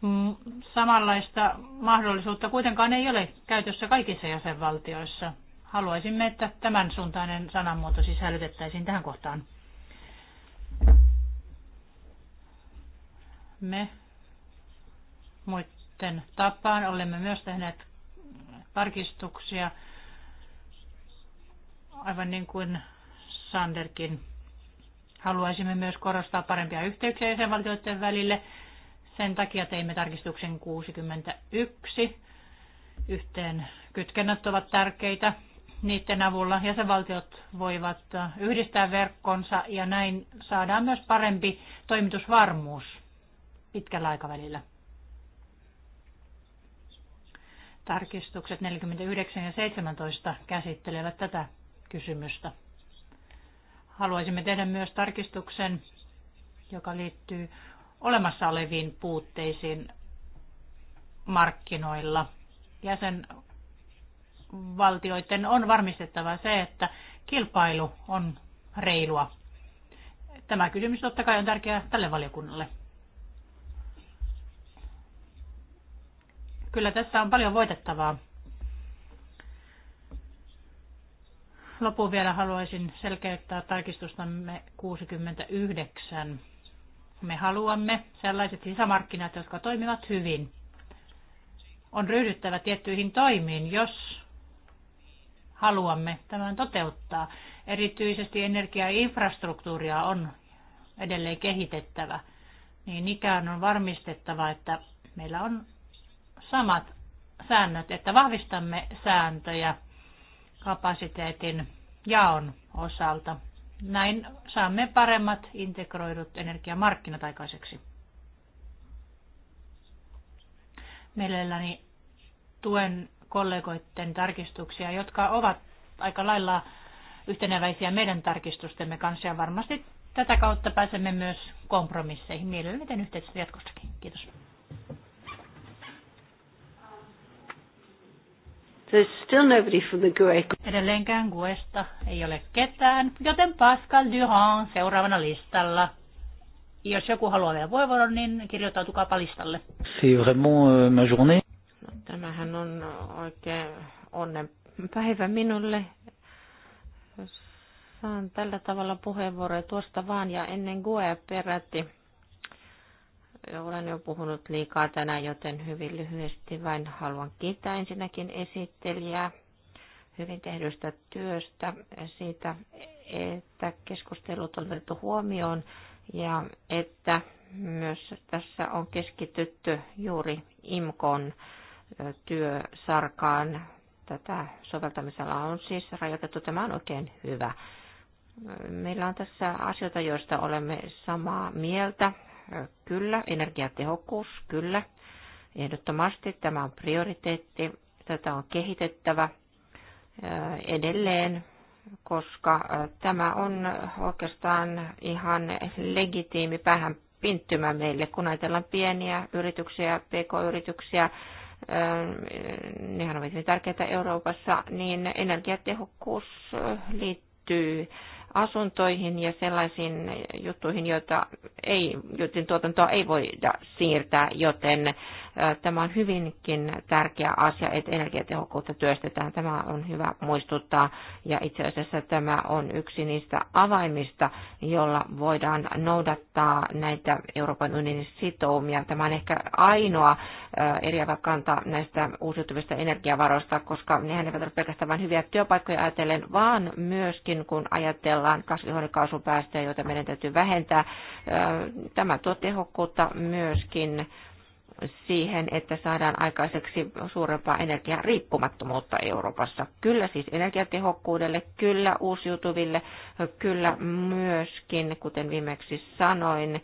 Mm, samanlaista mahdollisuutta kuitenkaan ei ole käytössä kaikissa jäsenvaltioissa. Haluaisimme, että tämän suuntainen sananmuoto sisällytettäisiin tähän kohtaan. Me muiden tapaan olemme myös tehneet tarkistuksia, aivan niin kuin Sanderkin. Haluaisimme myös korostaa parempia yhteyksiä jäsenvaltioiden välille. Sen takia teimme tarkistuksen 61. Yhteen kytkennät ovat tärkeitä. Niiden avulla jäsenvaltiot voivat yhdistää verkkonsa ja näin saadaan myös parempi toimitusvarmuus pitkällä aikavälillä. Tarkistukset 49 ja 17 käsittelevät tätä kysymystä. Haluaisimme tehdä myös tarkistuksen, joka liittyy olemassa oleviin puutteisiin markkinoilla. Jäsenvaltioiden on varmistettava se, että kilpailu on reilua. Tämä kysymys totta kai on tärkeä tälle valiokunnalle. Kyllä tässä on paljon voitettavaa. Lopuun vielä haluaisin selkeyttää tarkistustamme 69. Me haluamme sellaiset sisämarkkinat, jotka toimivat hyvin. On ryhdyttävä tiettyihin toimiin, jos haluamme tämän toteuttaa. Erityisesti energiainfrastruktuuria on edelleen kehitettävä. Niin ikään on varmistettava, että meillä on samat säännöt, että vahvistamme sääntöjä kapasiteetin jaon osalta. Näin saamme paremmat integroidut energiamarkkinat aikaiseksi. Mielelläni tuen kollegoiden tarkistuksia, jotka ovat aika lailla yhteneväisiä meidän tarkistustemme kanssa ja varmasti tätä kautta pääsemme myös kompromisseihin. Mielelläni teen yhteistyötä jatkossakin. Kiitos. There's still nobody from the GUE. Edelleenkään GUEsta ei ole ketään, joten Pascal Durand seuraavana listalla. Jos joku haluaa vielä puheenvuoron, niin kirjoittautukaa listalle. C'est vraiment euh, ma journée. No, tämähän on oikein onnen päivä minulle. Saan tällä tavalla puheenvuoroja tuosta vaan ja ennen Guea peräti olen jo puhunut liikaa tänään, joten hyvin lyhyesti vain haluan kiittää ensinnäkin esittelijää hyvin tehdystä työstä, siitä, että keskustelut on otettu huomioon ja että myös tässä on keskitytty juuri IMKON työsarkaan. Tätä soveltamisella on siis rajoitettu. Tämä on oikein hyvä. Meillä on tässä asioita, joista olemme samaa mieltä kyllä. Energiatehokkuus, kyllä. Ehdottomasti tämä on prioriteetti. Tätä on kehitettävä edelleen, koska tämä on oikeastaan ihan legitiimi päähän pinttymä meille, kun ajatellaan pieniä yrityksiä, pk-yrityksiä, nehän ovat hyvin tärkeitä Euroopassa, niin energiatehokkuus liittyy asuntoihin ja sellaisiin juttuihin, joita ei, joiden tuotantoa ei voida siirtää, joten Tämä on hyvinkin tärkeä asia, että energiatehokkuutta työstetään. Tämä on hyvä muistuttaa ja itse asiassa tämä on yksi niistä avaimista, jolla voidaan noudattaa näitä Euroopan unionin sitoumia. Tämä on ehkä ainoa eriävä kanta näistä uusiutuvista energiavaroista, koska nehän eivät ole pelkästään vain hyviä työpaikkoja ajatellen, vaan myöskin kun ajatellaan kasvihuonekaasupäästöjä, joita meidän täytyy vähentää. Tämä tuo tehokkuutta myöskin siihen, että saadaan aikaiseksi suurempaa energiariippumattomuutta Euroopassa. Kyllä siis energiatehokkuudelle, kyllä uusiutuville, kyllä myöskin, kuten viimeksi sanoin,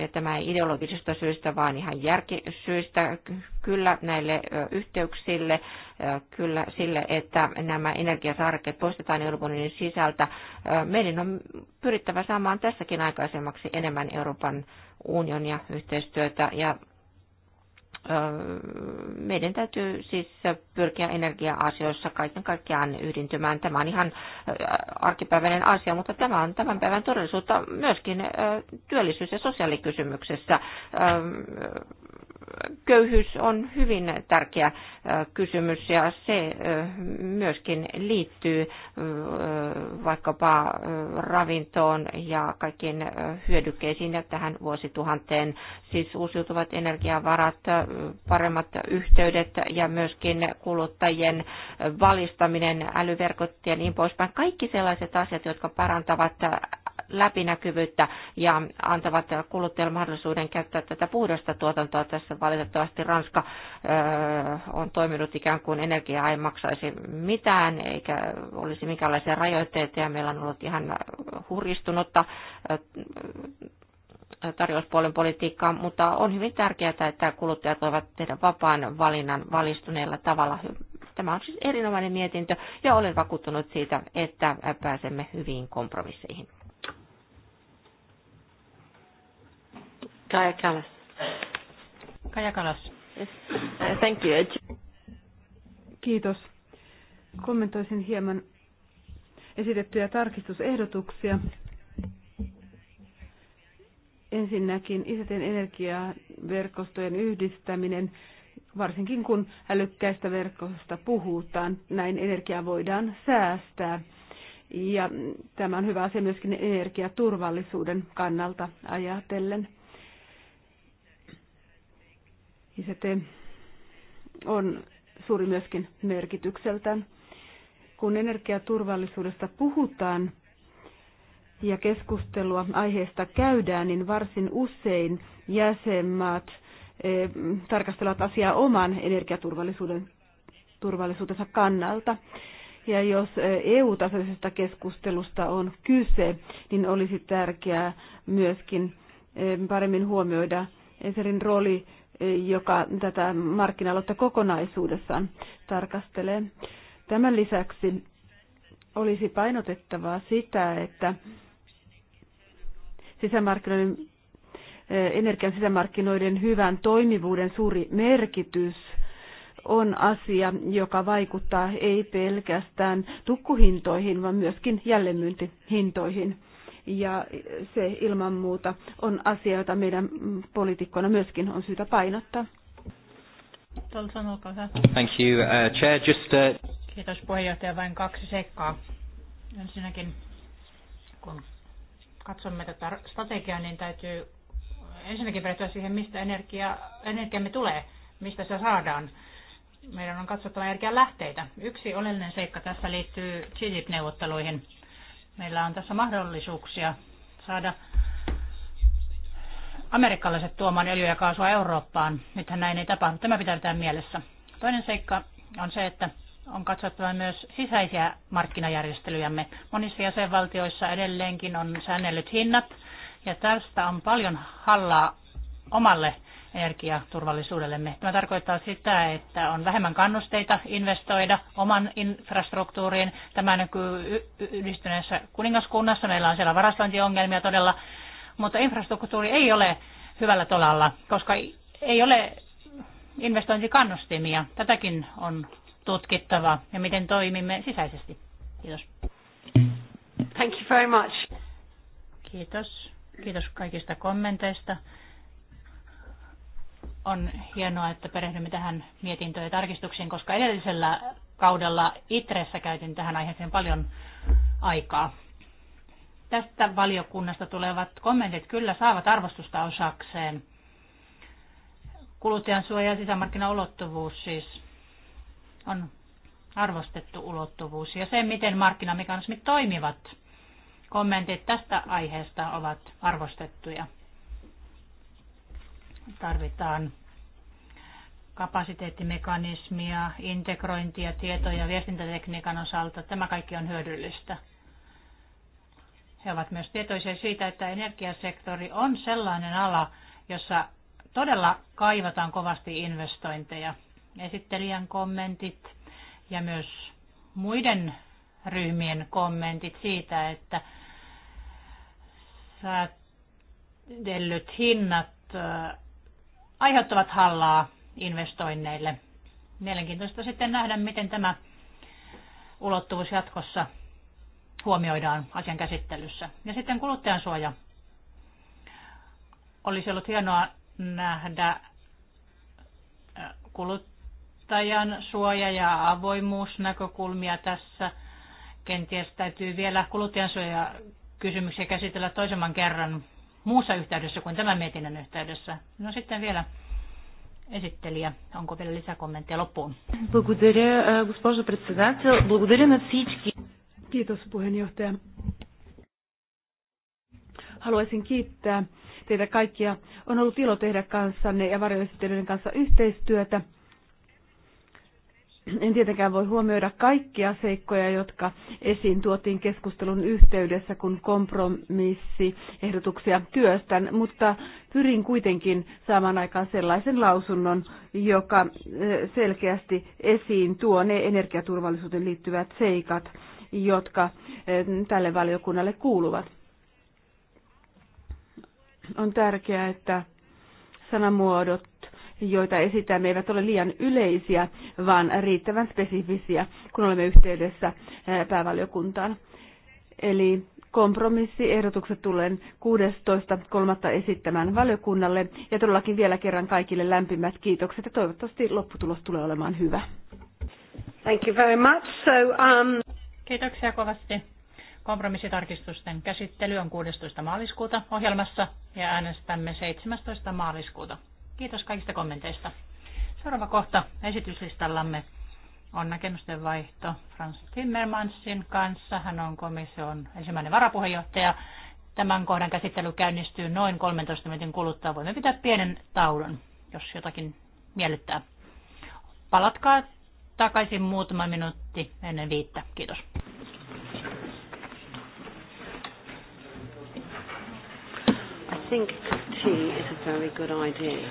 ja tämä ei ideologisista syistä, vaan ihan järkisyistä, kyllä näille yhteyksille, kyllä sille, että nämä energiasaarekkeet poistetaan Euroopan unionin sisältä. Meidän on pyrittävä saamaan tässäkin aikaisemmaksi enemmän Euroopan unionia yhteistyötä ja meidän täytyy siis pyrkiä energia-asioissa kaiken kaikkiaan yhdintymään. Tämä on ihan arkipäiväinen asia, mutta tämä on tämän päivän todellisuutta myöskin työllisyys- ja sosiaalikysymyksessä köyhyys on hyvin tärkeä kysymys ja se myöskin liittyy vaikkapa ravintoon ja kaikkiin hyödykkeisiin ja tähän vuosituhanteen. Siis uusiutuvat energiavarat, paremmat yhteydet ja myöskin kuluttajien valistaminen, älyverkot ja niin poispäin. Kaikki sellaiset asiat, jotka parantavat läpinäkyvyyttä ja antavat kuluttajille mahdollisuuden käyttää tätä puhdasta tuotantoa. Tässä valitettavasti Ranska on toiminut ikään kuin energiaa ei maksaisi mitään eikä olisi minkäänlaisia rajoitteita ja meillä on ollut ihan hurjistunutta tarjouspuolen politiikkaa, mutta on hyvin tärkeää, että kuluttajat voivat tehdä vapaan valinnan valistuneella tavalla. Tämä on siis erinomainen mietintö ja olen vakuuttunut siitä, että pääsemme hyviin kompromisseihin. Kaja Kallas. Kaja Kallas. Yes. Uh, thank you. Uh, Kiitos. Kommentoisin hieman esitettyjä tarkistusehdotuksia. Ensinnäkin isäten energiaverkostojen yhdistäminen, varsinkin kun älykkäistä verkosta puhutaan, näin energiaa voidaan säästää. Ja tämä on hyvä asia myöskin energiaturvallisuuden kannalta ajatellen. ICT on suuri myöskin merkitykseltään. Kun energiaturvallisuudesta puhutaan ja keskustelua aiheesta käydään, niin varsin usein jäsenmaat eh, tarkastelevat asiaa oman energiaturvallisuuden turvallisuutensa kannalta. Ja jos eh, EU-tasoisesta keskustelusta on kyse, niin olisi tärkeää myöskin eh, paremmin huomioida Eserin rooli joka tätä markkinaloutta kokonaisuudessaan tarkastelee. Tämän lisäksi olisi painotettavaa sitä, että sisämarkkinoiden, eh, energian sisämarkkinoiden hyvän toimivuuden suuri merkitys on asia, joka vaikuttaa ei pelkästään tukkuhintoihin, vaan myöskin jälleenmyyntihintoihin ja se ilman muuta on asia, jota meidän poliitikkoina myöskin on syytä painottaa. Thank you, uh, Chair. Just, uh... Kiitos puheenjohtaja. Vain kaksi sekkaa. Ensinnäkin, kun katsomme tätä strategiaa, niin täytyy ensinnäkin perehtyä siihen, mistä energia, energiamme tulee, mistä se saadaan. Meidän on katsottava energian lähteitä. Yksi oleellinen seikka tässä liittyy TTIP-neuvotteluihin Meillä on tässä mahdollisuuksia saada amerikkalaiset tuomaan öljyä ja kaasua Eurooppaan. Nythän näin ei tapahdu. Tämä pitää pitää mielessä. Toinen seikka on se, että on katsottava myös sisäisiä markkinajärjestelyjämme. Monissa jäsenvaltioissa edelleenkin on säännellyt hinnat, ja tästä on paljon hallaa omalle energiaturvallisuudellemme. Tämä tarkoittaa sitä, että on vähemmän kannusteita investoida oman infrastruktuuriin. Tämä näkyy yhdistyneessä kuningaskunnassa. Meillä on siellä varastointiongelmia todella, mutta infrastruktuuri ei ole hyvällä tolalla, koska ei ole investointikannustimia. Tätäkin on tutkittava ja miten toimimme sisäisesti. Kiitos. Thank you very much. Kiitos. Kiitos kaikista kommenteista on hienoa, että perehdymme tähän mietintöön ja tarkistuksiin, koska edellisellä kaudella Itressä käytin tähän aiheeseen paljon aikaa. Tästä valiokunnasta tulevat kommentit kyllä saavat arvostusta osakseen. Kuluttajan suoja ja sisämarkkinaulottuvuus siis on arvostettu ulottuvuus ja se, miten markkinamekanismit toimivat. Kommentit tästä aiheesta ovat arvostettuja. Tarvitaan kapasiteettimekanismia, integrointia tietoja, ja viestintätekniikan osalta. Tämä kaikki on hyödyllistä. He ovat myös tietoisia siitä, että energiasektori on sellainen ala, jossa todella kaivataan kovasti investointeja. Esittelijän kommentit ja myös muiden ryhmien kommentit siitä, että säädellyt hinnat aiheuttavat hallaa investoinneille. Mielenkiintoista sitten nähdä, miten tämä ulottuvuus jatkossa huomioidaan asian käsittelyssä. Ja sitten kuluttajansuoja. Olisi ollut hienoa nähdä äh, kuluttajan suoja ja avoimuusnäkökulmia tässä. Kenties täytyy vielä kuluttajansuoja kysymyksiä käsitellä toisemman kerran muussa yhteydessä kuin tämän mietinnön yhteydessä. No sitten vielä esittelijä. Onko vielä lisäkommentteja loppuun? Kiitos puheenjohtaja. Haluaisin kiittää teitä kaikkia. On ollut ilo tehdä kanssanne ja varjoesittelyiden kanssa yhteistyötä. En tietenkään voi huomioida kaikkia seikkoja, jotka esiin tuotiin keskustelun yhteydessä, kun kompromissiehdotuksia työstän, mutta pyrin kuitenkin saamaan aikaan sellaisen lausunnon, joka eh, selkeästi esiin tuo ne energiaturvallisuuteen liittyvät seikat, jotka eh, tälle valiokunnalle kuuluvat. On tärkeää, että sanamuodot joita esitämme, eivät ole liian yleisiä, vaan riittävän spesifisiä, kun olemme yhteydessä päävaliokuntaan. Eli kompromissiehdotukset tulen 16.3. esittämään valiokunnalle ja todellakin vielä kerran kaikille lämpimät kiitokset ja toivottavasti lopputulos tulee olemaan hyvä. Thank you very much. So, um... Kiitoksia kovasti. Kompromissitarkistusten käsittely on 16. maaliskuuta ohjelmassa ja äänestämme 17. maaliskuuta. Kiitos kaikista kommenteista. Seuraava kohta esityslistallamme on näkemysten vaihto Frans Timmermansin kanssa. Hän on komission ensimmäinen varapuheenjohtaja. Tämän kohdan käsittely käynnistyy noin 13 minuutin kuluttua. Voimme pitää pienen taudon, jos jotakin miellyttää. Palatkaa takaisin muutama minuutti ennen viittä. Kiitos. I think tea is a very good idea.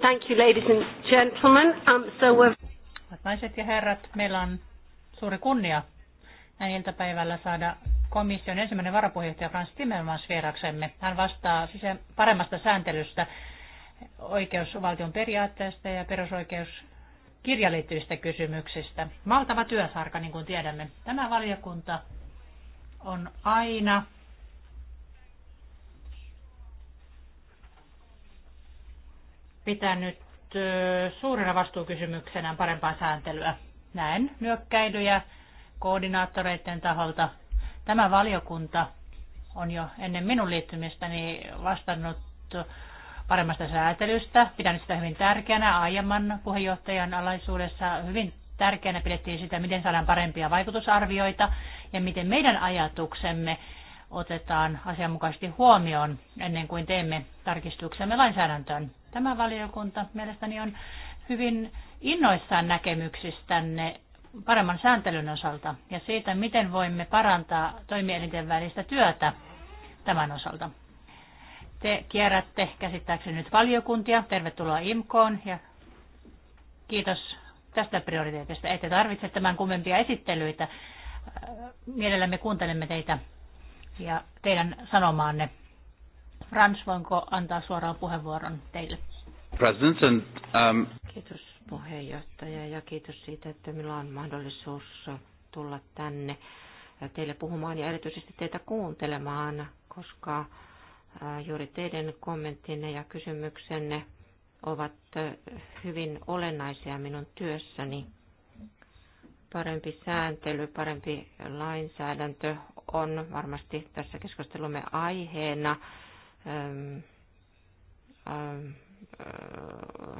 Thank you, ladies and gentlemen. Um, so we're... naiset ja herrat, meillä on suuri kunnia näin iltapäivällä saada komission ensimmäinen varapuheenjohtaja Frans Timmermans vieraksemme. Hän vastaa paremmasta sääntelystä, oikeusvaltion periaatteesta ja perusoikeus kirjaliittyvistä kysymyksistä. Maltava työsarka, niin kuin tiedämme. Tämä valiokunta on aina pitänyt suurena vastuukysymyksenä parempaa sääntelyä. Näen nyökkäilyjä koordinaattoreiden taholta. Tämä valiokunta on jo ennen minun liittymistäni niin vastannut paremmasta säätelystä. Pidän sitä hyvin tärkeänä. Aiemman puheenjohtajan alaisuudessa hyvin tärkeänä pidettiin sitä, miten saadaan parempia vaikutusarvioita ja miten meidän ajatuksemme otetaan asianmukaisesti huomioon ennen kuin teemme tarkistuksemme lainsäädäntöön. Tämä valiokunta mielestäni on hyvin innoissaan näkemyksistänne paremman sääntelyn osalta ja siitä, miten voimme parantaa toimielinten välistä työtä tämän osalta. Te kierrätte käsittääkseni nyt valiokuntia. Tervetuloa IMKOon ja kiitos tästä prioriteetista. Ette tarvitse tämän kummempia esittelyitä. Äh, mielellämme kuuntelemme teitä ja teidän sanomaanne. Frans, voinko antaa suoraan puheenvuoron teille? President and, um... Kiitos puheenjohtaja ja kiitos siitä, että minulla on mahdollisuus tulla tänne teille puhumaan ja erityisesti teitä kuuntelemaan, koska äh, juuri teidän kommenttinne ja kysymyksenne ovat äh, hyvin olennaisia minun työssäni. Parempi sääntely, parempi lainsäädäntö on varmasti tässä keskustelumme aiheena Öö,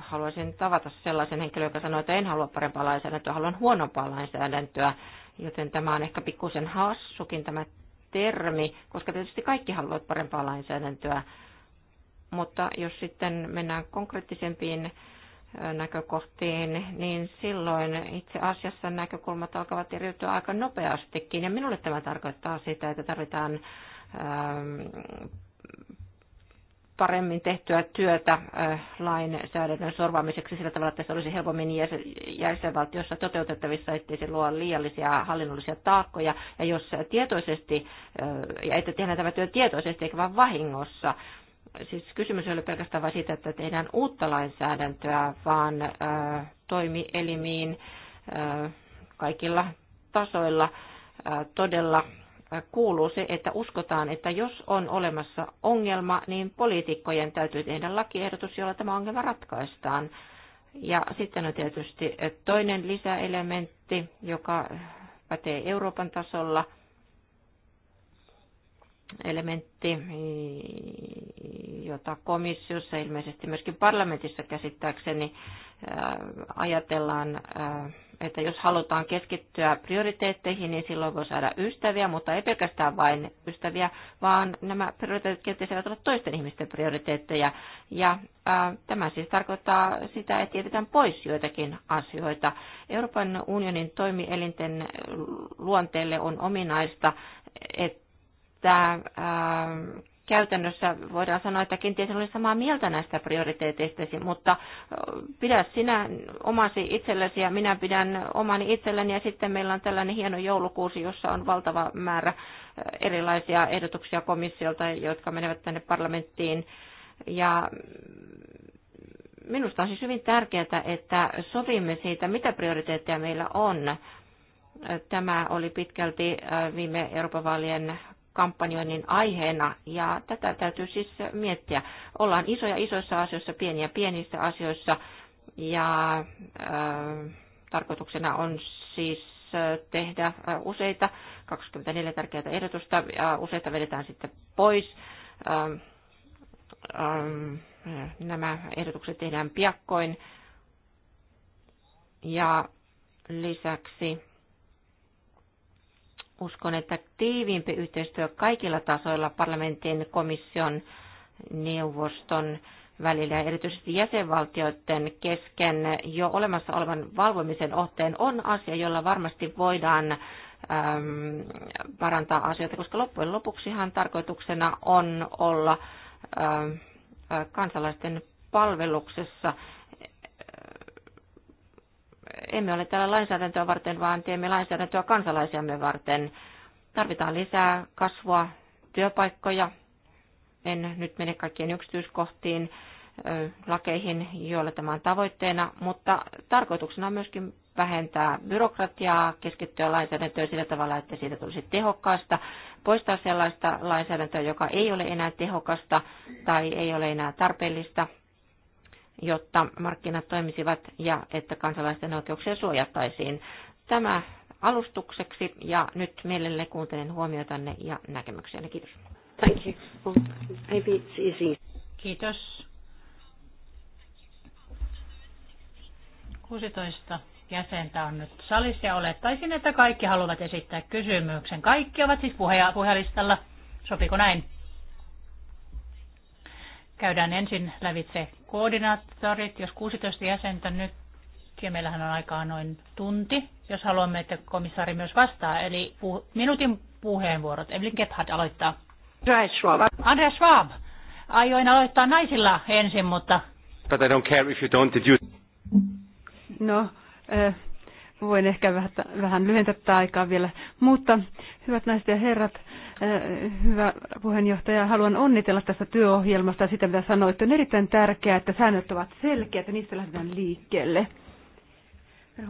haluaisin tavata sellaisen henkilön, joka sanoi, että en halua parempaa lainsäädäntöä, haluan huonompaa lainsäädäntöä. Joten tämä on ehkä pikkusen hassukin tämä termi, koska tietysti kaikki haluavat parempaa lainsäädäntöä. Mutta jos sitten mennään konkreettisempiin näkökohtiin, niin silloin itse asiassa näkökulmat alkavat eriytyä aika nopeastikin. Ja minulle tämä tarkoittaa sitä, että tarvitaan paremmin tehtyä työtä lainsäädännön sorvaamiseksi sillä tavalla, että se olisi helpommin jäsenvaltiossa toteutettavissa, ettei se luo liiallisia hallinnollisia taakkoja. Ja jos tietoisesti, ja että tehdään tämä työ tietoisesti eikä vain vahingossa, siis kysymys ei ole pelkästään vain siitä, että tehdään uutta lainsäädäntöä, vaan toimielimiin kaikilla tasoilla todella kuuluu se, että uskotaan, että jos on olemassa ongelma, niin poliitikkojen täytyy tehdä lakiehdotus, jolla tämä ongelma ratkaistaan. Ja sitten on tietysti toinen lisäelementti, joka pätee Euroopan tasolla – elementti, jota komissiossa, ilmeisesti myöskin parlamentissa käsittääkseni, ajatellaan että jos halutaan keskittyä prioriteetteihin, niin silloin voi saada ystäviä, mutta ei pelkästään vain ystäviä, vaan nämä prioriteetit kenties eivät ole toisten ihmisten prioriteetteja. Ja ää, tämä siis tarkoittaa sitä, että jätetään pois joitakin asioita. Euroopan unionin toimielinten luonteelle on ominaista, että että käytännössä voidaan sanoa, että kenties olisi samaa mieltä näistä prioriteeteista, mutta pidä sinä omasi itsellesi ja minä pidän omani itselleni ja sitten meillä on tällainen hieno joulukuusi, jossa on valtava määrä erilaisia ehdotuksia komissiolta, jotka menevät tänne parlamenttiin. Ja minusta on siis hyvin tärkeää, että sovimme siitä, mitä prioriteetteja meillä on. Tämä oli pitkälti viime Euroopan vaalien kampanjoinnin aiheena ja tätä täytyy siis miettiä. Ollaan isoja isoissa asioissa, pieniä pienissä asioissa ja äh, tarkoituksena on siis äh, tehdä äh, useita, 24 tärkeää ehdotusta, ja useita vedetään sitten pois. Ähm, ähm, nämä ehdotukset tehdään piakkoin. Ja lisäksi uskon, että tiiviimpi yhteistyö kaikilla tasoilla parlamentin, komission, neuvoston välillä ja erityisesti jäsenvaltioiden kesken jo olemassa olevan valvomisen otteen on asia, jolla varmasti voidaan äm, parantaa asioita, koska loppujen lopuksihan tarkoituksena on olla äm, kansalaisten palveluksessa emme ole täällä lainsäädäntöä varten, vaan teemme lainsäädäntöä kansalaisiamme varten. Tarvitaan lisää kasvua, työpaikkoja. En nyt mene kaikkien yksityiskohtiin, lakeihin, joilla tämä on tavoitteena, mutta tarkoituksena on myöskin vähentää byrokratiaa, keskittyä lainsäädäntöön sillä tavalla, että siitä tulisi tehokkaasta, poistaa sellaista lainsäädäntöä, joka ei ole enää tehokasta tai ei ole enää tarpeellista jotta markkinat toimisivat ja että kansalaisten oikeuksia suojattaisiin. Tämä alustukseksi ja nyt mielelläni kuuntelen huomiotanne ja näkemyksiä. Kiitos. Thank you. Maybe it's easy. Kiitos. 16 jäsentä on nyt salissa ja olettaisin, että kaikki haluavat esittää kysymyksen. Kaikki ovat siis puhe- puhelistalla. Sopiko näin? Käydään ensin lävitse koordinaattorit, jos 16 jäsentä nyt, ja meillähän on aikaa noin tunti, jos haluamme, että komissaari myös vastaa. Eli puh- minuutin puheenvuorot. Evelyn Gebhardt aloittaa. Andreas Schwab. Andreas Schwab. Aioin aloittaa naisilla ensin, mutta... But I don't care if you don't, did you... No, äh, voin ehkä vähän, vähän lyhentää aikaa vielä. Mutta, hyvät naiset ja herrat, äh, Hyvä puheenjohtaja, haluan onnitella tästä työohjelmasta ja sitä, mitä sanoitte. On erittäin tärkeää, että säännöt ovat selkeät ja niistä lähdetään liikkeelle.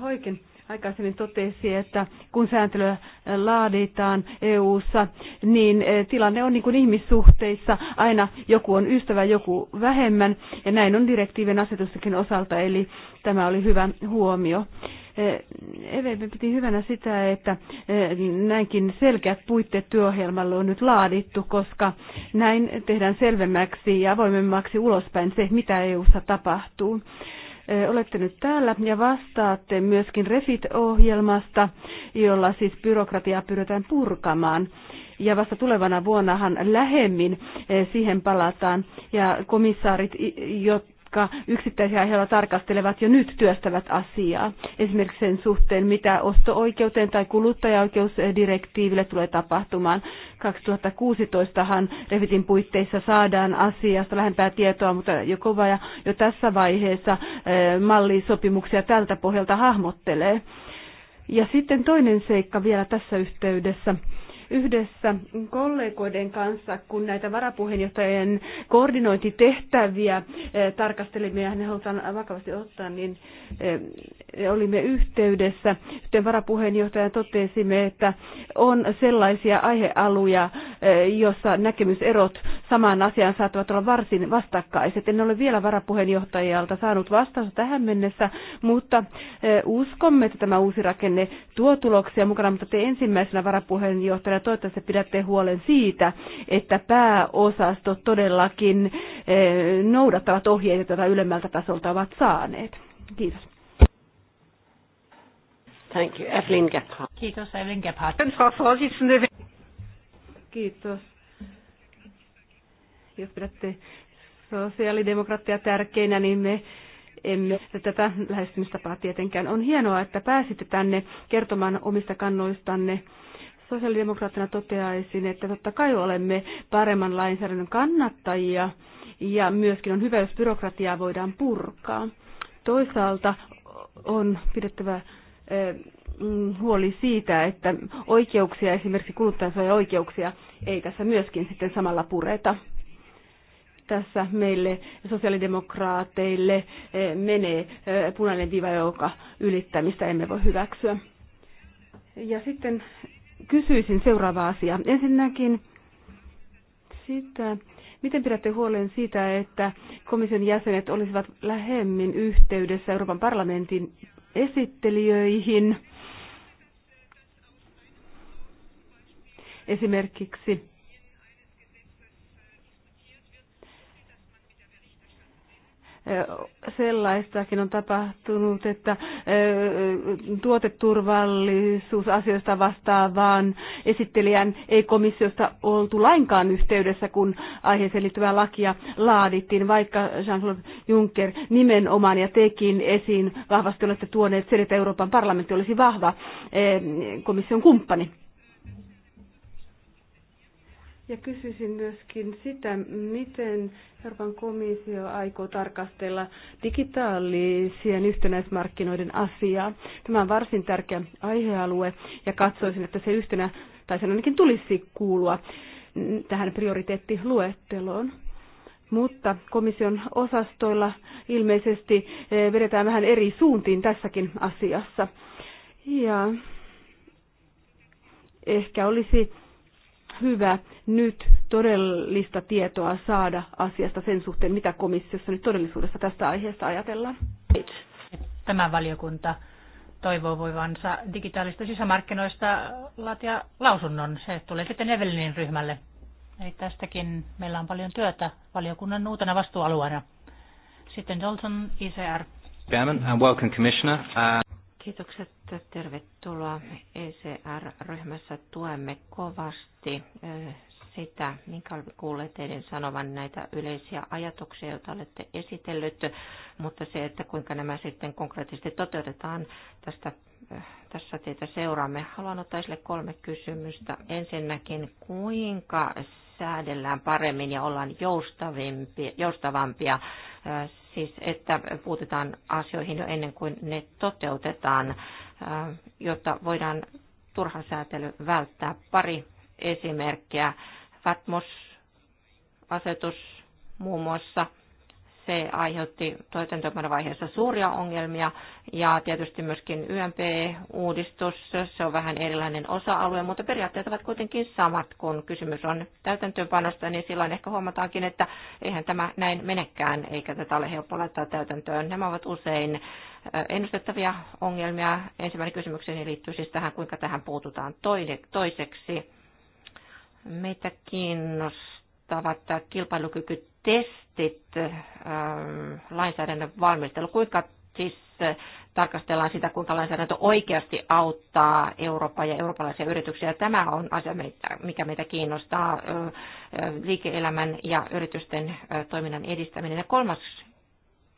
Hoikin aikaisemmin totesi, että kun sääntelyä laaditaan EU-ssa, niin tilanne on niin kuin ihmissuhteissa. Aina joku on ystävä, joku vähemmän. Ja näin on direktiivin asetustakin osalta, eli tämä oli hyvä huomio. EVP piti hyvänä sitä, että näinkin selkeät puitteet työohjelmalle on nyt laadittu, koska näin tehdään selvemmäksi ja avoimemmaksi ulospäin se, mitä EU:ssa tapahtuu olette nyt täällä ja vastaatte myöskin REFIT-ohjelmasta, jolla siis byrokratiaa pyritään purkamaan. Ja vasta tulevana vuonnahan lähemmin siihen palataan. Ja komissaarit, jotka yksittäisiä aiheilla tarkastelevat jo nyt työstävät asiaa. Esimerkiksi sen suhteen, mitä osto-oikeuteen tai kuluttajaoikeusdirektiiville tulee tapahtumaan. 2016han Refitin puitteissa saadaan asiasta lähempää tietoa, mutta jo kova ja jo tässä vaiheessa eh, mallisopimuksia tältä pohjalta hahmottelee. Ja sitten toinen seikka vielä tässä yhteydessä yhdessä kollegoiden kanssa, kun näitä varapuheenjohtajien koordinointitehtäviä eh, tarkastelimme ja ne halutaan vakavasti ottaa, niin eh, olimme yhteydessä. Sitten varapuheenjohtajan totesimme, että on sellaisia aihealuja, eh, jossa näkemyserot samaan asiaan saattavat olla varsin vastakkaiset. En ole vielä varapuheenjohtajalta saanut vastausta tähän mennessä, mutta uskomme, että tämä uusi rakenne tuo tuloksia mukana, mutta te ensimmäisenä varapuheenjohtajana toivottavasti pidätte huolen siitä, että pääosastot todellakin eh, noudattavat ohjeita, joita ylemmältä tasolta ovat saaneet. Kiitos. Thank you. Evelyn Gephardt. Kiitos, Evelyn Gephardt. Kiitos. Jos pidätte sosiaalidemokratia tärkeinä, niin me emme tätä lähestymistapaa tietenkään. On hienoa, että pääsitte tänne kertomaan omista kannoistanne sosiaalidemokraattina toteaisin, että totta kai olemme paremman lainsäädännön kannattajia ja myöskin on hyvä, jos byrokratiaa voidaan purkaa. Toisaalta on pidettävä mm, huoli siitä, että oikeuksia, esimerkiksi kuluttajansuojan oikeuksia ei tässä myöskin sitten samalla pureta. Tässä meille sosiaalidemokraateille menee punainen viiva, joka ylittämistä emme voi hyväksyä. Ja sitten kysyisin seuraava asia. Ensinnäkin sitä, miten pidätte huolen siitä, että komission jäsenet olisivat lähemmin yhteydessä Euroopan parlamentin esittelijöihin? Esimerkiksi sellaistakin on tapahtunut, että tuoteturvallisuusasioista vastaavaan esittelijän ei komissiosta oltu lainkaan yhteydessä, kun aiheeseen liittyvää lakia laadittiin, vaikka Jean-Claude Juncker nimenomaan ja tekin esiin vahvasti olette tuoneet sen, että Euroopan parlamentti olisi vahva komission kumppani. Ja kysyisin myöskin sitä, miten Euroopan komissio aikoo tarkastella digitaalisien yhtenäismarkkinoiden asiaa. Tämä on varsin tärkeä aihealue ja katsoisin, että se yhtenä, tai sen ainakin tulisi kuulua tähän prioriteettiluetteloon mutta komission osastoilla ilmeisesti eh, vedetään vähän eri suuntiin tässäkin asiassa. Ja ehkä olisi hyvä nyt todellista tietoa saada asiasta sen suhteen, mitä komissiossa nyt todellisuudessa tästä aiheesta ajatellaan. Tämä valiokunta toivoo voivansa digitaalista sisämarkkinoista laatia lausunnon. Se tulee sitten Evelinin ryhmälle. Eli tästäkin meillä on paljon työtä valiokunnan uutena vastuualueena. Sitten Johnson, ICR. Chairman and welcome Commissioner. Uh... Kiitokset, tervetuloa. ECR-ryhmässä tuemme kovasti sitä, minkä kuulee teidän sanovan näitä yleisiä ajatuksia, joita olette esitellyt, mutta se, että kuinka nämä sitten konkreettisesti toteutetaan, tästä, tässä teitä seuraamme. Haluan ottaa esille kolme kysymystä. Ensinnäkin, kuinka säädellään paremmin ja ollaan joustavampia Siis, että puututaan asioihin jo ennen kuin ne toteutetaan, äh, jotta voidaan turhan säätely välttää. Pari esimerkkiä. FATMOS-asetus muun muassa – se aiheutti vaiheessa suuria ongelmia ja tietysti myöskin YMP-uudistus, se on vähän erilainen osa-alue, mutta periaatteet ovat kuitenkin samat, kun kysymys on täytäntöönpanosta, niin silloin ehkä huomataankin, että eihän tämä näin menekään, eikä tätä ole helppo laittaa täytäntöön. Nämä ovat usein ennustettavia ongelmia. Ensimmäinen kysymykseni liittyy siis tähän, kuinka tähän puututaan toiseksi. Meitä kiinnostaa kilpailukyky testit, ähm, lainsäädännön valmistelu, kuinka siis äh, tarkastellaan sitä, kuinka lainsäädäntö oikeasti auttaa Eurooppaa ja eurooppalaisia yrityksiä. Tämä on asia, mikä meitä kiinnostaa, äh, äh, liike-elämän ja yritysten toiminnan edistäminen. Ja kolmas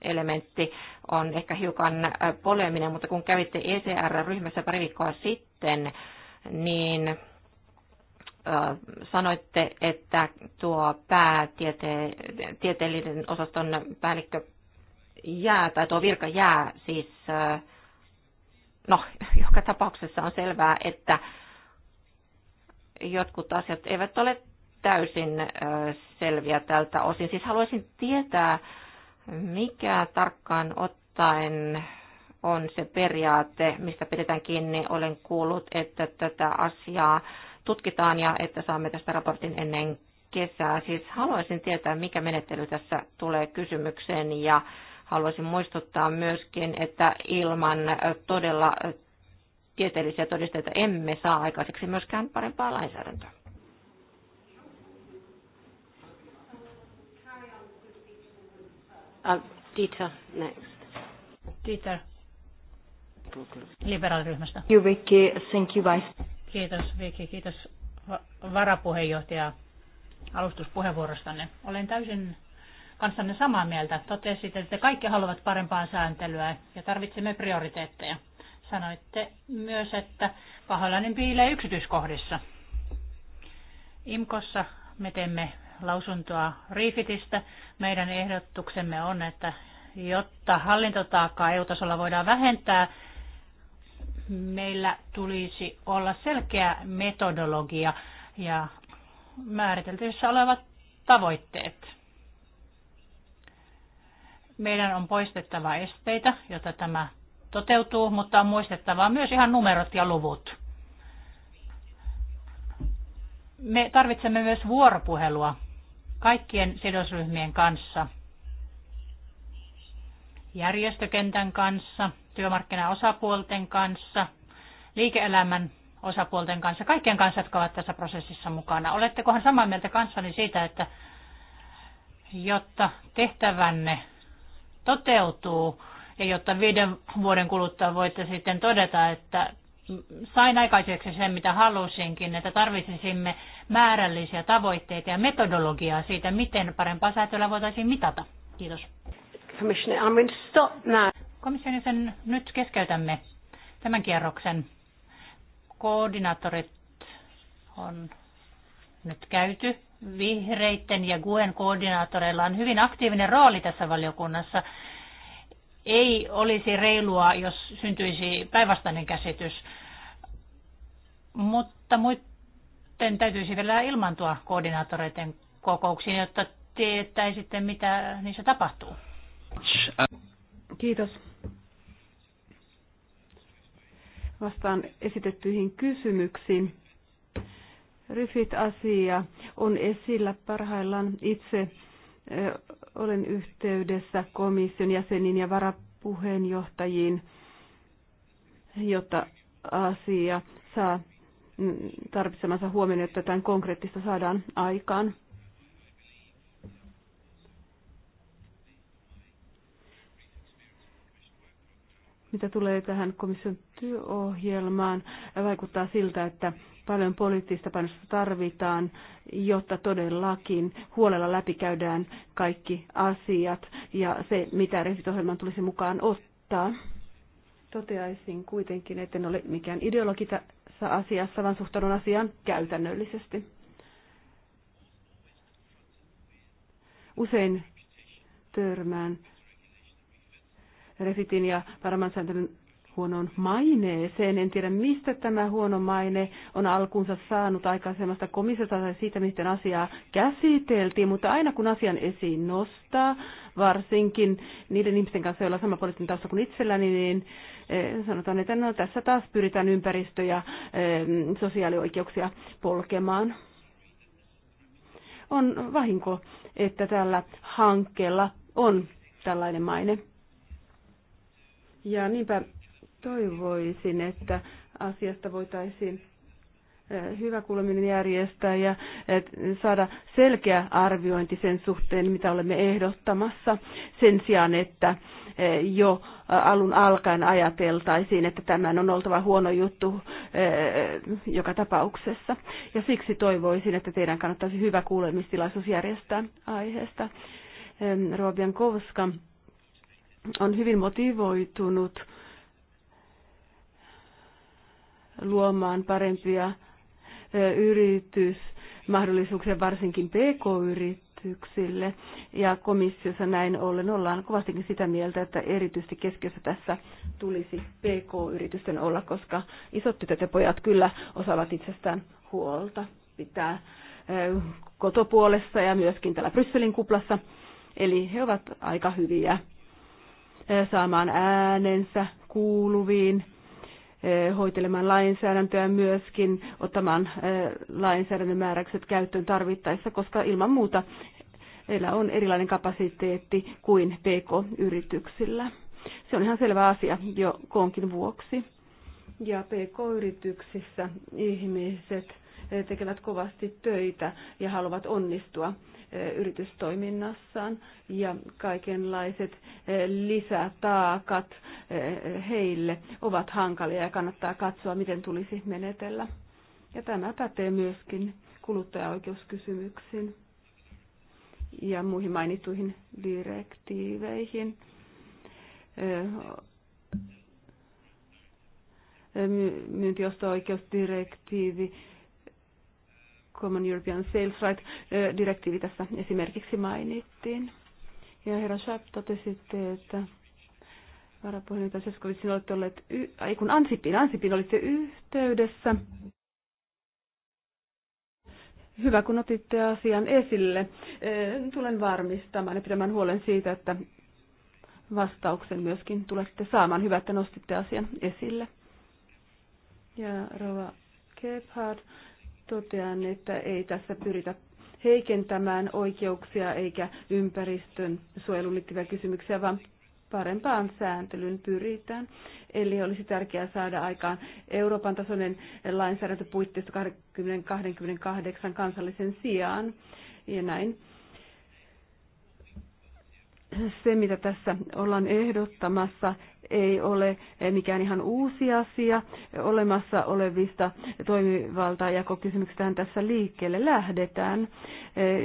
elementti on ehkä hiukan poleminen, mutta kun kävitte ECR-ryhmässä pari viikkoa sitten, niin sanoitte, että tuo päätieteellinen osaston päällikkö jää, tai tuo virka jää siis, no, joka tapauksessa on selvää, että jotkut asiat eivät ole täysin selviä tältä osin. Siis haluaisin tietää, mikä tarkkaan ottaen on se periaate, mistä pidetään kiinni. Olen kuullut, että tätä asiaa tutkitaan ja että saamme tästä raportin ennen kesää. Siis haluaisin tietää, mikä menettely tässä tulee kysymykseen ja haluaisin muistuttaa myöskin, että ilman todella tieteellisiä todisteita emme saa aikaiseksi myöskään parempaa lainsäädäntöä. Uh, Dieter, next. Dieter. Liberaaliryhmästä. Thank you, Vice. Kiitos Viki, kiitos varapuheenjohtaja alustuspuheenvuorostanne. Olen täysin kanssanne samaa mieltä. Totesit, että kaikki haluavat parempaa sääntelyä ja tarvitsemme prioriteetteja. Sanoitte myös, että paholainen piilee yksityiskohdissa. IMKossa me teemme lausuntoa Riifitistä. Meidän ehdotuksemme on, että jotta hallintotaakkaa EU-tasolla voidaan vähentää, meillä tulisi olla selkeä metodologia ja määriteltyissä olevat tavoitteet. Meidän on poistettava esteitä, jotta tämä toteutuu, mutta on muistettava myös ihan numerot ja luvut. Me tarvitsemme myös vuoropuhelua kaikkien sidosryhmien kanssa, järjestökentän kanssa – työmarkkinaosapuolten kanssa, liike-elämän osapuolten kanssa, kaikkien kanssa, jotka ovat tässä prosessissa mukana. Olettekohan samaa mieltä kanssani siitä, että jotta tehtävänne toteutuu ja jotta viiden vuoden kuluttua voitte sitten todeta, että sain aikaiseksi sen, mitä halusinkin, että tarvitsisimme määrällisiä tavoitteita ja metodologiaa siitä, miten parempaa säätöllä voitaisiin mitata. Kiitos. Commissioner, I'm going to stop now. Komission jäsen, nyt keskeytämme tämän kierroksen. Koordinaattorit on nyt käyty. Vihreitten ja GUEN koordinaattoreilla on hyvin aktiivinen rooli tässä valiokunnassa. Ei olisi reilua, jos syntyisi päinvastainen käsitys, mutta muiden täytyisi vielä ilmantua koordinaattoreiden kokouksiin, jotta tietäisitte, mitä niissä tapahtuu. Kiitos. vastaan esitettyihin kysymyksiin. ryfit asia on esillä parhaillaan itse. Olen yhteydessä komission jäseniin ja varapuheenjohtajiin, jotta asia saa mm, tarvitsemansa huomioon, että tämän konkreettista saadaan aikaan. Mitä tulee tähän komission työohjelmaan, vaikuttaa siltä, että paljon poliittista painosta tarvitaan, jotta todellakin huolella läpikäydään kaikki asiat ja se, mitä resitohjelman tulisi mukaan ottaa. Toteaisin kuitenkin, että en ole mikään ideologi tässä asiassa, vaan suhtaudun asiaan käytännöllisesti. Usein törmään Refitin ja varmaan sääntelyn huonoon maineeseen. En tiedä, mistä tämä huono maine on alkuunsa saanut aikaisemmasta komissiosta tai siitä, miten asiaa käsiteltiin, mutta aina kun asian esiin nostaa, varsinkin niiden ihmisten kanssa, joilla on sama poliittinen tausta kuin itselläni, niin e, sanotaan, että no, tässä taas pyritään ympäristö- ja e, sosiaalioikeuksia polkemaan. On vahinko, että tällä hankkeella on tällainen maine. Ja niinpä toivoisin, että asiasta voitaisiin hyvä kuuleminen järjestää ja saada selkeä arviointi sen suhteen, mitä olemme ehdottamassa, sen sijaan, että jo alun alkaen ajateltaisiin, että tämän on oltava huono juttu joka tapauksessa. Ja siksi toivoisin, että teidän kannattaisi hyvä kuulemistilaisuus järjestää aiheesta. Robian Kovska on hyvin motivoitunut luomaan parempia yritysmahdollisuuksia varsinkin pk-yrityksille. Ja komissiossa näin ollen ollaan kovastikin sitä mieltä, että erityisesti keskiössä tässä tulisi pk-yritysten olla, koska isot tytöt ja pojat kyllä osaavat itsestään huolta pitää kotopuolessa ja myöskin täällä Brysselin kuplassa. Eli he ovat aika hyviä saamaan äänensä kuuluviin, hoitelemaan lainsäädäntöä myöskin, ottamaan lainsäädännön määräykset käyttöön tarvittaessa, koska ilman muuta heillä on erilainen kapasiteetti kuin PK-yrityksillä. Se on ihan selvä asia jo konkin vuoksi. Ja PK-yrityksissä ihmiset tekevät kovasti töitä ja haluavat onnistua eh, yritystoiminnassaan ja kaikenlaiset eh, lisätaakat eh, heille ovat hankalia ja kannattaa katsoa, miten tulisi menetellä. Ja tämä pätee myöskin kuluttajaoikeuskysymyksiin ja muihin mainittuihin direktiiveihin myyntiosto-oikeusdirektiivi Common European Sales Right-direktiivi tässä esimerkiksi mainittiin. Ja herra Schaap totesitte, että varapuheenjohtaja Seskovitsin olette olleet, y- ei kun Ansipin, Ansipin olitte yhteydessä. Hyvä, kun otitte asian esille. Tulen varmistamaan ja pidemmän huolen siitä, että vastauksen myöskin tulette saamaan. Hyvä, että nostitte asian esille. Ja Rova Gebhard totean, että ei tässä pyritä heikentämään oikeuksia eikä ympäristön suojeluun liittyviä kysymyksiä, vaan parempaan sääntelyyn pyritään. Eli olisi tärkeää saada aikaan Euroopan tasoinen puitteista 2028 kansallisen sijaan. Ja näin se, mitä tässä ollaan ehdottamassa, ei ole mikään ihan uusi asia. Olemassa olevista toimivalta- ja toimivaltajakokysymyksistähän tässä liikkeelle lähdetään.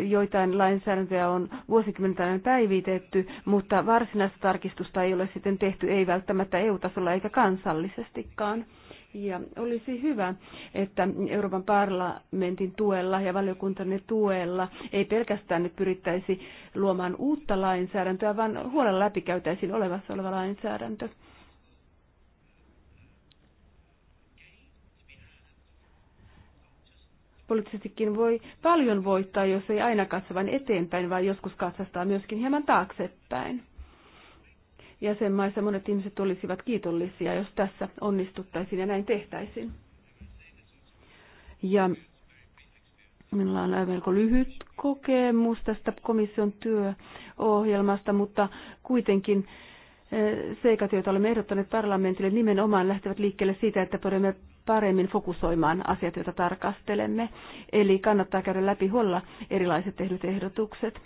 Joitain lainsäädäntöjä on vuosikymmenten päivitetty, mutta varsinaista tarkistusta ei ole sitten tehty, ei välttämättä EU-tasolla eikä kansallisestikaan. Ja olisi hyvä, että Euroopan parlamentin tuella ja valiokuntanne tuella ei pelkästään nyt pyrittäisi luomaan uutta lainsäädäntöä, vaan huolella läpikäytäisiin olevassa oleva lainsäädäntö. poliittisestikin voi paljon voittaa, jos ei aina katso vain eteenpäin, vaan joskus katsastaa myöskin hieman taaksepäin jäsenmaissa monet ihmiset olisivat kiitollisia, jos tässä onnistuttaisiin ja näin tehtäisiin. Ja Minulla on melko lyhyt kokemus tästä komission työohjelmasta, mutta kuitenkin eh, seikat, joita olemme ehdottaneet parlamentille, nimenomaan lähtevät liikkeelle siitä, että pyrimme paremmin fokusoimaan asiat, joita tarkastelemme. Eli kannattaa käydä läpi huolla erilaiset tehdyt ehdotukset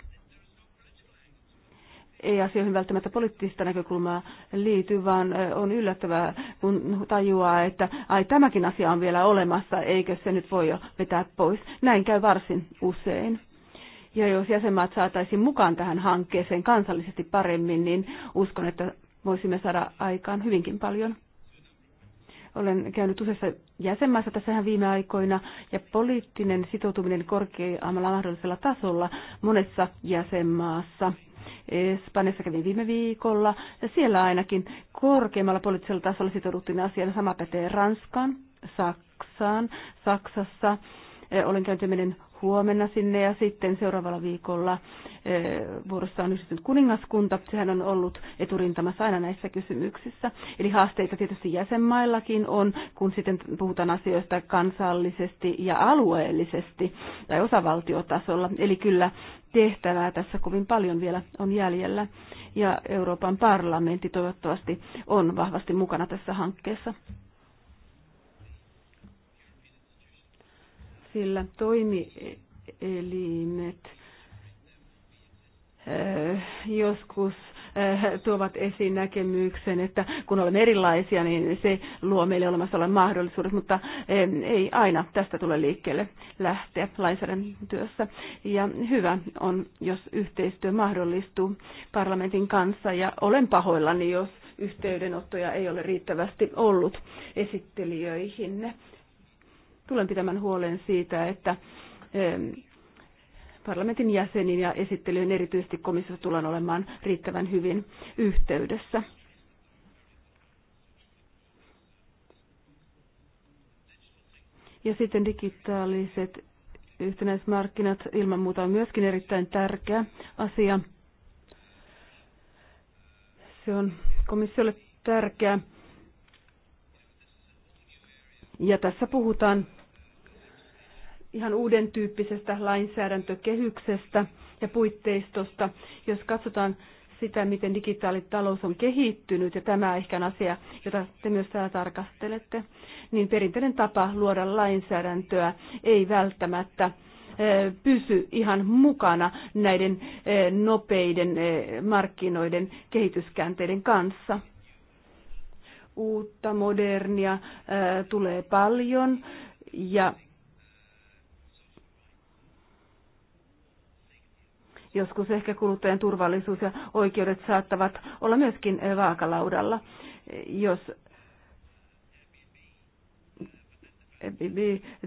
ei asioihin välttämättä poliittista näkökulmaa liity, vaan on yllättävää, kun tajuaa, että ai tämäkin asia on vielä olemassa, eikö se nyt voi jo vetää pois. Näin käy varsin usein. Ja jos jäsenmaat saataisiin mukaan tähän hankkeeseen kansallisesti paremmin, niin uskon, että voisimme saada aikaan hyvinkin paljon. Olen käynyt useissa jäsenmaissa tässä viime aikoina ja poliittinen sitoutuminen korkeammalla mahdollisella tasolla monessa jäsenmaassa – Espanjassa kävin viime viikolla. Siellä ainakin korkeammalla poliittisella tasolla sitouduttiin asiaan. Sama pätee Ranskaan, Saksaan, Saksassa. E, olen käynyt menen huomenna sinne ja sitten seuraavalla viikolla e, vuorossa on yhdistynyt kuningaskunta. Sehän on ollut eturintamassa aina näissä kysymyksissä. Eli haasteita tietysti jäsenmaillakin on, kun sitten puhutaan asioista kansallisesti ja alueellisesti tai osavaltiotasolla. Eli kyllä tehtävää tässä kovin paljon vielä on jäljellä ja Euroopan parlamentti toivottavasti on vahvasti mukana tässä hankkeessa. Sillä toimielimet eh, joskus Äh, tuovat esiin näkemyksen, että kun olemme erilaisia, niin se luo meille olemassa olevan mahdollisuudet, mutta ei aina tästä tule liikkeelle lähteä lainsäädäntötyössä. Ja hyvä on, jos yhteistyö mahdollistuu parlamentin kanssa ja olen pahoillani, jos yhteydenottoja ei ole riittävästi ollut esittelijöihinne. Tulen pitämään huolen siitä, että parlamentin jäseniin ja esittelyyn erityisesti komissiossa tullaan olemaan riittävän hyvin yhteydessä. Ja sitten digitaaliset yhtenäismarkkinat ilman muuta on myöskin erittäin tärkeä asia. Se on komissiolle tärkeä. Ja tässä puhutaan ihan uuden tyyppisestä lainsäädäntökehyksestä ja puitteistosta. Jos katsotaan sitä, miten digitaalitalous on kehittynyt, ja tämä ehkä on asia, jota te myös täällä tarkastelette, niin perinteinen tapa luoda lainsäädäntöä ei välttämättä eh, pysy ihan mukana näiden eh, nopeiden eh, markkinoiden kehityskäänteiden kanssa. Uutta, modernia tulee paljon ja Joskus ehkä kuluttajan turvallisuus ja oikeudet saattavat olla myöskin eh, vaakalaudalla, jos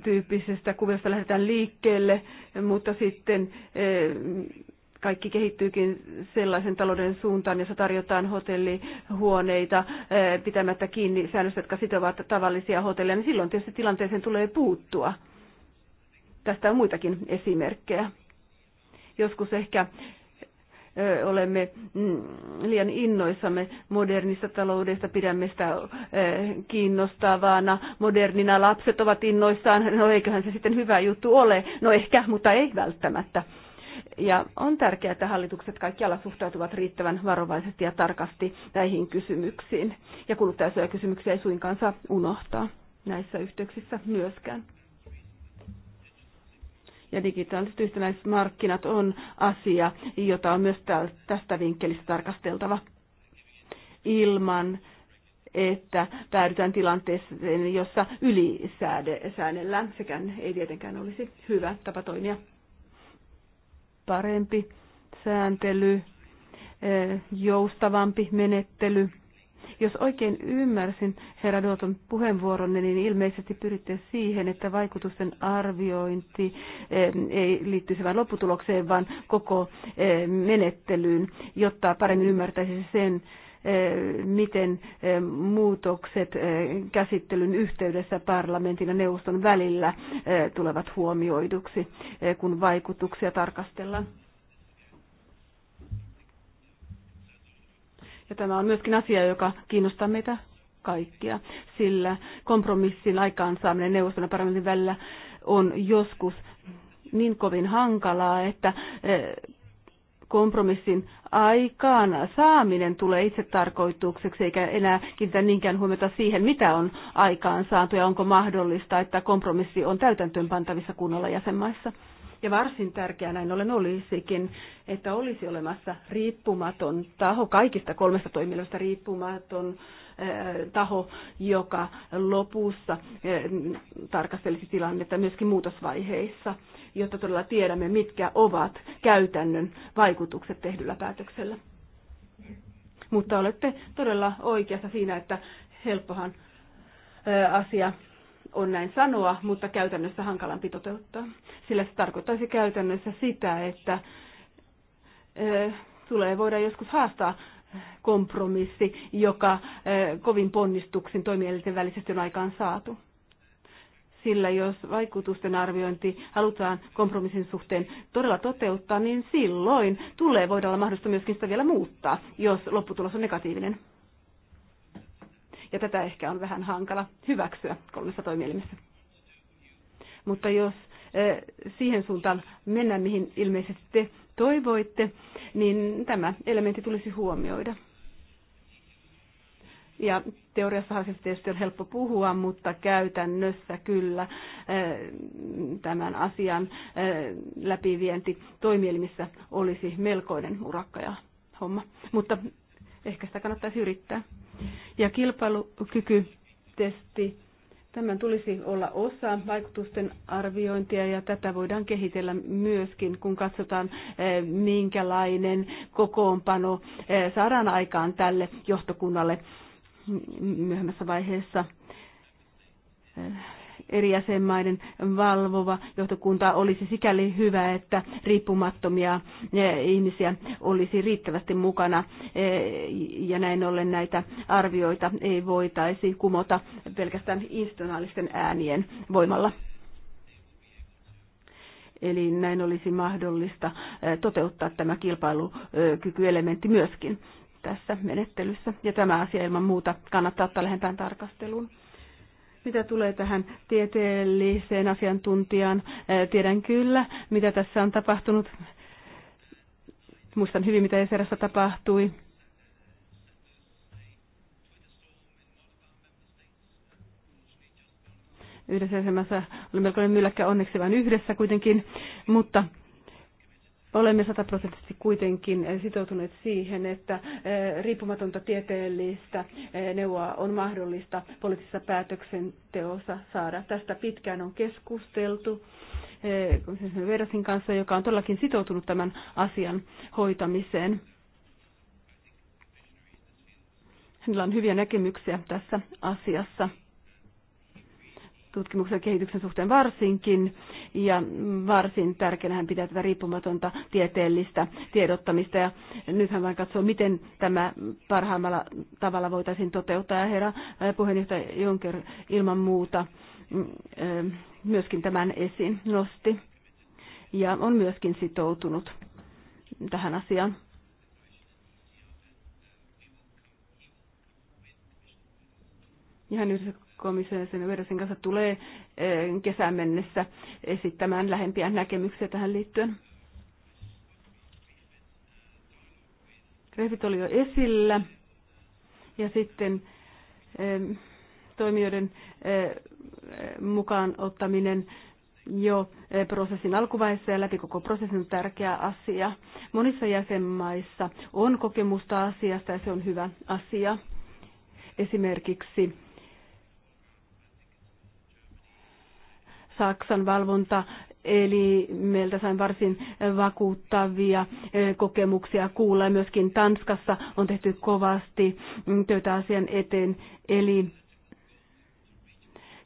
tyyppisestä kuviosta lähdetään liikkeelle, mutta sitten eh, kaikki kehittyykin sellaisen talouden suuntaan, jossa tarjotaan hotellihuoneita eh, pitämättä kiinni säännöstä, jotka sitovat tavallisia hotelleja, niin silloin tietysti tilanteeseen tulee puuttua. Tästä on muitakin esimerkkejä. Joskus ehkä olemme mm, liian innoissamme modernista taloudesta, pidämme sitä kiinnostavana, modernina lapset ovat innoissaan, no eiköhän se sitten hyvä juttu ole, no ehkä, mutta ei välttämättä. Ja on tärkeää, että hallitukset kaikkialla suhtautuvat riittävän varovaisesti ja tarkasti näihin kysymyksiin. Ja kuluttajasuojakysymyksiä ei suinkaan saa unohtaa näissä yhteyksissä myöskään ja digitaaliset yhtenäismarkkinat on asia, jota on myös tästä vinkkelistä tarkasteltava ilman että päädytään tilanteeseen, jossa ylisäännellään. Sekään ei tietenkään olisi hyvä tapa toimia. Parempi sääntely, eh, joustavampi menettely jos oikein ymmärsin herra Dalton puheenvuoronne, niin ilmeisesti pyritte siihen, että vaikutusten arviointi eh, ei liittyisi vain lopputulokseen, vaan koko eh, menettelyyn, jotta paremmin ymmärtäisi sen, eh, miten muutokset käsittelyn yhteydessä parlamentin ja neuvoston välillä tulevat huomioiduksi, kun vaikutuksia tarkastellaan. Ja tämä on myöskin asia, joka kiinnostaa meitä kaikkia, sillä kompromissin aikaansaaminen neuvoston ja parlamentin välillä on joskus niin kovin hankalaa, että eh, kompromissin aikaan saaminen tulee itse tarkoitukseksi, eikä enää kiinnitä niinkään huomiota siihen, mitä on aikaansaatu ja onko mahdollista, että kompromissi on täytäntöönpantavissa kunnolla jäsenmaissa. Ja varsin tärkeää näin ollen olisikin, että olisi olemassa riippumaton taho, kaikista kolmesta toimijoista riippumaton taho, joka lopussa tarkastelisi tilannetta myöskin muutosvaiheissa, jotta todella tiedämme, mitkä ovat käytännön vaikutukset tehdyllä päätöksellä. Mutta olette todella oikeassa siinä, että helppohan asia on näin sanoa, mutta käytännössä hankalampi toteuttaa. Sillä se tarkoittaisi käytännössä sitä, että tulee voida joskus haastaa kompromissi, joka kovin ponnistuksin toimielinten välisesti on aikaan saatu. Sillä jos vaikutusten arviointi halutaan kompromissin suhteen todella toteuttaa, niin silloin tulee voida olla mahdollista myöskin sitä vielä muuttaa, jos lopputulos on negatiivinen ja tätä ehkä on vähän hankala hyväksyä kolmessa toimielimessä. Mutta jos siihen suuntaan mennään, mihin ilmeisesti te toivoitte, niin tämä elementti tulisi huomioida. Ja teoriassahan siis tietysti on helppo puhua, mutta käytännössä kyllä tämän asian läpivienti toimielimissä olisi melkoinen urakka ja homma. Mutta ehkä sitä kannattaisi yrittää. Ja kilpailukykytesti, tämän tulisi olla osa vaikutusten arviointia ja tätä voidaan kehitellä myöskin, kun katsotaan eh, minkälainen kokoonpano eh, saadaan aikaan tälle johtokunnalle myöhemmässä vaiheessa eh, eri jäsenmaiden valvova johtokunta olisi sikäli hyvä, että riippumattomia e, ihmisiä olisi riittävästi mukana e, ja näin ollen näitä arvioita ei voitaisi kumota pelkästään institutionaalisten äänien voimalla. Eli näin olisi mahdollista e, toteuttaa tämä kilpailukykyelementti myöskin tässä menettelyssä. Ja tämä asia ilman muuta kannattaa ottaa lähempään tarkasteluun. Mitä tulee tähän tieteelliseen asiantuntijaan, tiedän kyllä, mitä tässä on tapahtunut. Muistan hyvin, mitä Eserassa tapahtui. Yhdessä asemassa oli melkoinen mylläkkä onneksi vain yhdessä kuitenkin, mutta Olemme sataprosenttisesti kuitenkin sitoutuneet siihen, että eh, riippumatonta tieteellistä eh, neuvoa on mahdollista poliittisessa päätöksenteossa saada. Tästä pitkään on keskusteltu. Eh, Verasin kanssa, joka on todellakin sitoutunut tämän asian hoitamiseen. Hänellä on hyviä näkemyksiä tässä asiassa tutkimuksen ja kehityksen suhteen varsinkin, ja varsin tärkeänä hän pitää tätä riippumatonta tieteellistä tiedottamista, ja nythän vain katsoo, miten tämä parhaimmalla tavalla voitaisiin toteuttaa, ja herra puheenjohtaja Jonker ilman muuta mm, myöskin tämän esiin nosti, ja on myöskin sitoutunut tähän asiaan. Ja hän yhdessä ja sen Verosin kanssa tulee eh, kesän mennessä esittämään lähempiä näkemyksiä tähän liittyen. Refit oli jo esillä ja sitten toimijoiden eh, mukaan ottaminen jo eh, prosessin alkuvaiheessa ja läpi koko prosessin on tärkeä asia. Monissa jäsenmaissa on kokemusta asiasta ja se on hyvä asia. Esimerkiksi Saksan valvonta Eli meiltä sain varsin vakuuttavia e, kokemuksia kuulla. Myöskin Tanskassa on tehty kovasti mm, töitä asian eteen. Eli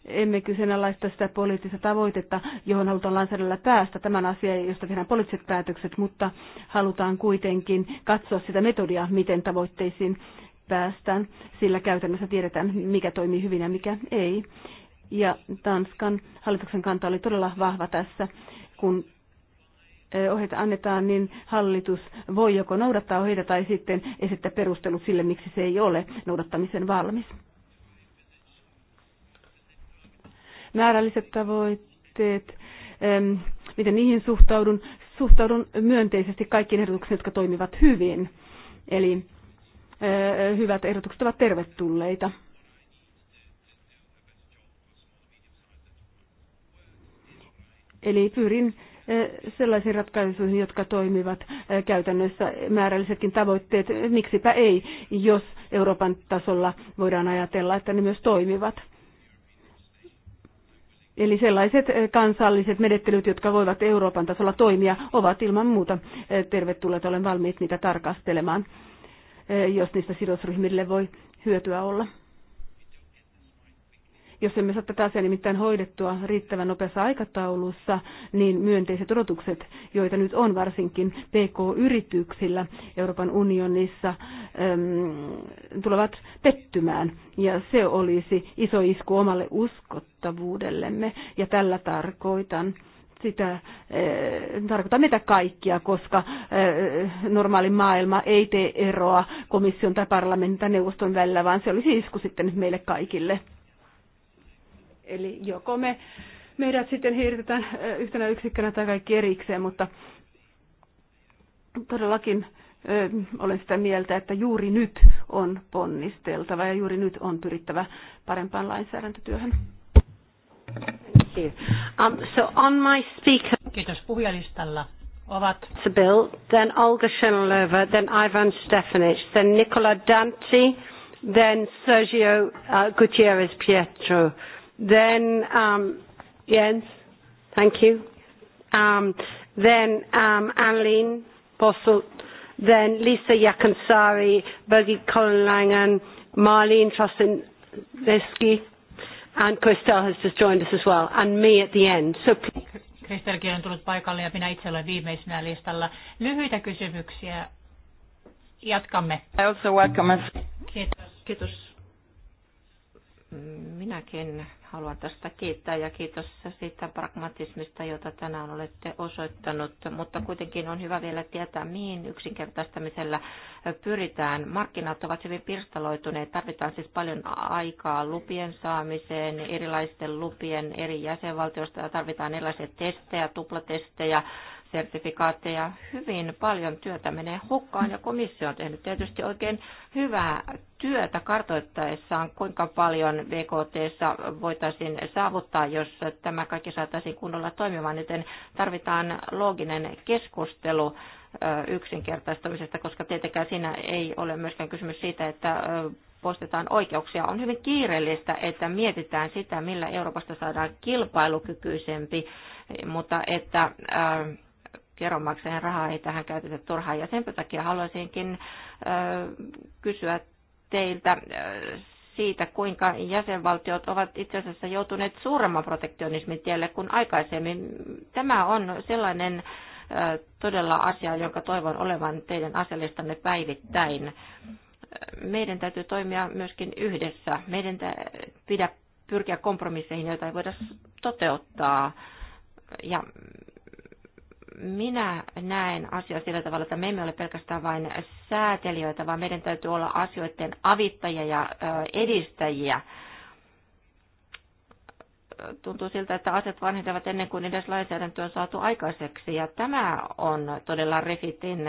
emme kyseenalaista sitä poliittista tavoitetta, johon halutaan lainsäädännöllä päästä. Tämän asian, josta tehdään poliittiset päätökset, mutta halutaan kuitenkin katsoa sitä metodia, miten tavoitteisiin päästään, sillä käytännössä tiedetään, mikä toimii hyvin ja mikä ei ja Tanskan hallituksen kanta oli todella vahva tässä, kun ohjeita annetaan, niin hallitus voi joko noudattaa ohjeita tai sitten esittää perustelut sille, miksi se ei ole noudattamisen valmis. Määrälliset tavoitteet, miten niihin suhtaudun? Suhtaudun myönteisesti kaikkiin ehdotuksiin, jotka toimivat hyvin. Eli hyvät ehdotukset ovat tervetulleita. Eli pyrin eh, sellaisiin ratkaisuihin, jotka toimivat eh, käytännössä määrällisetkin tavoitteet. Miksipä ei, jos Euroopan tasolla voidaan ajatella, että ne myös toimivat. Eli sellaiset eh, kansalliset menettelyt, jotka voivat Euroopan tasolla toimia, ovat ilman muuta tervetulleet. Olen valmiit niitä tarkastelemaan, jos niistä sidosryhmille voi hyötyä olla. Jos emme saa tätä asiaa nimittäin hoidettua riittävän nopeassa aikataulussa, niin myönteiset odotukset, joita nyt on varsinkin PK-yrityksillä Euroopan unionissa, tulevat pettymään. Ja se olisi iso isku omalle uskottavuudellemme. Ja tällä tarkoitan sitä äh, tarkoittaa meitä kaikkia, koska äh, normaali maailma ei tee eroa komission tai parlamentin tai neuvoston välillä, vaan se olisi isku sitten meille kaikille. Eli joko me, meidät sitten hirtetään yhtenä yksikkönä tai kaikki erikseen, mutta todellakin olen sitä mieltä, että juuri nyt on ponnisteltava ja juuri nyt on pyrittävä parempaan lainsäädäntötyöhön. Um, so on my speaker... Kiitos puhujalistalla ovat Sibyl, then Olga Shenlova, then Ivan Stefanich, then Nicola Danti, then Sergio uh, Gutierrez Pietro. Then, um, Jens, thank you. Um, then um, Annelien Bossel, then Lisa Yakansari, Birgit Kollenlangen, Marlene Trostineski, and Christelle has just joined us as well, and me at the end. So please. Kristelkin on tullut paikalle ja minä itse olen viimeisenä listalla. Lyhyitä kysymyksiä. Jatkamme. I also welcome us. Kiitos. Kiitos Minäkin haluan tästä kiittää ja kiitos siitä pragmatismista, jota tänään olette osoittanut. Mutta kuitenkin on hyvä vielä tietää, mihin yksinkertaistamisella pyritään. Markkinat ovat hyvin pirstaloituneet. Tarvitaan siis paljon aikaa lupien saamiseen, erilaisten lupien eri jäsenvaltioista. Tarvitaan erilaisia testejä, tuplatestejä sertifikaatteja. Hyvin paljon työtä menee hukkaan ja komissio on tehnyt tietysti oikein hyvää työtä kartoittaessaan, kuinka paljon VKT voitaisiin saavuttaa, jos tämä kaikki saataisiin kunnolla toimimaan, joten tarvitaan looginen keskustelu yksinkertaistamisesta, koska tietenkään siinä ei ole myöskään kysymys siitä, että poistetaan oikeuksia. On hyvin kiireellistä, että mietitään sitä, millä Euroopasta saadaan kilpailukykyisempi, mutta että keronmaksajien rahaa ei tähän käytetä turhaan. Ja sen takia haluaisinkin kysyä teiltä siitä, kuinka jäsenvaltiot ovat itse asiassa joutuneet suuremman protektionismin tielle kuin aikaisemmin. Tämä on sellainen todella asia, jonka toivon olevan teidän asialistanne päivittäin. Meidän täytyy toimia myöskin yhdessä. Meidän pidä pyrkiä kompromisseihin, joita ei voida toteuttaa. Ja minä näen asiaa sillä tavalla, että me emme ole pelkästään vain säätelijöitä, vaan meidän täytyy olla asioiden avittajia ja edistäjiä. Tuntuu siltä, että asiat vanhentavat ennen kuin edes lainsäädäntö on saatu aikaiseksi. Ja tämä on todella Refitin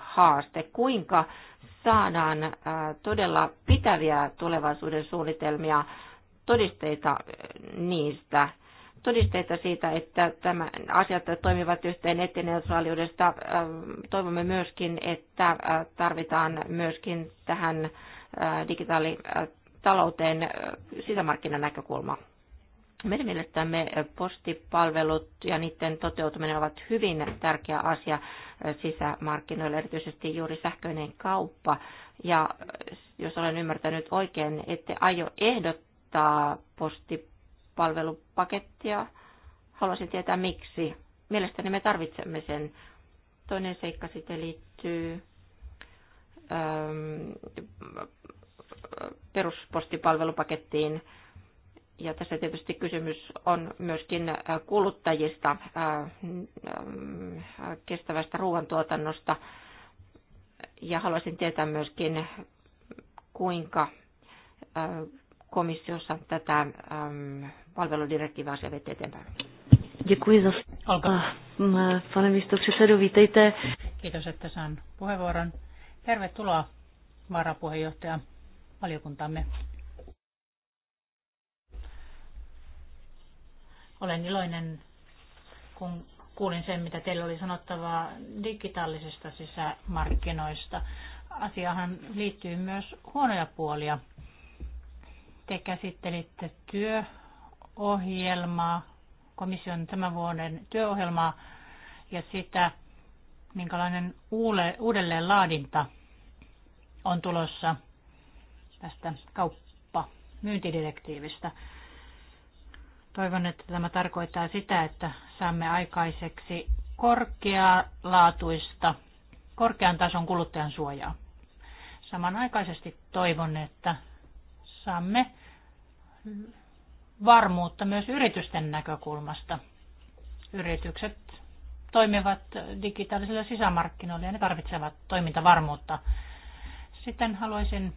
haaste, kuinka saadaan todella pitäviä tulevaisuuden suunnitelmia, todisteita niistä – todisteita siitä, että tämä asiat toimivat yhteen nettineutraaliudesta. Toivomme myöskin, että tarvitaan myöskin tähän digitaalitalouteen sisämarkkinan näkökulma. Meidän mielestämme postipalvelut ja niiden toteutuminen ovat hyvin tärkeä asia sisämarkkinoille, erityisesti juuri sähköinen kauppa. Ja jos olen ymmärtänyt oikein, ette aio ehdottaa postipalveluita palvelupakettia. Haluaisin tietää miksi. Mielestäni me tarvitsemme sen. Toinen seikka sitten liittyy ähm, peruspostipalvelupakettiin. Ja tässä tietysti kysymys on myöskin äh, kuluttajista, äh, äh, kestävästä ruoantuotannosta. Ja haluaisin tietää myöskin, kuinka komissiossa tätä ähm, palveludirektiiviä vie eteenpäin. Děkuji za Pane místopředsedo, vítejte. Kiitos, että saan puheenvuoron. Tervetuloa varapuheenjohtaja valiokuntamme. Olen iloinen, kun kuulin sen, mitä teillä oli sanottavaa digitaalisista sisämarkkinoista. Asiahan liittyy myös huonoja puolia. Te käsittelitte työ ohjelmaa, komission tämän vuoden työohjelmaa ja sitä, minkälainen uudelleen laadinta on tulossa tästä kauppamyyntidirektiivistä. Toivon, että tämä tarkoittaa sitä, että saamme aikaiseksi korkealaatuista, korkean tason kuluttajan suojaa. Samanaikaisesti toivon, että saamme varmuutta myös yritysten näkökulmasta. Yritykset toimivat digitaalisilla sisämarkkinoilla ja ne tarvitsevat toimintavarmuutta. Sitten haluaisin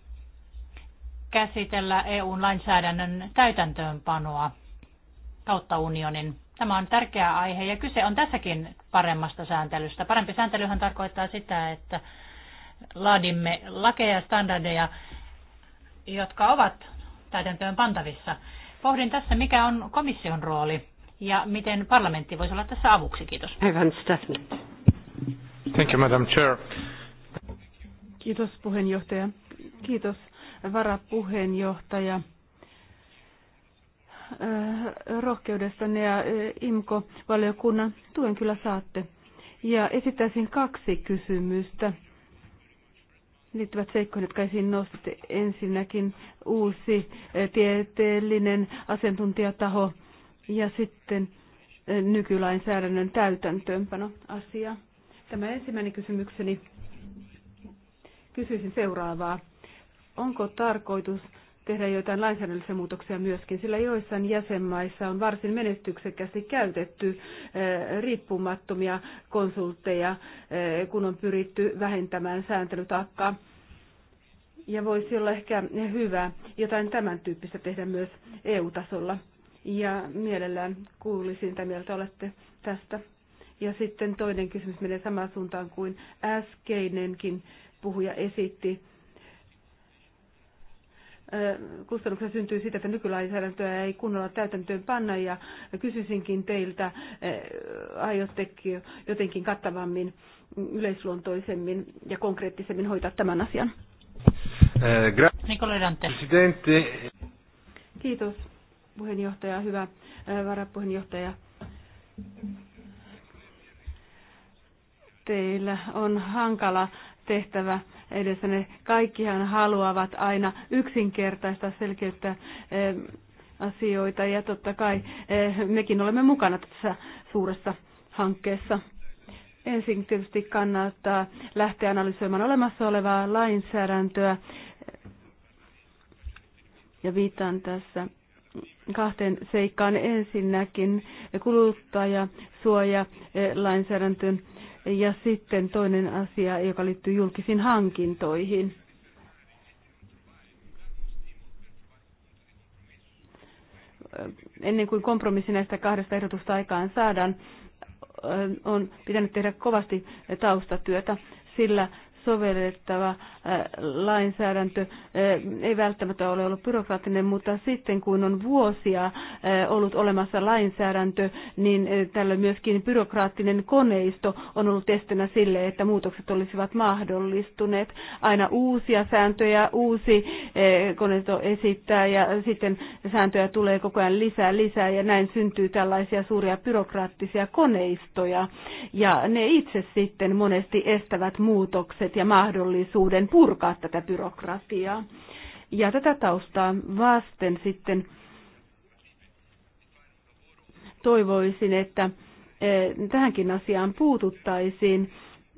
käsitellä eu lainsäädännön täytäntöönpanoa kautta unionin. Tämä on tärkeä aihe ja kyse on tässäkin paremmasta sääntelystä. Parempi sääntelyhän tarkoittaa sitä, että laadimme lakeja ja standardeja, jotka ovat täytäntöön pantavissa. Pohdin tässä, mikä on komission rooli ja miten parlamentti voisi olla tässä avuksi. Kiitos. Thank you, Madam Chair. Kiitos puheenjohtaja. Kiitos varapuheenjohtaja äh, rohkeudestanne ja äh, IMKO-valiokunnan tuen kyllä saatte. Ja esittäisin kaksi kysymystä liittyvät seikkoja, jotka esiin nostit. Ensinnäkin uusi eh, tieteellinen asiantuntijataho ja sitten eh, nykylainsäädännön täytäntöönpano asia. Tämä ensimmäinen kysymykseni. Kysyisin seuraavaa. Onko tarkoitus tehdä jotain lainsäädännöllisiä muutoksia myöskin, sillä joissain jäsenmaissa on varsin menestyksekkäästi käytetty eh, riippumattomia konsultteja, eh, kun on pyritty vähentämään sääntelytaakkaa. Ja voisi olla ehkä hyvä jotain tämän tyyppistä tehdä myös EU-tasolla. Ja mielellään kuulisin, mitä mieltä olette tästä. Ja sitten toinen kysymys menee samaan suuntaan kuin äskeinenkin puhuja esitti kustannuksia syntyy siitä, että nykylainsäädäntöä ei kunnolla täytäntöön panna ja kysyisinkin teiltä, aiotteko jotenkin kattavammin, yleisluontoisemmin ja konkreettisemmin hoitaa tämän asian? Kiitos puheenjohtaja, hyvä varapuheenjohtaja. Teillä on hankala tehtävä edessä. Ne kaikkihan haluavat aina yksinkertaista selkeyttä eh, asioita ja totta kai eh, mekin olemme mukana tässä suuressa hankkeessa. Ensin tietysti kannattaa lähteä analysoimaan olemassa olevaa lainsäädäntöä ja viitaan tässä kahteen seikkaan. Ensinnäkin suoja lainsäädäntöön ja sitten toinen asia, joka liittyy julkisiin hankintoihin. Ennen kuin kompromissi näistä kahdesta ehdotusta aikaan saadaan, on pitänyt tehdä kovasti taustatyötä, sillä sovellettava lainsäädäntö ei välttämättä ole ollut byrokraattinen, mutta sitten kun on vuosia ollut olemassa lainsäädäntö, niin tällöin myöskin byrokraattinen koneisto on ollut estenä sille, että muutokset olisivat mahdollistuneet. Aina uusia sääntöjä uusi koneisto esittää ja sitten sääntöjä tulee koko ajan lisää lisää ja näin syntyy tällaisia suuria byrokraattisia koneistoja ja ne itse sitten monesti estävät muutokset ja mahdollisuuden purkaa tätä byrokratiaa. Ja tätä taustaa vasten sitten toivoisin, että eh, tähänkin asiaan puututtaisiin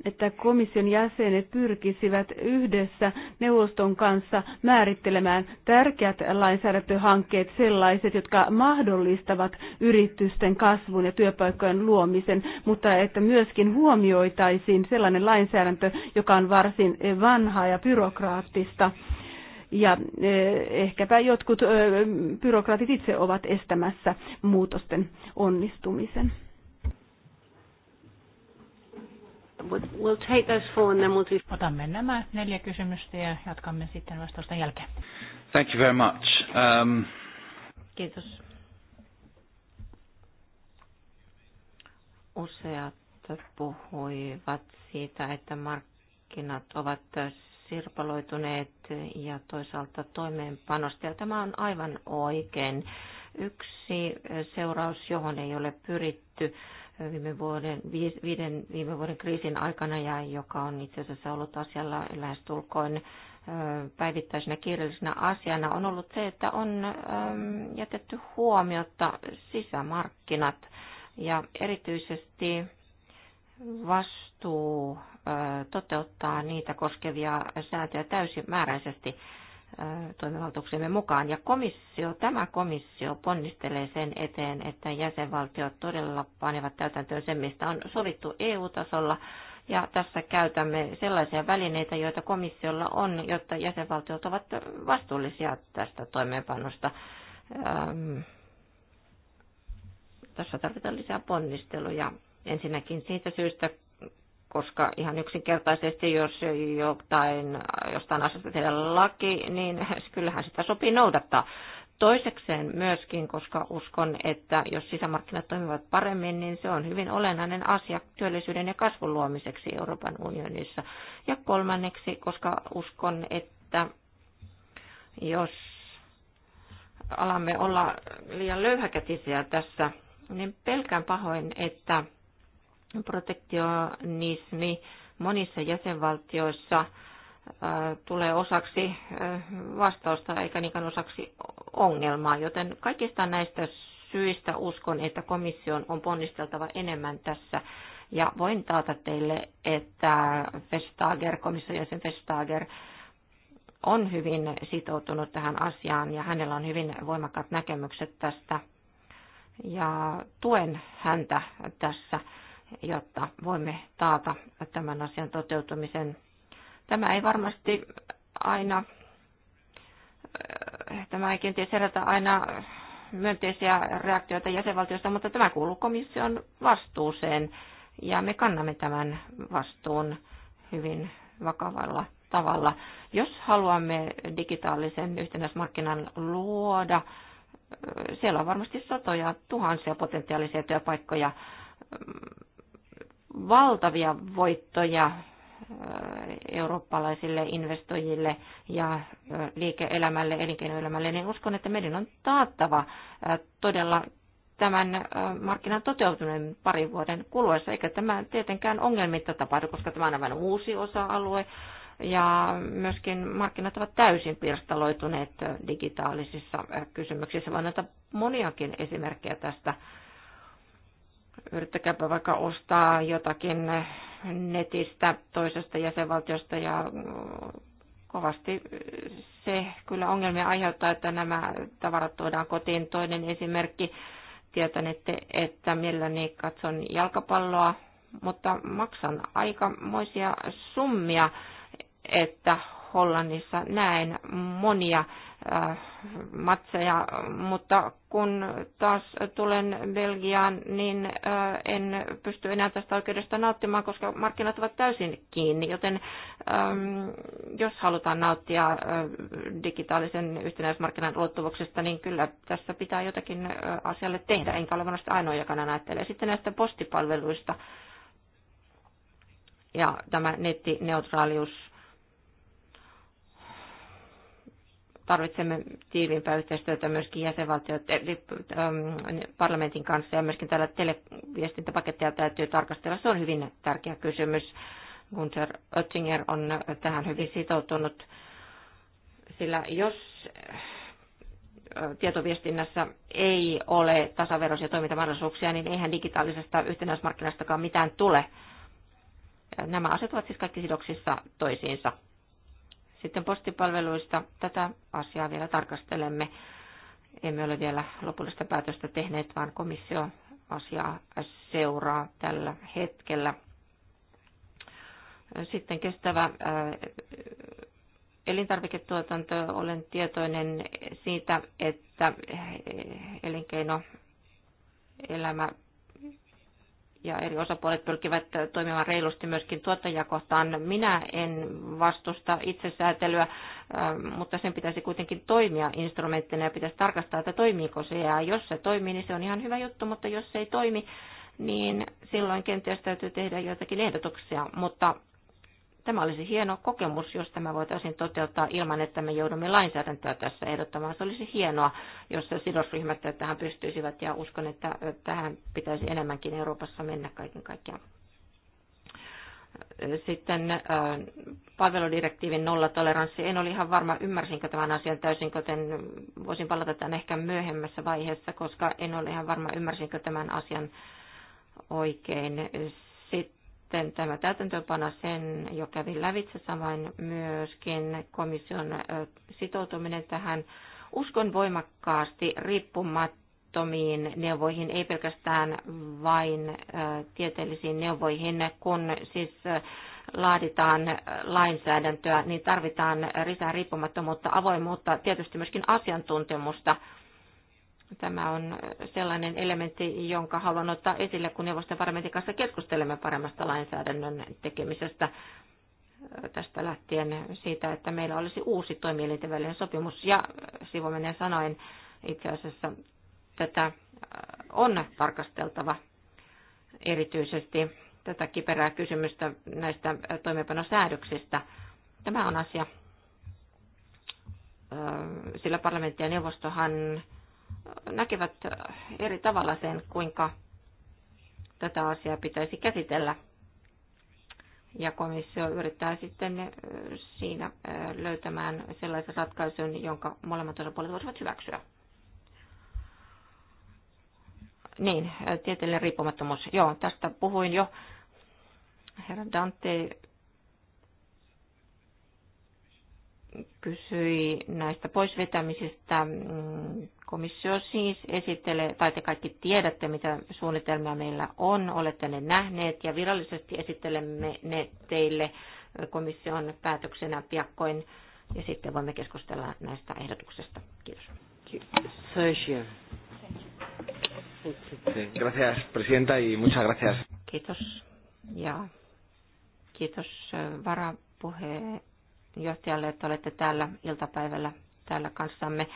että komission jäsenet pyrkisivät yhdessä neuvoston kanssa määrittelemään tärkeät lainsäädäntöhankkeet sellaiset, jotka mahdollistavat yritysten kasvun ja työpaikkojen luomisen, mutta että myöskin huomioitaisiin sellainen lainsäädäntö, joka on varsin vanha ja byrokraattista. Ja e, ehkäpä jotkut e, byrokraatit itse ovat estämässä muutosten onnistumisen. We'll take those four and then we'll do... Otamme nämä neljä kysymystä ja jatkamme sitten vastausten jälkeen. Thank you very much. Um... Kiitos. Useat puhuivat siitä, että markkinat ovat sirpaloituneet ja toisaalta toimeenpanosta. Ja tämä on aivan oikein. Yksi seuraus, johon ei ole pyritty, viime vuoden, viiden viime vuoden kriisin aikana ja joka on itse asiassa ollut asialla tulkoin päivittäisenä kirjallisena asiana on ollut se, että on jätetty huomiota sisämarkkinat ja erityisesti vastuu toteuttaa niitä koskevia sääntöjä täysimääräisesti toimivaltuuksiemme mukaan. Ja komissio, tämä komissio ponnistelee sen eteen, että jäsenvaltiot todella panevat täytäntöön sen, mistä on sovittu EU-tasolla. Ja tässä käytämme sellaisia välineitä, joita komissiolla on, jotta jäsenvaltiot ovat vastuullisia tästä toimeenpanosta. Ähm, tässä tarvitaan lisää ponnisteluja. Ensinnäkin siitä syystä, koska ihan yksinkertaisesti, jos jotain, jostain asiasta tehdään laki, niin kyllähän sitä sopii noudattaa. Toisekseen myöskin, koska uskon, että jos sisämarkkinat toimivat paremmin, niin se on hyvin olennainen asia työllisyyden ja kasvun luomiseksi Euroopan unionissa. Ja kolmanneksi, koska uskon, että jos alamme olla liian löyhäkätisiä tässä, niin pelkään pahoin, että Protektionismi monissa jäsenvaltioissa tulee osaksi vastausta eikä niinkään osaksi ongelmaa, joten kaikista näistä syistä uskon, että komission on ponnisteltava enemmän tässä. Ja voin taata teille, että Vestager, komission jäsen Vestager, on hyvin sitoutunut tähän asiaan ja hänellä on hyvin voimakkaat näkemykset tästä. Ja tuen häntä tässä jotta voimme taata tämän asian toteutumisen. Tämä ei varmasti aina, äh, tämä ei kenties herätä aina myönteisiä reaktioita jäsenvaltiosta, mutta tämä kuuluu komission vastuuseen ja me kannamme tämän vastuun hyvin vakavalla tavalla. Jos haluamme digitaalisen yhtenäismarkkinan luoda, äh, siellä on varmasti satoja tuhansia potentiaalisia työpaikkoja valtavia voittoja eurooppalaisille investoijille ja liike-elämälle, elinkeinoelämälle, niin uskon, että meidän on taattava todella tämän markkinan toteutuminen parin vuoden kuluessa, eikä tämä tietenkään ongelmitta tapahdu, koska tämä on aivan uusi osa-alue ja myöskin markkinat ovat täysin pirstaloituneet digitaalisissa kysymyksissä. Voin näitä moniakin esimerkkejä tästä yrittäkääpä vaikka ostaa jotakin netistä toisesta jäsenvaltiosta ja mm, kovasti se kyllä ongelmia aiheuttaa, että nämä tavarat tuodaan kotiin. Toinen esimerkki, että, että mielelläni katson jalkapalloa, mutta maksan aikamoisia summia, että Hollannissa näen monia Äh, matseja, mutta kun taas tulen Belgiaan, niin äh, en pysty enää tästä oikeudesta nauttimaan, koska markkinat ovat täysin kiinni, joten ähm, jos halutaan nauttia äh, digitaalisen yhtenäismarkkinan ulottuvuuksista, niin kyllä tässä pitää jotakin asialle tehdä, enkä ole varmasti ainoa, joka näyttelee. Sitten näistä postipalveluista ja tämä nettineutraalius tarvitsemme tiiviimpää yhteistyötä myöskin jäsenvaltioiden ähm, parlamentin kanssa ja myöskin tällä televiestintäpakettia täytyy tarkastella. Se on hyvin tärkeä kysymys. Gunther Oettinger on tähän hyvin sitoutunut, sillä jos äh, tietoviestinnässä ei ole tasaveroisia toimintamahdollisuuksia, niin eihän digitaalisesta yhtenäismarkkinastakaan mitään tule. Nämä asiat ovat siis kaikki sidoksissa toisiinsa. Sitten postipalveluista tätä asiaa vielä tarkastelemme. Emme ole vielä lopullista päätöstä tehneet, vaan komissio asiaa seuraa tällä hetkellä. Sitten kestävä äh, elintarviketuotanto. Olen tietoinen siitä, että äh, elinkeino elämä ja eri osapuolet pyrkivät toimimaan reilusti myöskin tuottajia kohtaan. Minä en vastusta itsesäätelyä, ähm, mutta sen pitäisi kuitenkin toimia instrumenttina ja pitäisi tarkastaa, että toimiiko se. Ja jos se toimii, niin se on ihan hyvä juttu, mutta jos se ei toimi, niin silloin kenties täytyy tehdä joitakin ehdotuksia. Mutta Tämä olisi hieno kokemus, jos tämä voitaisiin toteuttaa ilman, että me joudumme lainsäädäntöä tässä ehdottamaan. Se olisi hienoa, jos sidosryhmät tähän pystyisivät ja uskon, että tähän pitäisi enemmänkin Euroopassa mennä kaiken kaikkiaan. Sitten äh, palveludirektiivin nollatoleranssi. En ole ihan varma, ymmärsinkö tämän asian täysin, joten voisin palata tämän ehkä myöhemmässä vaiheessa, koska en ole ihan varma, ymmärsinkö tämän asian oikein. Sitten sitten tämä täytäntöönpano, sen jo kävi lävitse, samoin myöskin komission sitoutuminen tähän. Uskon voimakkaasti riippumattomiin neuvoihin, ei pelkästään vain tieteellisiin neuvoihin, kun siis laaditaan lainsäädäntöä, niin tarvitaan lisää riippumattomuutta, avoimuutta, tietysti myöskin asiantuntemusta Tämä on sellainen elementti, jonka haluan ottaa esille, kun neuvoston parlamentin kanssa keskustelemme paremmasta lainsäädännön tekemisestä tästä lähtien siitä, että meillä olisi uusi toimielinten välinen sopimus. Ja sivuminen sanoen itse asiassa tätä äh, on tarkasteltava erityisesti tätä kiperää kysymystä näistä äh, toimeenpanosäädöksistä. Tämä on asia, äh, sillä parlamentti ja neuvostohan näkevät eri tavalla sen, kuinka tätä asiaa pitäisi käsitellä. Ja komissio yrittää sitten siinä löytämään sellaisen ratkaisun, jonka molemmat osapuolet voisivat hyväksyä. Niin, tieteellinen riippumattomuus. Joo, tästä puhuin jo. Herra Dante kysyi näistä poisvetämisistä mm, Komissio siis esittelee, tai te kaikki tiedätte, mitä suunnitelmia meillä on, olette ne nähneet, ja virallisesti esittelemme ne teille komission päätöksenä piakkoin, ja sitten voimme keskustella näistä ehdotuksista. Kiitos. Gracias, presidenta, y muchas gracias. Kiitos. Ja kiitos äh, varapuheenjohtajalle, että olette täällä iltapäivällä täällä kanssamme.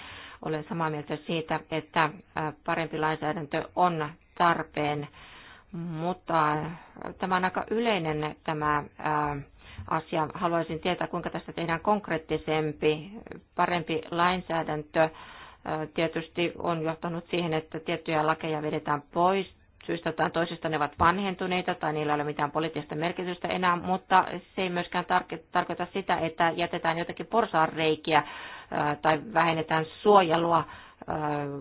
Olen samaa mieltä siitä, että parempi lainsäädäntö on tarpeen, mutta tämä on aika yleinen tämä asia. Haluaisin tietää, kuinka tästä tehdään konkreettisempi, parempi lainsäädäntö tietysti on johtanut siihen, että tiettyjä lakeja vedetään pois syystä tai toisesta ne ovat vanhentuneita tai niillä ei ole mitään poliittista merkitystä enää, mutta se ei myöskään tarkoita sitä, että jätetään jotakin porsaanreikiä äh, tai vähennetään suojelua äh,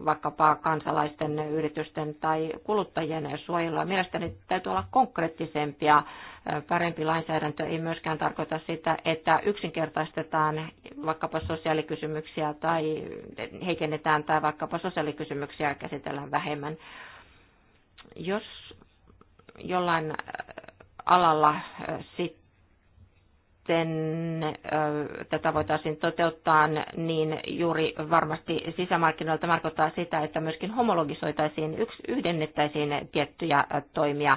vaikkapa kansalaisten, yritysten tai kuluttajien suojelua. Mielestäni täytyy olla konkreettisempia. Äh, parempi lainsäädäntö ei myöskään tarkoita sitä, että yksinkertaistetaan vaikkapa sosiaalikysymyksiä tai heikennetään tai vaikkapa sosiaalikysymyksiä käsitellään vähemmän. Jos jollain äh, alalla äh, sitten äh, tätä voitaisiin toteuttaa, niin juuri varmasti sisämarkkinoilta tarkoittaa sitä, että myöskin homologisoitaisiin, yhdennettäisiin tiettyjä toimia.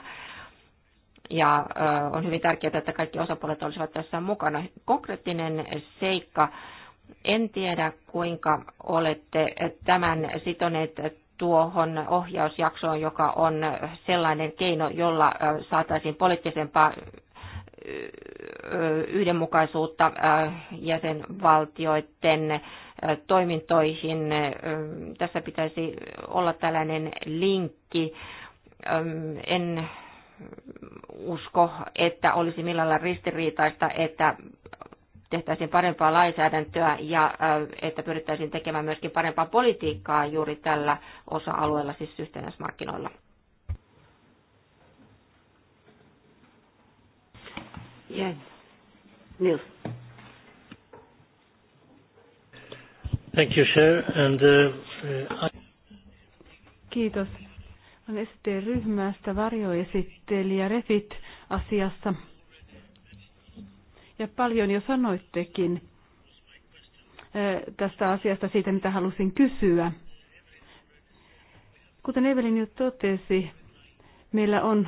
Ja on hyvin tärkeää, että kaikki osapuolet olisivat tässä mukana. Konkreettinen seikka, en tiedä kuinka olette tämän sitoneet tuohon ohjausjaksoon, joka on sellainen keino, jolla saataisiin poliittisempaa yhdenmukaisuutta jäsenvaltioiden toimintoihin. Tässä pitäisi olla tällainen linkki. En usko, että olisi millään ristiriitaista, että tehtäisiin parempaa lainsäädäntöä ja että pyrittäisiin tekemään myöskin parempaa politiikkaa juuri tällä osa-alueella, siis yhtenäismarkkinoilla. Yes. Nils. Thank you, Chair. And, uh, uh I... Kiitos. On ST-ryhmästä varjoesittelijä Refit asiassa. Ja paljon jo sanoittekin eh, tästä asiasta siitä, mitä halusin kysyä. Kuten Evelin jo totesi, meillä on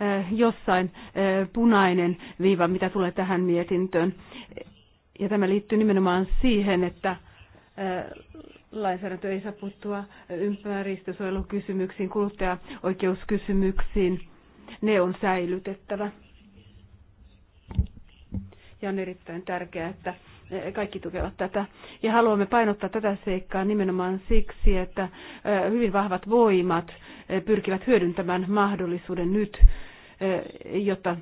eh, jossain eh, punainen viiva, mitä tulee tähän mietintöön. Ja tämä liittyy nimenomaan siihen, että lainsäädäntö ei saa puuttua ympäristösuojelukysymyksiin, kuluttajaoikeuskysymyksiin. Ne on säilytettävä ja on erittäin tärkeää, että kaikki tukevat tätä. Ja haluamme painottaa tätä seikkaa nimenomaan siksi, että hyvin vahvat voimat pyrkivät hyödyntämään mahdollisuuden nyt, jotta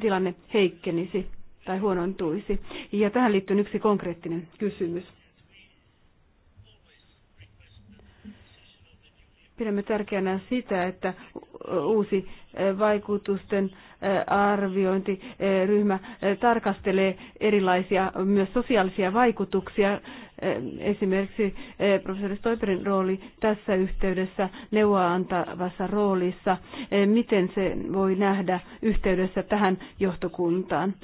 tilanne heikkenisi tai huonontuisi. Ja tähän liittyy yksi konkreettinen kysymys. Pidämme tärkeänä sitä, että uusi vaikutusten arviointiryhmä tarkastelee erilaisia myös sosiaalisia vaikutuksia. Esimerkiksi professori Stoiberin rooli tässä yhteydessä neuvoa antavassa roolissa, miten se voi nähdä yhteydessä tähän johtokuntaan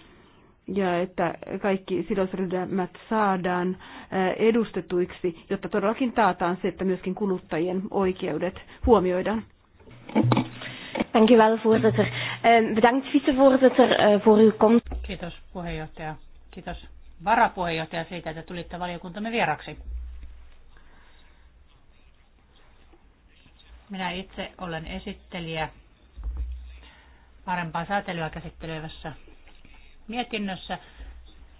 ja että kaikki sidosryhmät saadaan eh, edustetuiksi, jotta todellakin taataan se, että myöskin kuluttajien oikeudet huomioidaan. Dank voorzitter. Eh, bedankt, vicevoorzitter, eh, voor uw komst. Kiitos, puheenjohtaja. Kiitos, varapuheenjohtaja, siitä, että tulitte valiokuntamme vieraksi. Minä itse olen esittelijä parempaa säätelyä käsittelevässä mietinnössä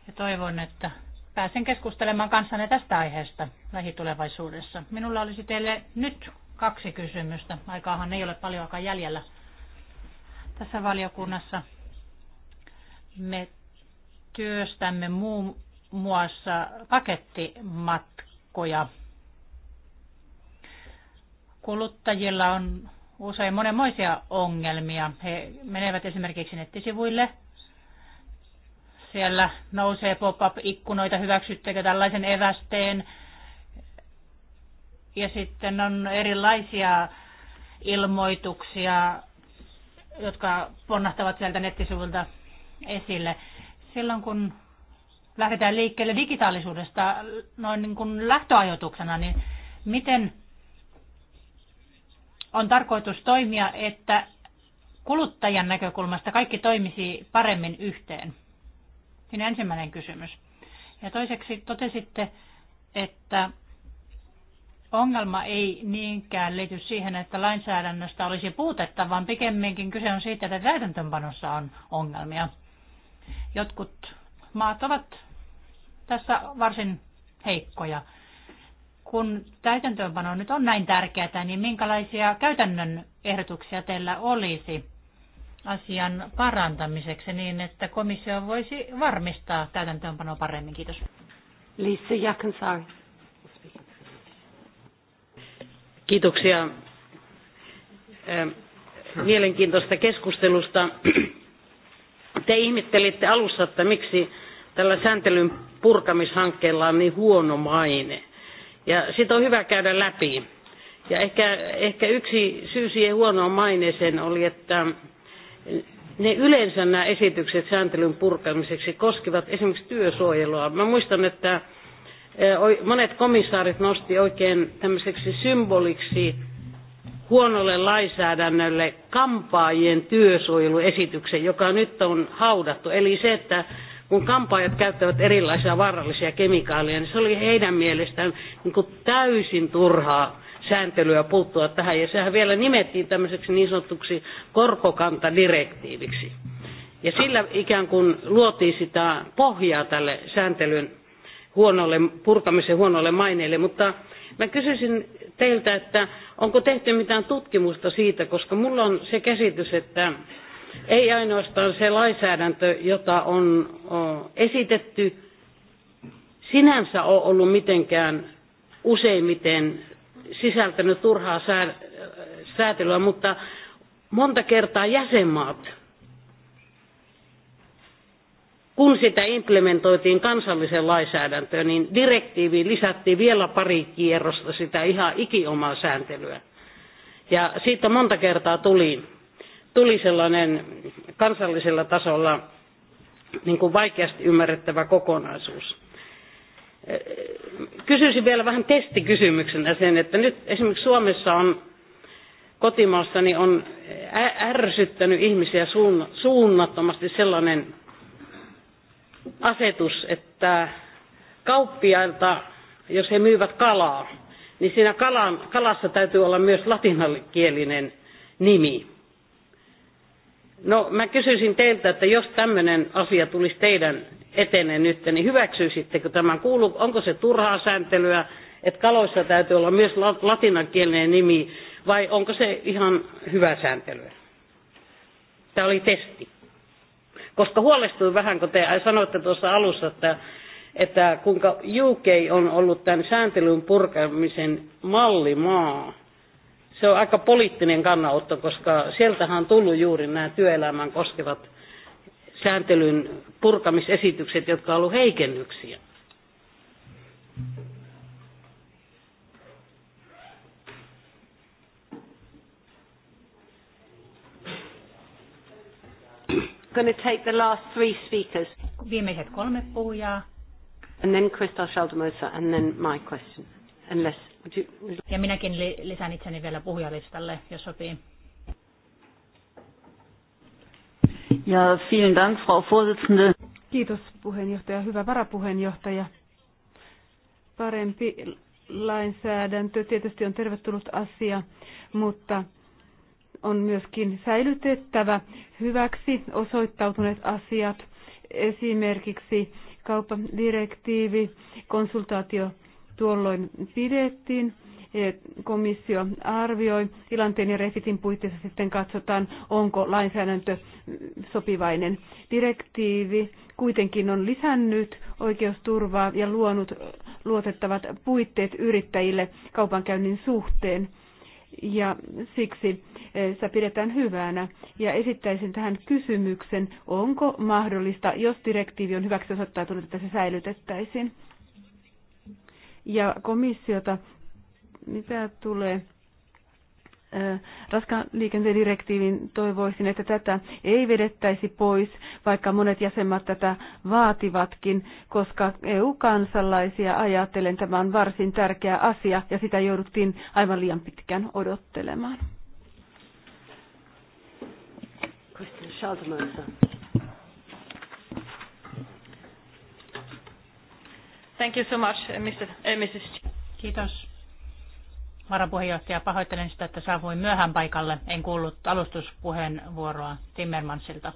ja toivon, että pääsen keskustelemaan kanssanne tästä aiheesta lähitulevaisuudessa. Minulla olisi teille nyt kaksi kysymystä. Aikaahan ei ole paljoakaan jäljellä tässä valiokunnassa. Me työstämme muun muassa pakettimatkoja. Kuluttajilla on usein monenmoisia ongelmia. He menevät esimerkiksi nettisivuille siellä nousee pop-up-ikkunoita, hyväksyttekö tällaisen evästeen. Ja sitten on erilaisia ilmoituksia, jotka ponnahtavat sieltä nettisivuilta esille. Silloin kun lähdetään liikkeelle digitaalisuudesta noin niin kuin lähtöajotuksena, niin miten on tarkoitus toimia, että kuluttajan näkökulmasta kaikki toimisi paremmin yhteen? Niin ensimmäinen kysymys. Ja toiseksi totesitte, että ongelma ei niinkään liity siihen, että lainsäädännöstä olisi puutetta, vaan pikemminkin kyse on siitä, että täytäntöönpanossa on ongelmia. Jotkut maat ovat tässä varsin heikkoja. Kun täytäntöönpano nyt on näin tärkeää, niin minkälaisia käytännön ehdotuksia teillä olisi asian parantamiseksi niin, että komissio voisi varmistaa täytäntöönpanoa paremmin. Kiitos. Lisa Jakansaari. Kiitoksia mielenkiintoista keskustelusta. Te ihmettelitte alussa, että miksi tällä sääntelyn purkamishankkeella on niin huono maine. Ja sitä on hyvä käydä läpi. Ja ehkä, ehkä yksi syy siihen huonoon maineeseen oli, että ne yleensä nämä esitykset sääntelyn purkamiseksi koskivat esimerkiksi työsuojelua. Mä muistan, että eh, monet komissaarit nosti oikein tämmöiseksi symboliksi huonolle lainsäädännölle kampaajien työsuojeluesityksen, joka nyt on haudattu. Eli se, että kun kampaajat käyttävät erilaisia vaarallisia kemikaaleja, niin se oli heidän mielestään niin kuin täysin turhaa sääntelyä puuttua tähän. Ja sehän vielä nimettiin tämmöiseksi niin sanotuksi korkokantadirektiiviksi. Ja sillä ikään kuin luotiin sitä pohjaa tälle sääntelyn huonolle, purkamisen huonolle maineelle. Mutta mä kysyisin teiltä, että onko tehty mitään tutkimusta siitä, koska mulla on se käsitys, että ei ainoastaan se lainsäädäntö, jota on esitetty, sinänsä ole ollut mitenkään useimmiten sisältänyt turhaa säätelyä, mutta monta kertaa jäsenmaat, kun sitä implementoitiin kansalliseen lainsäädäntöön, niin direktiiviin lisättiin vielä pari kierrosta sitä ihan ikiomaa sääntelyä. Ja siitä monta kertaa tuli, tuli sellainen kansallisella tasolla niin kuin vaikeasti ymmärrettävä kokonaisuus. Kysyisin vielä vähän testikysymyksenä sen, että nyt esimerkiksi Suomessa on kotimaassani on ärsyttänyt ihmisiä suunnattomasti sellainen asetus, että kauppiailta, jos he myyvät kalaa, niin siinä kalan, kalassa täytyy olla myös latinankielinen nimi. No, mä kysyisin teiltä, että jos tämmöinen asia tulisi teidän etenee nyt, niin hyväksyisittekö tämän? Kuuluu, onko se turhaa sääntelyä, että kaloissa täytyy olla myös latinankielinen nimi, vai onko se ihan hyvä sääntelyä? Tämä oli testi. Koska huolestuin vähän, kun te sanoitte tuossa alussa, että, että kuinka UK on ollut tämän sääntelyn purkamisen mallimaa. Se on aika poliittinen kannanotto, koska sieltähän on tullut juuri nämä työelämän koskevat sääntelyn purkamisesitykset, jotka ovat olleet heikennyksiä. going to take the last three speakers. Viimeiset kolme puhujaa. And then Crystal Schaldemoser and then my question. Unless, would you... Ja minäkin lisään itseni vielä puhujalistalle, jos sopii. Ja, vielen Dank, Frau Vorsitzende. Kiitos puheenjohtaja, hyvä varapuheenjohtaja. Parempi lainsäädäntö tietysti on tervetullut asia, mutta on myöskin säilytettävä hyväksi osoittautuneet asiat, esimerkiksi kauppadirektiivi, konsultaatio tuolloin pidettiin E, komissio arvioi tilanteen ja refitin puitteissa sitten katsotaan, onko lainsäädäntö sopivainen. Direktiivi kuitenkin on lisännyt oikeusturvaa ja luonut luotettavat puitteet yrittäjille kaupankäynnin suhteen ja siksi e, sitä pidetään hyvänä. Ja esittäisin tähän kysymyksen, onko mahdollista, jos direktiivi on hyväksi osoittautunut, että se säilytettäisiin. Ja komissiota mitä tulee raskaan liikenteen direktiivin toivoisin, että tätä ei vedettäisi pois, vaikka monet jäsenmaat tätä vaativatkin, koska EU-kansalaisia ajatellen tämä on varsin tärkeä asia ja sitä jouduttiin aivan liian pitkään odottelemaan. Thank you so much, uh, Mr. Uh, Mrs. Kiitos varapuheenjohtaja, pahoittelen sitä, että saavuin myöhään paikalle. En kuullut alustuspuheenvuoroa Timmermansilta.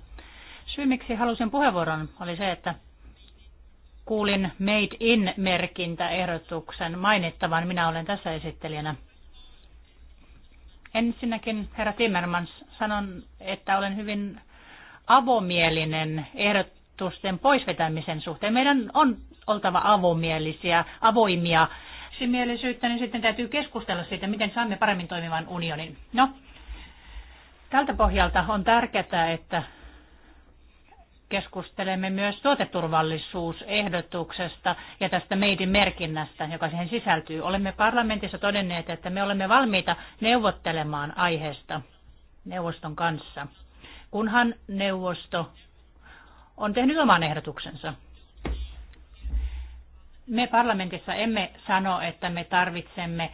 Syy, miksi halusin puheenvuoron, oli se, että kuulin Made in-merkintäehdotuksen mainittavan. Minä olen tässä esittelijänä. Ensinnäkin, herra Timmermans, sanon, että olen hyvin avomielinen ehdotusten poisvetämisen suhteen. Meidän on oltava avomielisiä, avoimia yksimielisyyttä, niin sitten täytyy keskustella siitä, miten saamme paremmin toimivan unionin. No, tältä pohjalta on tärkeää, että keskustelemme myös tuoteturvallisuusehdotuksesta ja tästä meidin merkinnästä, joka siihen sisältyy. Olemme parlamentissa todenneet, että me olemme valmiita neuvottelemaan aiheesta neuvoston kanssa, kunhan neuvosto on tehnyt oman ehdotuksensa. Me parlamentissa emme sano, että me tarvitsemme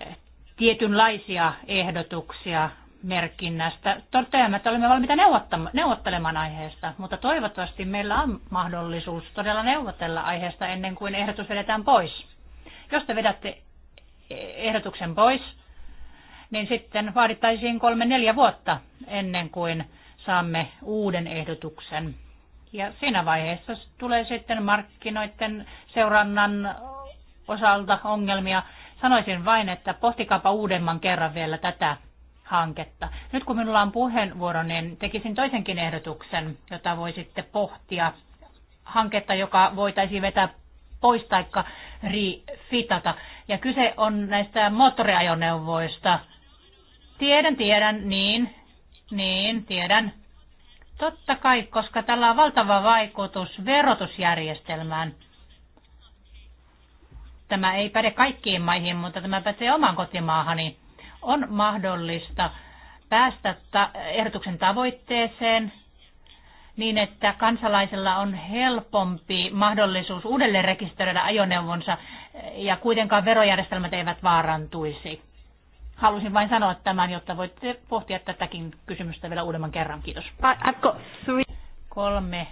eh, tietynlaisia ehdotuksia merkinnästä. Toteamme, että olemme valmiita neuvottelemaan aiheesta, mutta toivottavasti meillä on mahdollisuus todella neuvotella aiheesta ennen kuin ehdotus vedetään pois. Jos te vedätte eh, ehdotuksen pois, niin sitten vaadittaisiin kolme neljä vuotta ennen kuin saamme uuden ehdotuksen ja siinä vaiheessa tulee sitten markkinoiden seurannan osalta ongelmia. Sanoisin vain, että pohtikaapa uudemman kerran vielä tätä hanketta. Nyt kun minulla on puheenvuoro, niin tekisin toisenkin ehdotuksen, jota voisitte pohtia. Hanketta, joka voitaisiin vetää pois tai fitata. Ja kyse on näistä moottoriajoneuvoista. Tiedän, tiedän, niin, niin, tiedän. Totta kai, koska tällä on valtava vaikutus verotusjärjestelmään. Tämä ei päde kaikkiin maihin, mutta tämä pätee oman kotimaahani. On mahdollista päästä ta- ehdotuksen tavoitteeseen niin, että kansalaisilla on helpompi mahdollisuus uudelleen rekisteröidä ajoneuvonsa ja kuitenkaan verojärjestelmät eivät vaarantuisi. Halusin vain sanoa tämän, jotta voitte pohtia tätäkin kysymystä vielä uudemman kerran. Kiitos. Kolme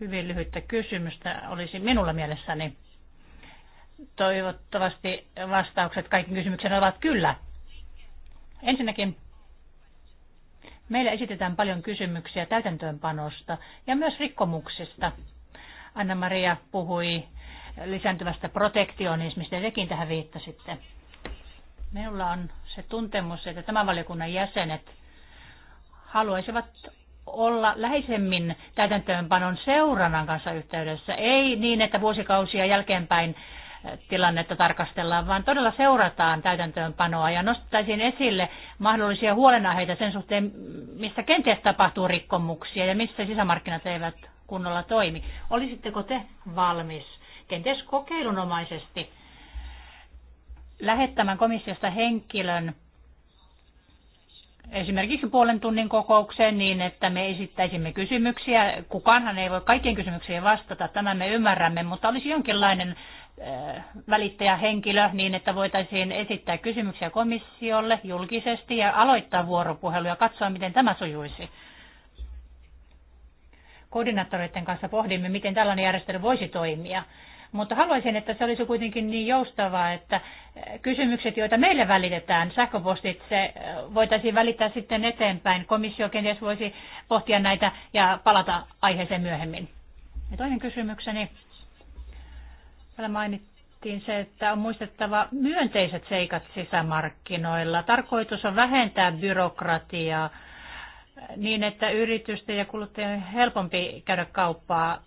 hyvin lyhyttä kysymystä olisi minulla mielessäni. Toivottavasti vastaukset kaikkiin kysymyksiin ovat kyllä. Ensinnäkin meillä esitetään paljon kysymyksiä täytäntöönpanosta ja myös rikkomuksista. Anna-Maria puhui lisääntyvästä protektionismista ja tekin tähän viittasitte. Minulla on se tuntemus, että tämän valiokunnan jäsenet haluaisivat olla läheisemmin täytäntöönpanon seurannan kanssa yhteydessä. Ei niin, että vuosikausia jälkeenpäin eh, tilannetta tarkastellaan, vaan todella seurataan täytäntöönpanoa ja nostettaisiin esille mahdollisia huolenaiheita sen suhteen, missä kenties tapahtuu rikkomuksia ja missä sisämarkkinat eivät kunnolla toimi. Olisitteko te valmis kenties kokeilunomaisesti lähettämään komissiosta henkilön esimerkiksi puolen tunnin kokoukseen niin, että me esittäisimme kysymyksiä. Kukaanhan ei voi kaikkien kysymyksiin vastata, tämän me ymmärrämme, mutta olisi jonkinlainen äh, välittäjähenkilö niin, että voitaisiin esittää kysymyksiä komissiolle julkisesti ja aloittaa vuoropuhelu ja katsoa, miten tämä sujuisi. Koordinaattoreiden kanssa pohdimme, miten tällainen järjestely voisi toimia. Mutta haluaisin, että se olisi kuitenkin niin joustavaa, että eh, kysymykset, joita meille välitetään sähköpostitse, eh, voitaisiin välittää sitten eteenpäin. Komissio kenties voisi pohtia näitä ja palata aiheeseen myöhemmin. Ja toinen kysymykseni. Täällä mainittiin se, että on muistettava myönteiset seikat sisämarkkinoilla. Tarkoitus on vähentää byrokratiaa eh, niin, että yritysten ja kuluttajien on helpompi käydä kauppaa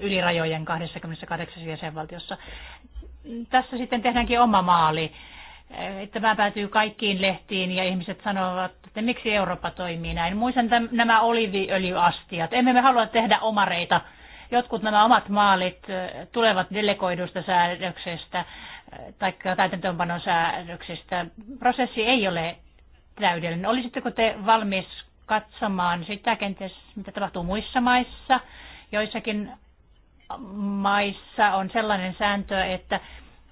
ylirajojen 28 jäsenvaltiossa. Tässä sitten tehdäänkin oma maali. Tämä päätyy kaikkiin lehtiin ja ihmiset sanovat, että miksi Eurooppa toimii näin. Muistan tämän, nämä oliviöljyastiat. Emme me halua tehdä omareita. Jotkut nämä omat maalit eh, tulevat delegoidusta säädöksestä eh, tai täytäntöönpanon säädöksistä. Prosessi ei ole täydellinen. Olisitteko te valmis katsomaan sitä kenties, mitä tapahtuu muissa maissa? Joissakin maissa on sellainen sääntö, että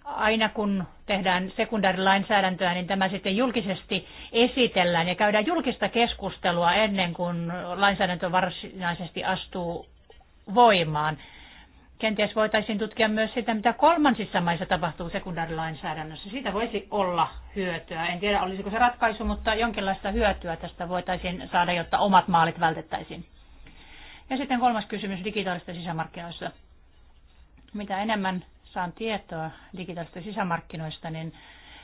aina kun tehdään sekundaarilainsäädäntöä, niin tämä sitten julkisesti esitellään ja käydään julkista keskustelua ennen kuin lainsäädäntö varsinaisesti astuu voimaan. Kenties voitaisiin tutkia myös sitä, mitä kolmansissa maissa tapahtuu sekundaarilainsäädännössä. Siitä voisi olla hyötyä. En tiedä, olisiko se ratkaisu, mutta jonkinlaista hyötyä tästä voitaisiin saada, jotta omat maalit vältettäisiin. Ja sitten kolmas kysymys digitaalista sisämarkkinoista mitä enemmän saan tietoa digitaalista sisämarkkinoista, niin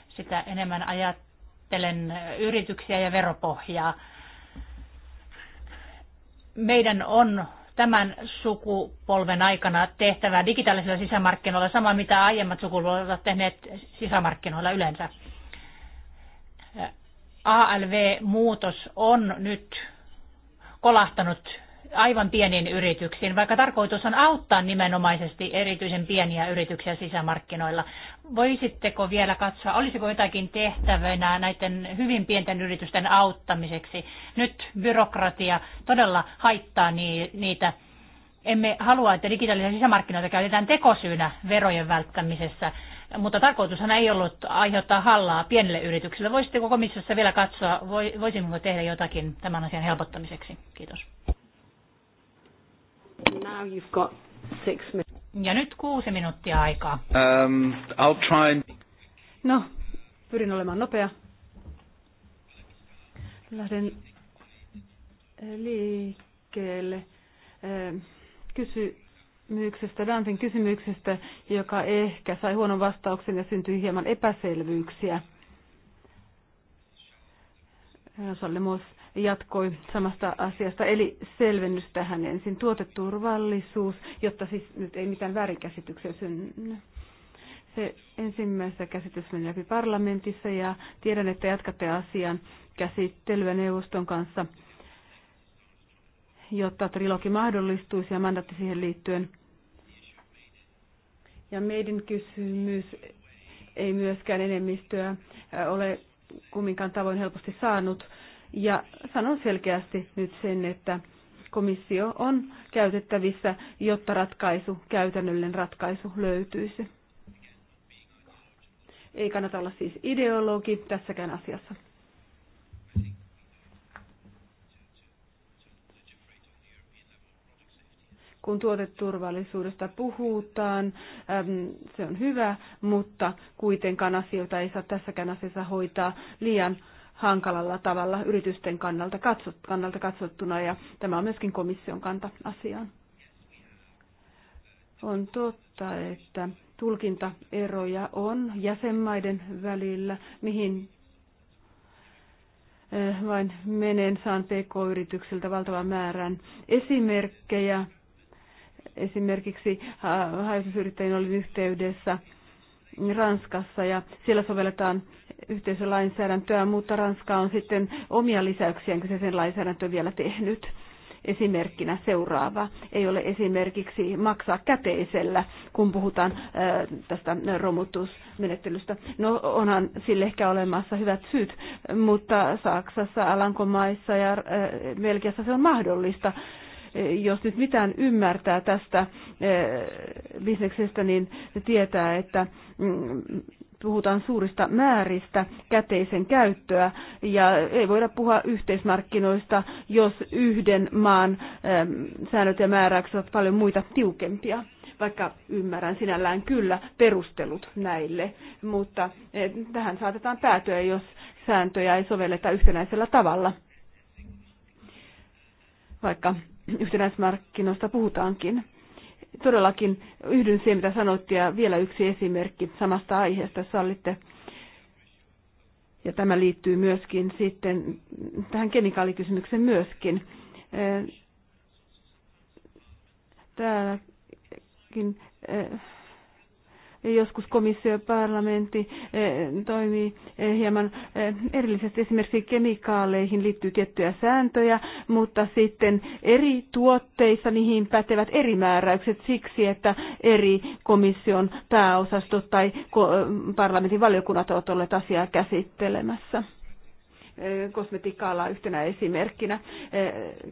sitä enemmän ajattelen yrityksiä ja veropohjaa. Meidän on tämän sukupolven aikana tehtävä digitaalisilla sisämarkkinoilla sama, mitä aiemmat sukupolvet ovat tehneet sisämarkkinoilla yleensä. ALV-muutos on nyt kolahtanut aivan pieniin yrityksiin, vaikka tarkoitus on auttaa nimenomaisesti erityisen pieniä yrityksiä sisämarkkinoilla. Voisitteko vielä katsoa, olisiko jotakin tehtävänä näiden hyvin pienten yritysten auttamiseksi? Nyt byrokratia todella haittaa niitä. Emme halua, että digitaalisia sisämarkkinoita käytetään tekosyynä verojen välttämisessä, mutta tarkoitushan ei ollut aiheuttaa hallaa pienille yrityksille. Voisitteko komissiossa vielä katsoa, voisimmeko tehdä jotakin tämän asian helpottamiseksi? Kiitos. Now you've got six Ja nyt kuusi minuuttia aikaa. Um, I'll try and... No, pyrin olemaan nopea. Lähden eh, liikkeelle eh, kysymyksestä, Dantin kysymyksestä, joka ehkä sai huonon vastauksen ja syntyi hieman epäselvyyksiä. Eh, sallimus jatkoi samasta asiasta, eli selvennys tähän ensin. Tuoteturvallisuus, jotta siis nyt ei mitään väärinkäsityksiä synny. Se ensimmäisessä käsitys meni läpi parlamentissa ja tiedän, että jatkatte asian käsittelyä neuvoston kanssa, jotta trilogi mahdollistuisi ja mandatti siihen liittyen. Ja meidän kysymys ei myöskään enemmistöä ole kumminkaan tavoin helposti saanut ja sanon selkeästi nyt sen, että komissio on käytettävissä, jotta ratkaisu, käytännöllinen ratkaisu löytyisi. Ei kannata olla siis ideologi tässäkään asiassa. kun tuoteturvallisuudesta puhutaan, se on hyvä, mutta kuitenkaan asioita ei saa tässäkään asiassa hoitaa liian hankalalla tavalla yritysten kannalta, katsot, kannalta katsottuna ja tämä on myöskin komission kanta asiaan. On totta, että tulkintaeroja on jäsenmaiden välillä, mihin eh, vain menen, saan pk-yrityksiltä valtavan määrän esimerkkejä. Esimerkiksi hajoitusyrittäjien olin yhteydessä Ranskassa ja siellä sovelletaan yhteisölainsäädäntöä, mutta Ranska on sitten omia lisäyksiä kyseisen lainsäädäntö vielä tehnyt. Esimerkkinä seuraava ei ole esimerkiksi maksaa käteisellä, kun puhutaan tästä romutusmenettelystä. No onhan sille ehkä olemassa hyvät syyt, mutta Saksassa, Alankomaissa ja ää, Belgiassa se on mahdollista jos nyt mitään ymmärtää tästä eh, bisneksestä, niin tietää, että mm, puhutaan suurista määristä käteisen käyttöä ja ei voida puhua yhteismarkkinoista, jos yhden maan eh, säännöt ja määräykset ovat paljon muita tiukempia vaikka ymmärrän sinällään kyllä perustelut näille, mutta eh, tähän saatetaan päätyä, jos sääntöjä ei sovelleta yhtenäisellä tavalla. Vaikka yhtenäismarkkinoista puhutaankin. Todellakin yhdyn siihen, mitä sanoitte, ja vielä yksi esimerkki samasta aiheesta, sallitte. Ja tämä liittyy myöskin sitten tähän kemikaalikysymykseen myöskin. Täälläkin Joskus komissio ja parlamentti eh, toimii eh, hieman eh, erillisesti. Esimerkiksi kemikaaleihin liittyy tiettyjä sääntöjä, mutta sitten eri tuotteissa niihin pätevät eri määräykset siksi, että eri komission pääosastot tai parlamentin valiokunnat ovat olleet asiaa käsittelemässä kosmetiikka-alaa yhtenä esimerkkinä.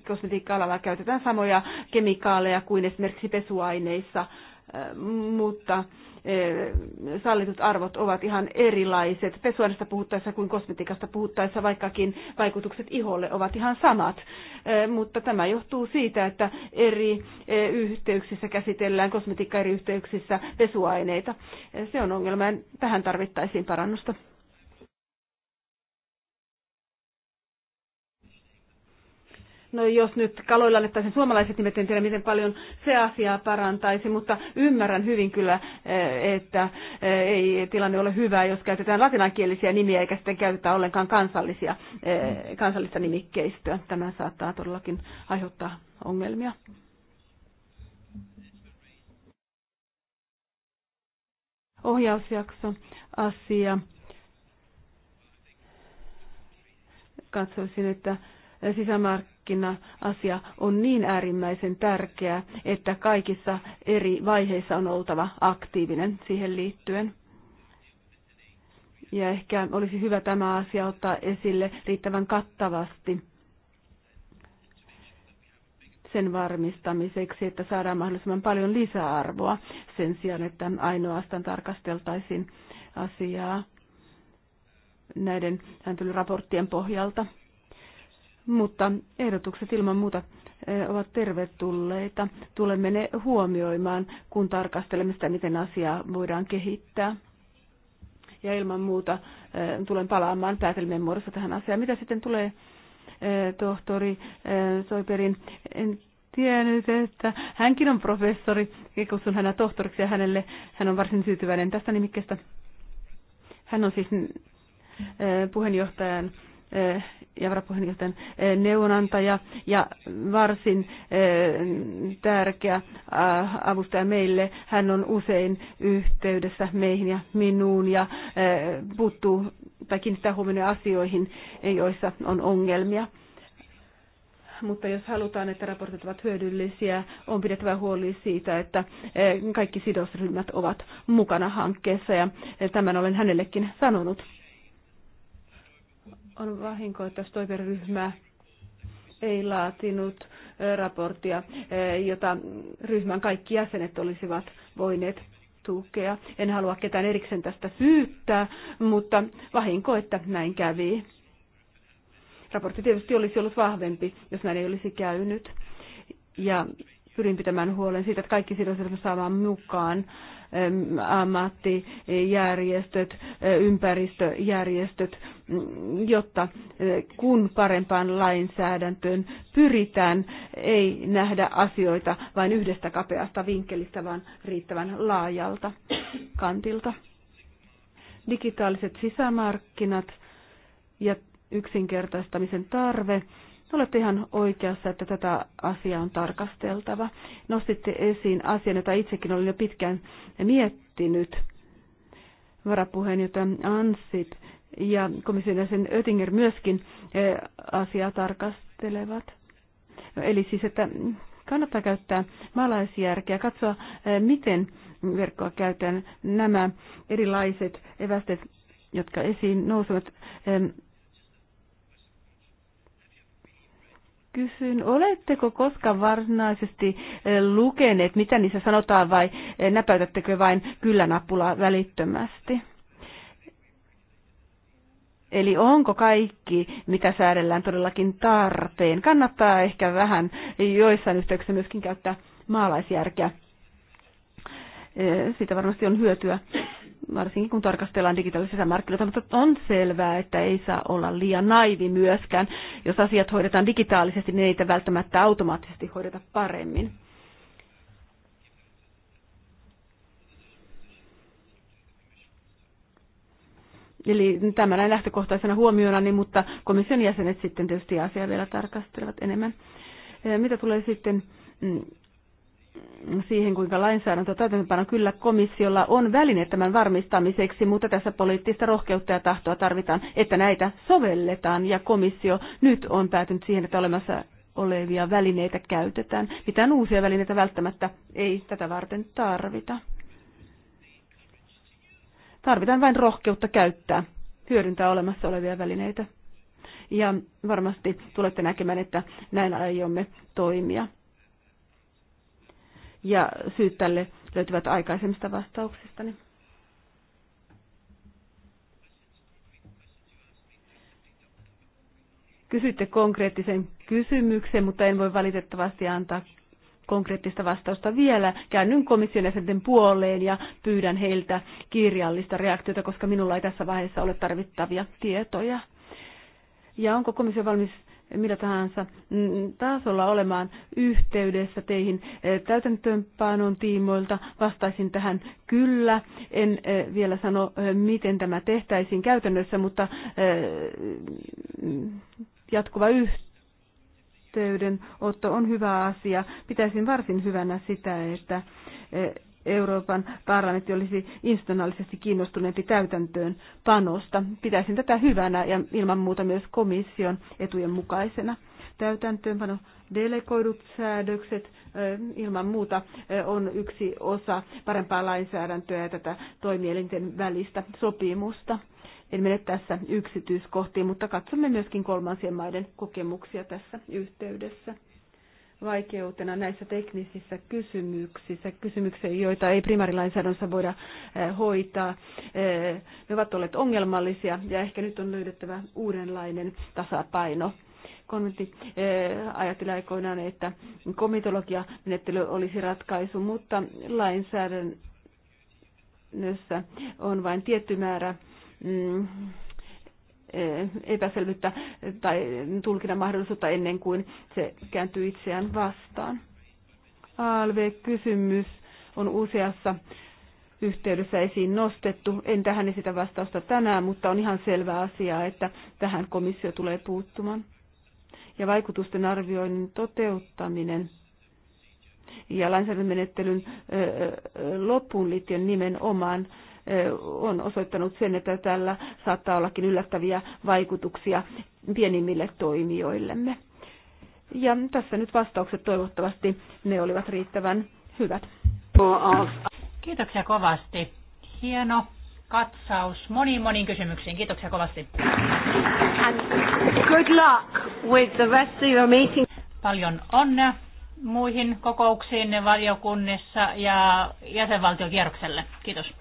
Kosmetiikka-alalla käytetään samoja kemikaaleja kuin esimerkiksi pesuaineissa, mutta sallitut arvot ovat ihan erilaiset pesuaineesta puhuttaessa kuin kosmetiikasta puhuttaessa, vaikkakin vaikutukset iholle ovat ihan samat. Mutta tämä johtuu siitä, että eri yhteyksissä käsitellään kosmetiikka eri yhteyksissä pesuaineita. Se on ongelma ja tähän tarvittaisiin parannusta. No jos nyt kaloilla annettaisiin suomalaiset nimet, en tiedä miten paljon se asiaa parantaisi, mutta ymmärrän hyvin kyllä, eh, että eh, ei tilanne ole hyvä, jos käytetään latinankielisiä nimiä eikä sitten käytetä ollenkaan kansallisia, eh, kansallista nimikkeistöä. Tämä saattaa todellakin aiheuttaa ongelmia. Ohjausjakso, asia. Katsoisin, että sisämark markkina-asia on niin äärimmäisen tärkeä, että kaikissa eri vaiheissa on oltava aktiivinen siihen liittyen. Ja ehkä olisi hyvä tämä asia ottaa esille riittävän kattavasti sen varmistamiseksi, että saadaan mahdollisimman paljon lisäarvoa sen sijaan, että ainoastaan tarkasteltaisiin asiaa näiden sääntelyraporttien pohjalta mutta ehdotukset ilman muuta eh, ovat tervetulleita. Tulemme ne huomioimaan, kun tarkastelemme sitä, miten asiaa voidaan kehittää. Ja ilman muuta eh, tulen palaamaan päätelmien muodossa tähän asiaan. Mitä sitten tulee eh, tohtori Soiperin? En tiennyt, että hänkin on professori. Kutsun hänä tohtoriksi ja hänelle hän on varsin tyytyväinen tästä nimikkeestä. Hän on siis puheenjohtajan Eh, ja varapuheenjohtajan eh, neuvonantaja ja varsin eh, tärkeä avustaja meille. Hän on usein yhteydessä meihin ja minuun ja puuttuu tai kiinnittää huomioon asioihin, joissa on ongelmia mutta jos halutaan, että raportit ovat hyödyllisiä, on pidettävä huoli siitä, että kaikki sidosryhmät ovat mukana hankkeessa ja tämän olen hänellekin sanonut. On vahinko, että toiveryhmä ei laatinut raporttia, jota ryhmän kaikki jäsenet olisivat voineet tukea. En halua ketään erikseen tästä syyttää, mutta vahinko, että näin kävi. Raportti tietysti olisi ollut vahvempi, jos näin ei olisi käynyt. Ja pyrin pitämään huolen siitä, että kaikki sidosryhmät saadaan mukaan ammattijärjestöt, ympäristöjärjestöt, mm, jotta eh, kun parempaan lainsäädäntöön pyritään, ei nähdä asioita vain yhdestä kapeasta vinkkelistä, vaan riittävän laajalta kantilta. Digitaaliset sisämarkkinat ja yksinkertaistamisen tarve olette ihan oikeassa, että tätä asiaa on tarkasteltava. Nostitte esiin asian, jota itsekin olin jo pitkään miettinyt. Varapuheenjohtaja Ansip ja komission jäsen Oettinger myöskin eh, asiaa tarkastelevat. Eli siis, että kannattaa käyttää maalaisjärkeä, katsoa eh, miten verkkoa käytetään nämä erilaiset evästet, jotka esiin nousevat eh, kysyn, oletteko koskaan varsinaisesti eh, lukeneet, mitä niissä sanotaan, vai eh, näpäytättekö vain kyllä-nappulaa välittömästi? Eli onko kaikki, mitä säädellään todellakin tarpeen? Kannattaa ehkä vähän joissain yhteyksissä myöskin käyttää maalaisjärkeä. Eh, siitä varmasti on hyötyä varsinkin kun tarkastellaan digitaalisia sisämarkkinoita, mutta on selvää, että ei saa olla liian naivi myöskään. Jos asiat hoidetaan digitaalisesti, niin niitä välttämättä automaattisesti hoideta paremmin. Eli tämä näin lähtökohtaisena huomiona, niin, mutta komission jäsenet sitten tietysti asiaa vielä tarkastelevat enemmän. Mitä tulee sitten mm, siihen, kuinka lainsäädäntö on kyllä komissiolla on väline tämän varmistamiseksi, mutta tässä poliittista rohkeutta ja tahtoa tarvitaan, että näitä sovelletaan ja komissio nyt on päätynyt siihen, että olemassa olevia välineitä käytetään. Mitään uusia välineitä välttämättä ei tätä varten tarvita. Tarvitaan vain rohkeutta käyttää, hyödyntää olemassa olevia välineitä. Ja varmasti tulette näkemään, että näin aiomme toimia ja syyt tälle löytyvät aikaisemmista vastauksistani. Kysytte konkreettisen kysymyksen, mutta en voi valitettavasti antaa konkreettista vastausta vielä. Käännyn komission jäsenten puoleen ja pyydän heiltä kirjallista reaktiota, koska minulla ei tässä vaiheessa ole tarvittavia tietoja. Ja onko komissio valmis millä tahansa mm, tasolla olemaan yhteydessä teihin eh, täytäntöönpanon tiimoilta. Vastaisin tähän kyllä. En eh, vielä sano, eh, miten tämä tehtäisiin käytännössä, mutta jatkuva yhteys yhteydenotto on hyvä asia. Pitäisin varsin hyvänä sitä, että Euroopan parlamentti olisi institutionaalisesti kiinnostuneempi täytäntöön panosta. Pitäisin tätä hyvänä ja ilman muuta myös komission etujen mukaisena. Täytäntöönpano delegoidut säädökset ilman muuta on yksi osa parempaa lainsäädäntöä ja tätä toimielinten välistä sopimusta. En mene tässä yksityiskohtiin, mutta katsomme myöskin kolmansien maiden kokemuksia tässä yhteydessä vaikeutena näissä teknisissä kysymyksissä, kysymyksiä, joita ei primarilainsäädännössä voida eh, hoitaa. Eh, ne ovat olleet ongelmallisia ja ehkä nyt on löydettävä uudenlainen tasapaino konventti eh, ajatteli aikoinaan, että komitologiamenettely olisi ratkaisu, mutta lainsäädännössä on vain tietty määrä mm, Eh, epäselvyyttä tai tulkinnan mahdollisuutta ennen kuin se kääntyy itseään vastaan. ALV-kysymys on useassa yhteydessä esiin nostettu. En tähän esitä vastausta tänään, mutta on ihan selvä asia, että tähän komissio tulee puuttumaan. Ja vaikutusten arvioinnin toteuttaminen ja lainsäädäntömenettelyn loppuun liittyen nimenomaan on osoittanut sen, että tällä saattaa ollakin yllättäviä vaikutuksia pienimmille toimijoillemme. Ja tässä nyt vastaukset toivottavasti ne olivat riittävän hyvät. Kiitoksia kovasti. Hieno katsaus moniin moniin kysymyksiin. Kiitoksia kovasti. And good luck with the rest of your meeting. Paljon onnea muihin kokouksiin valiokunnissa ja jäsenvaltiokierrokselle. Kiitos.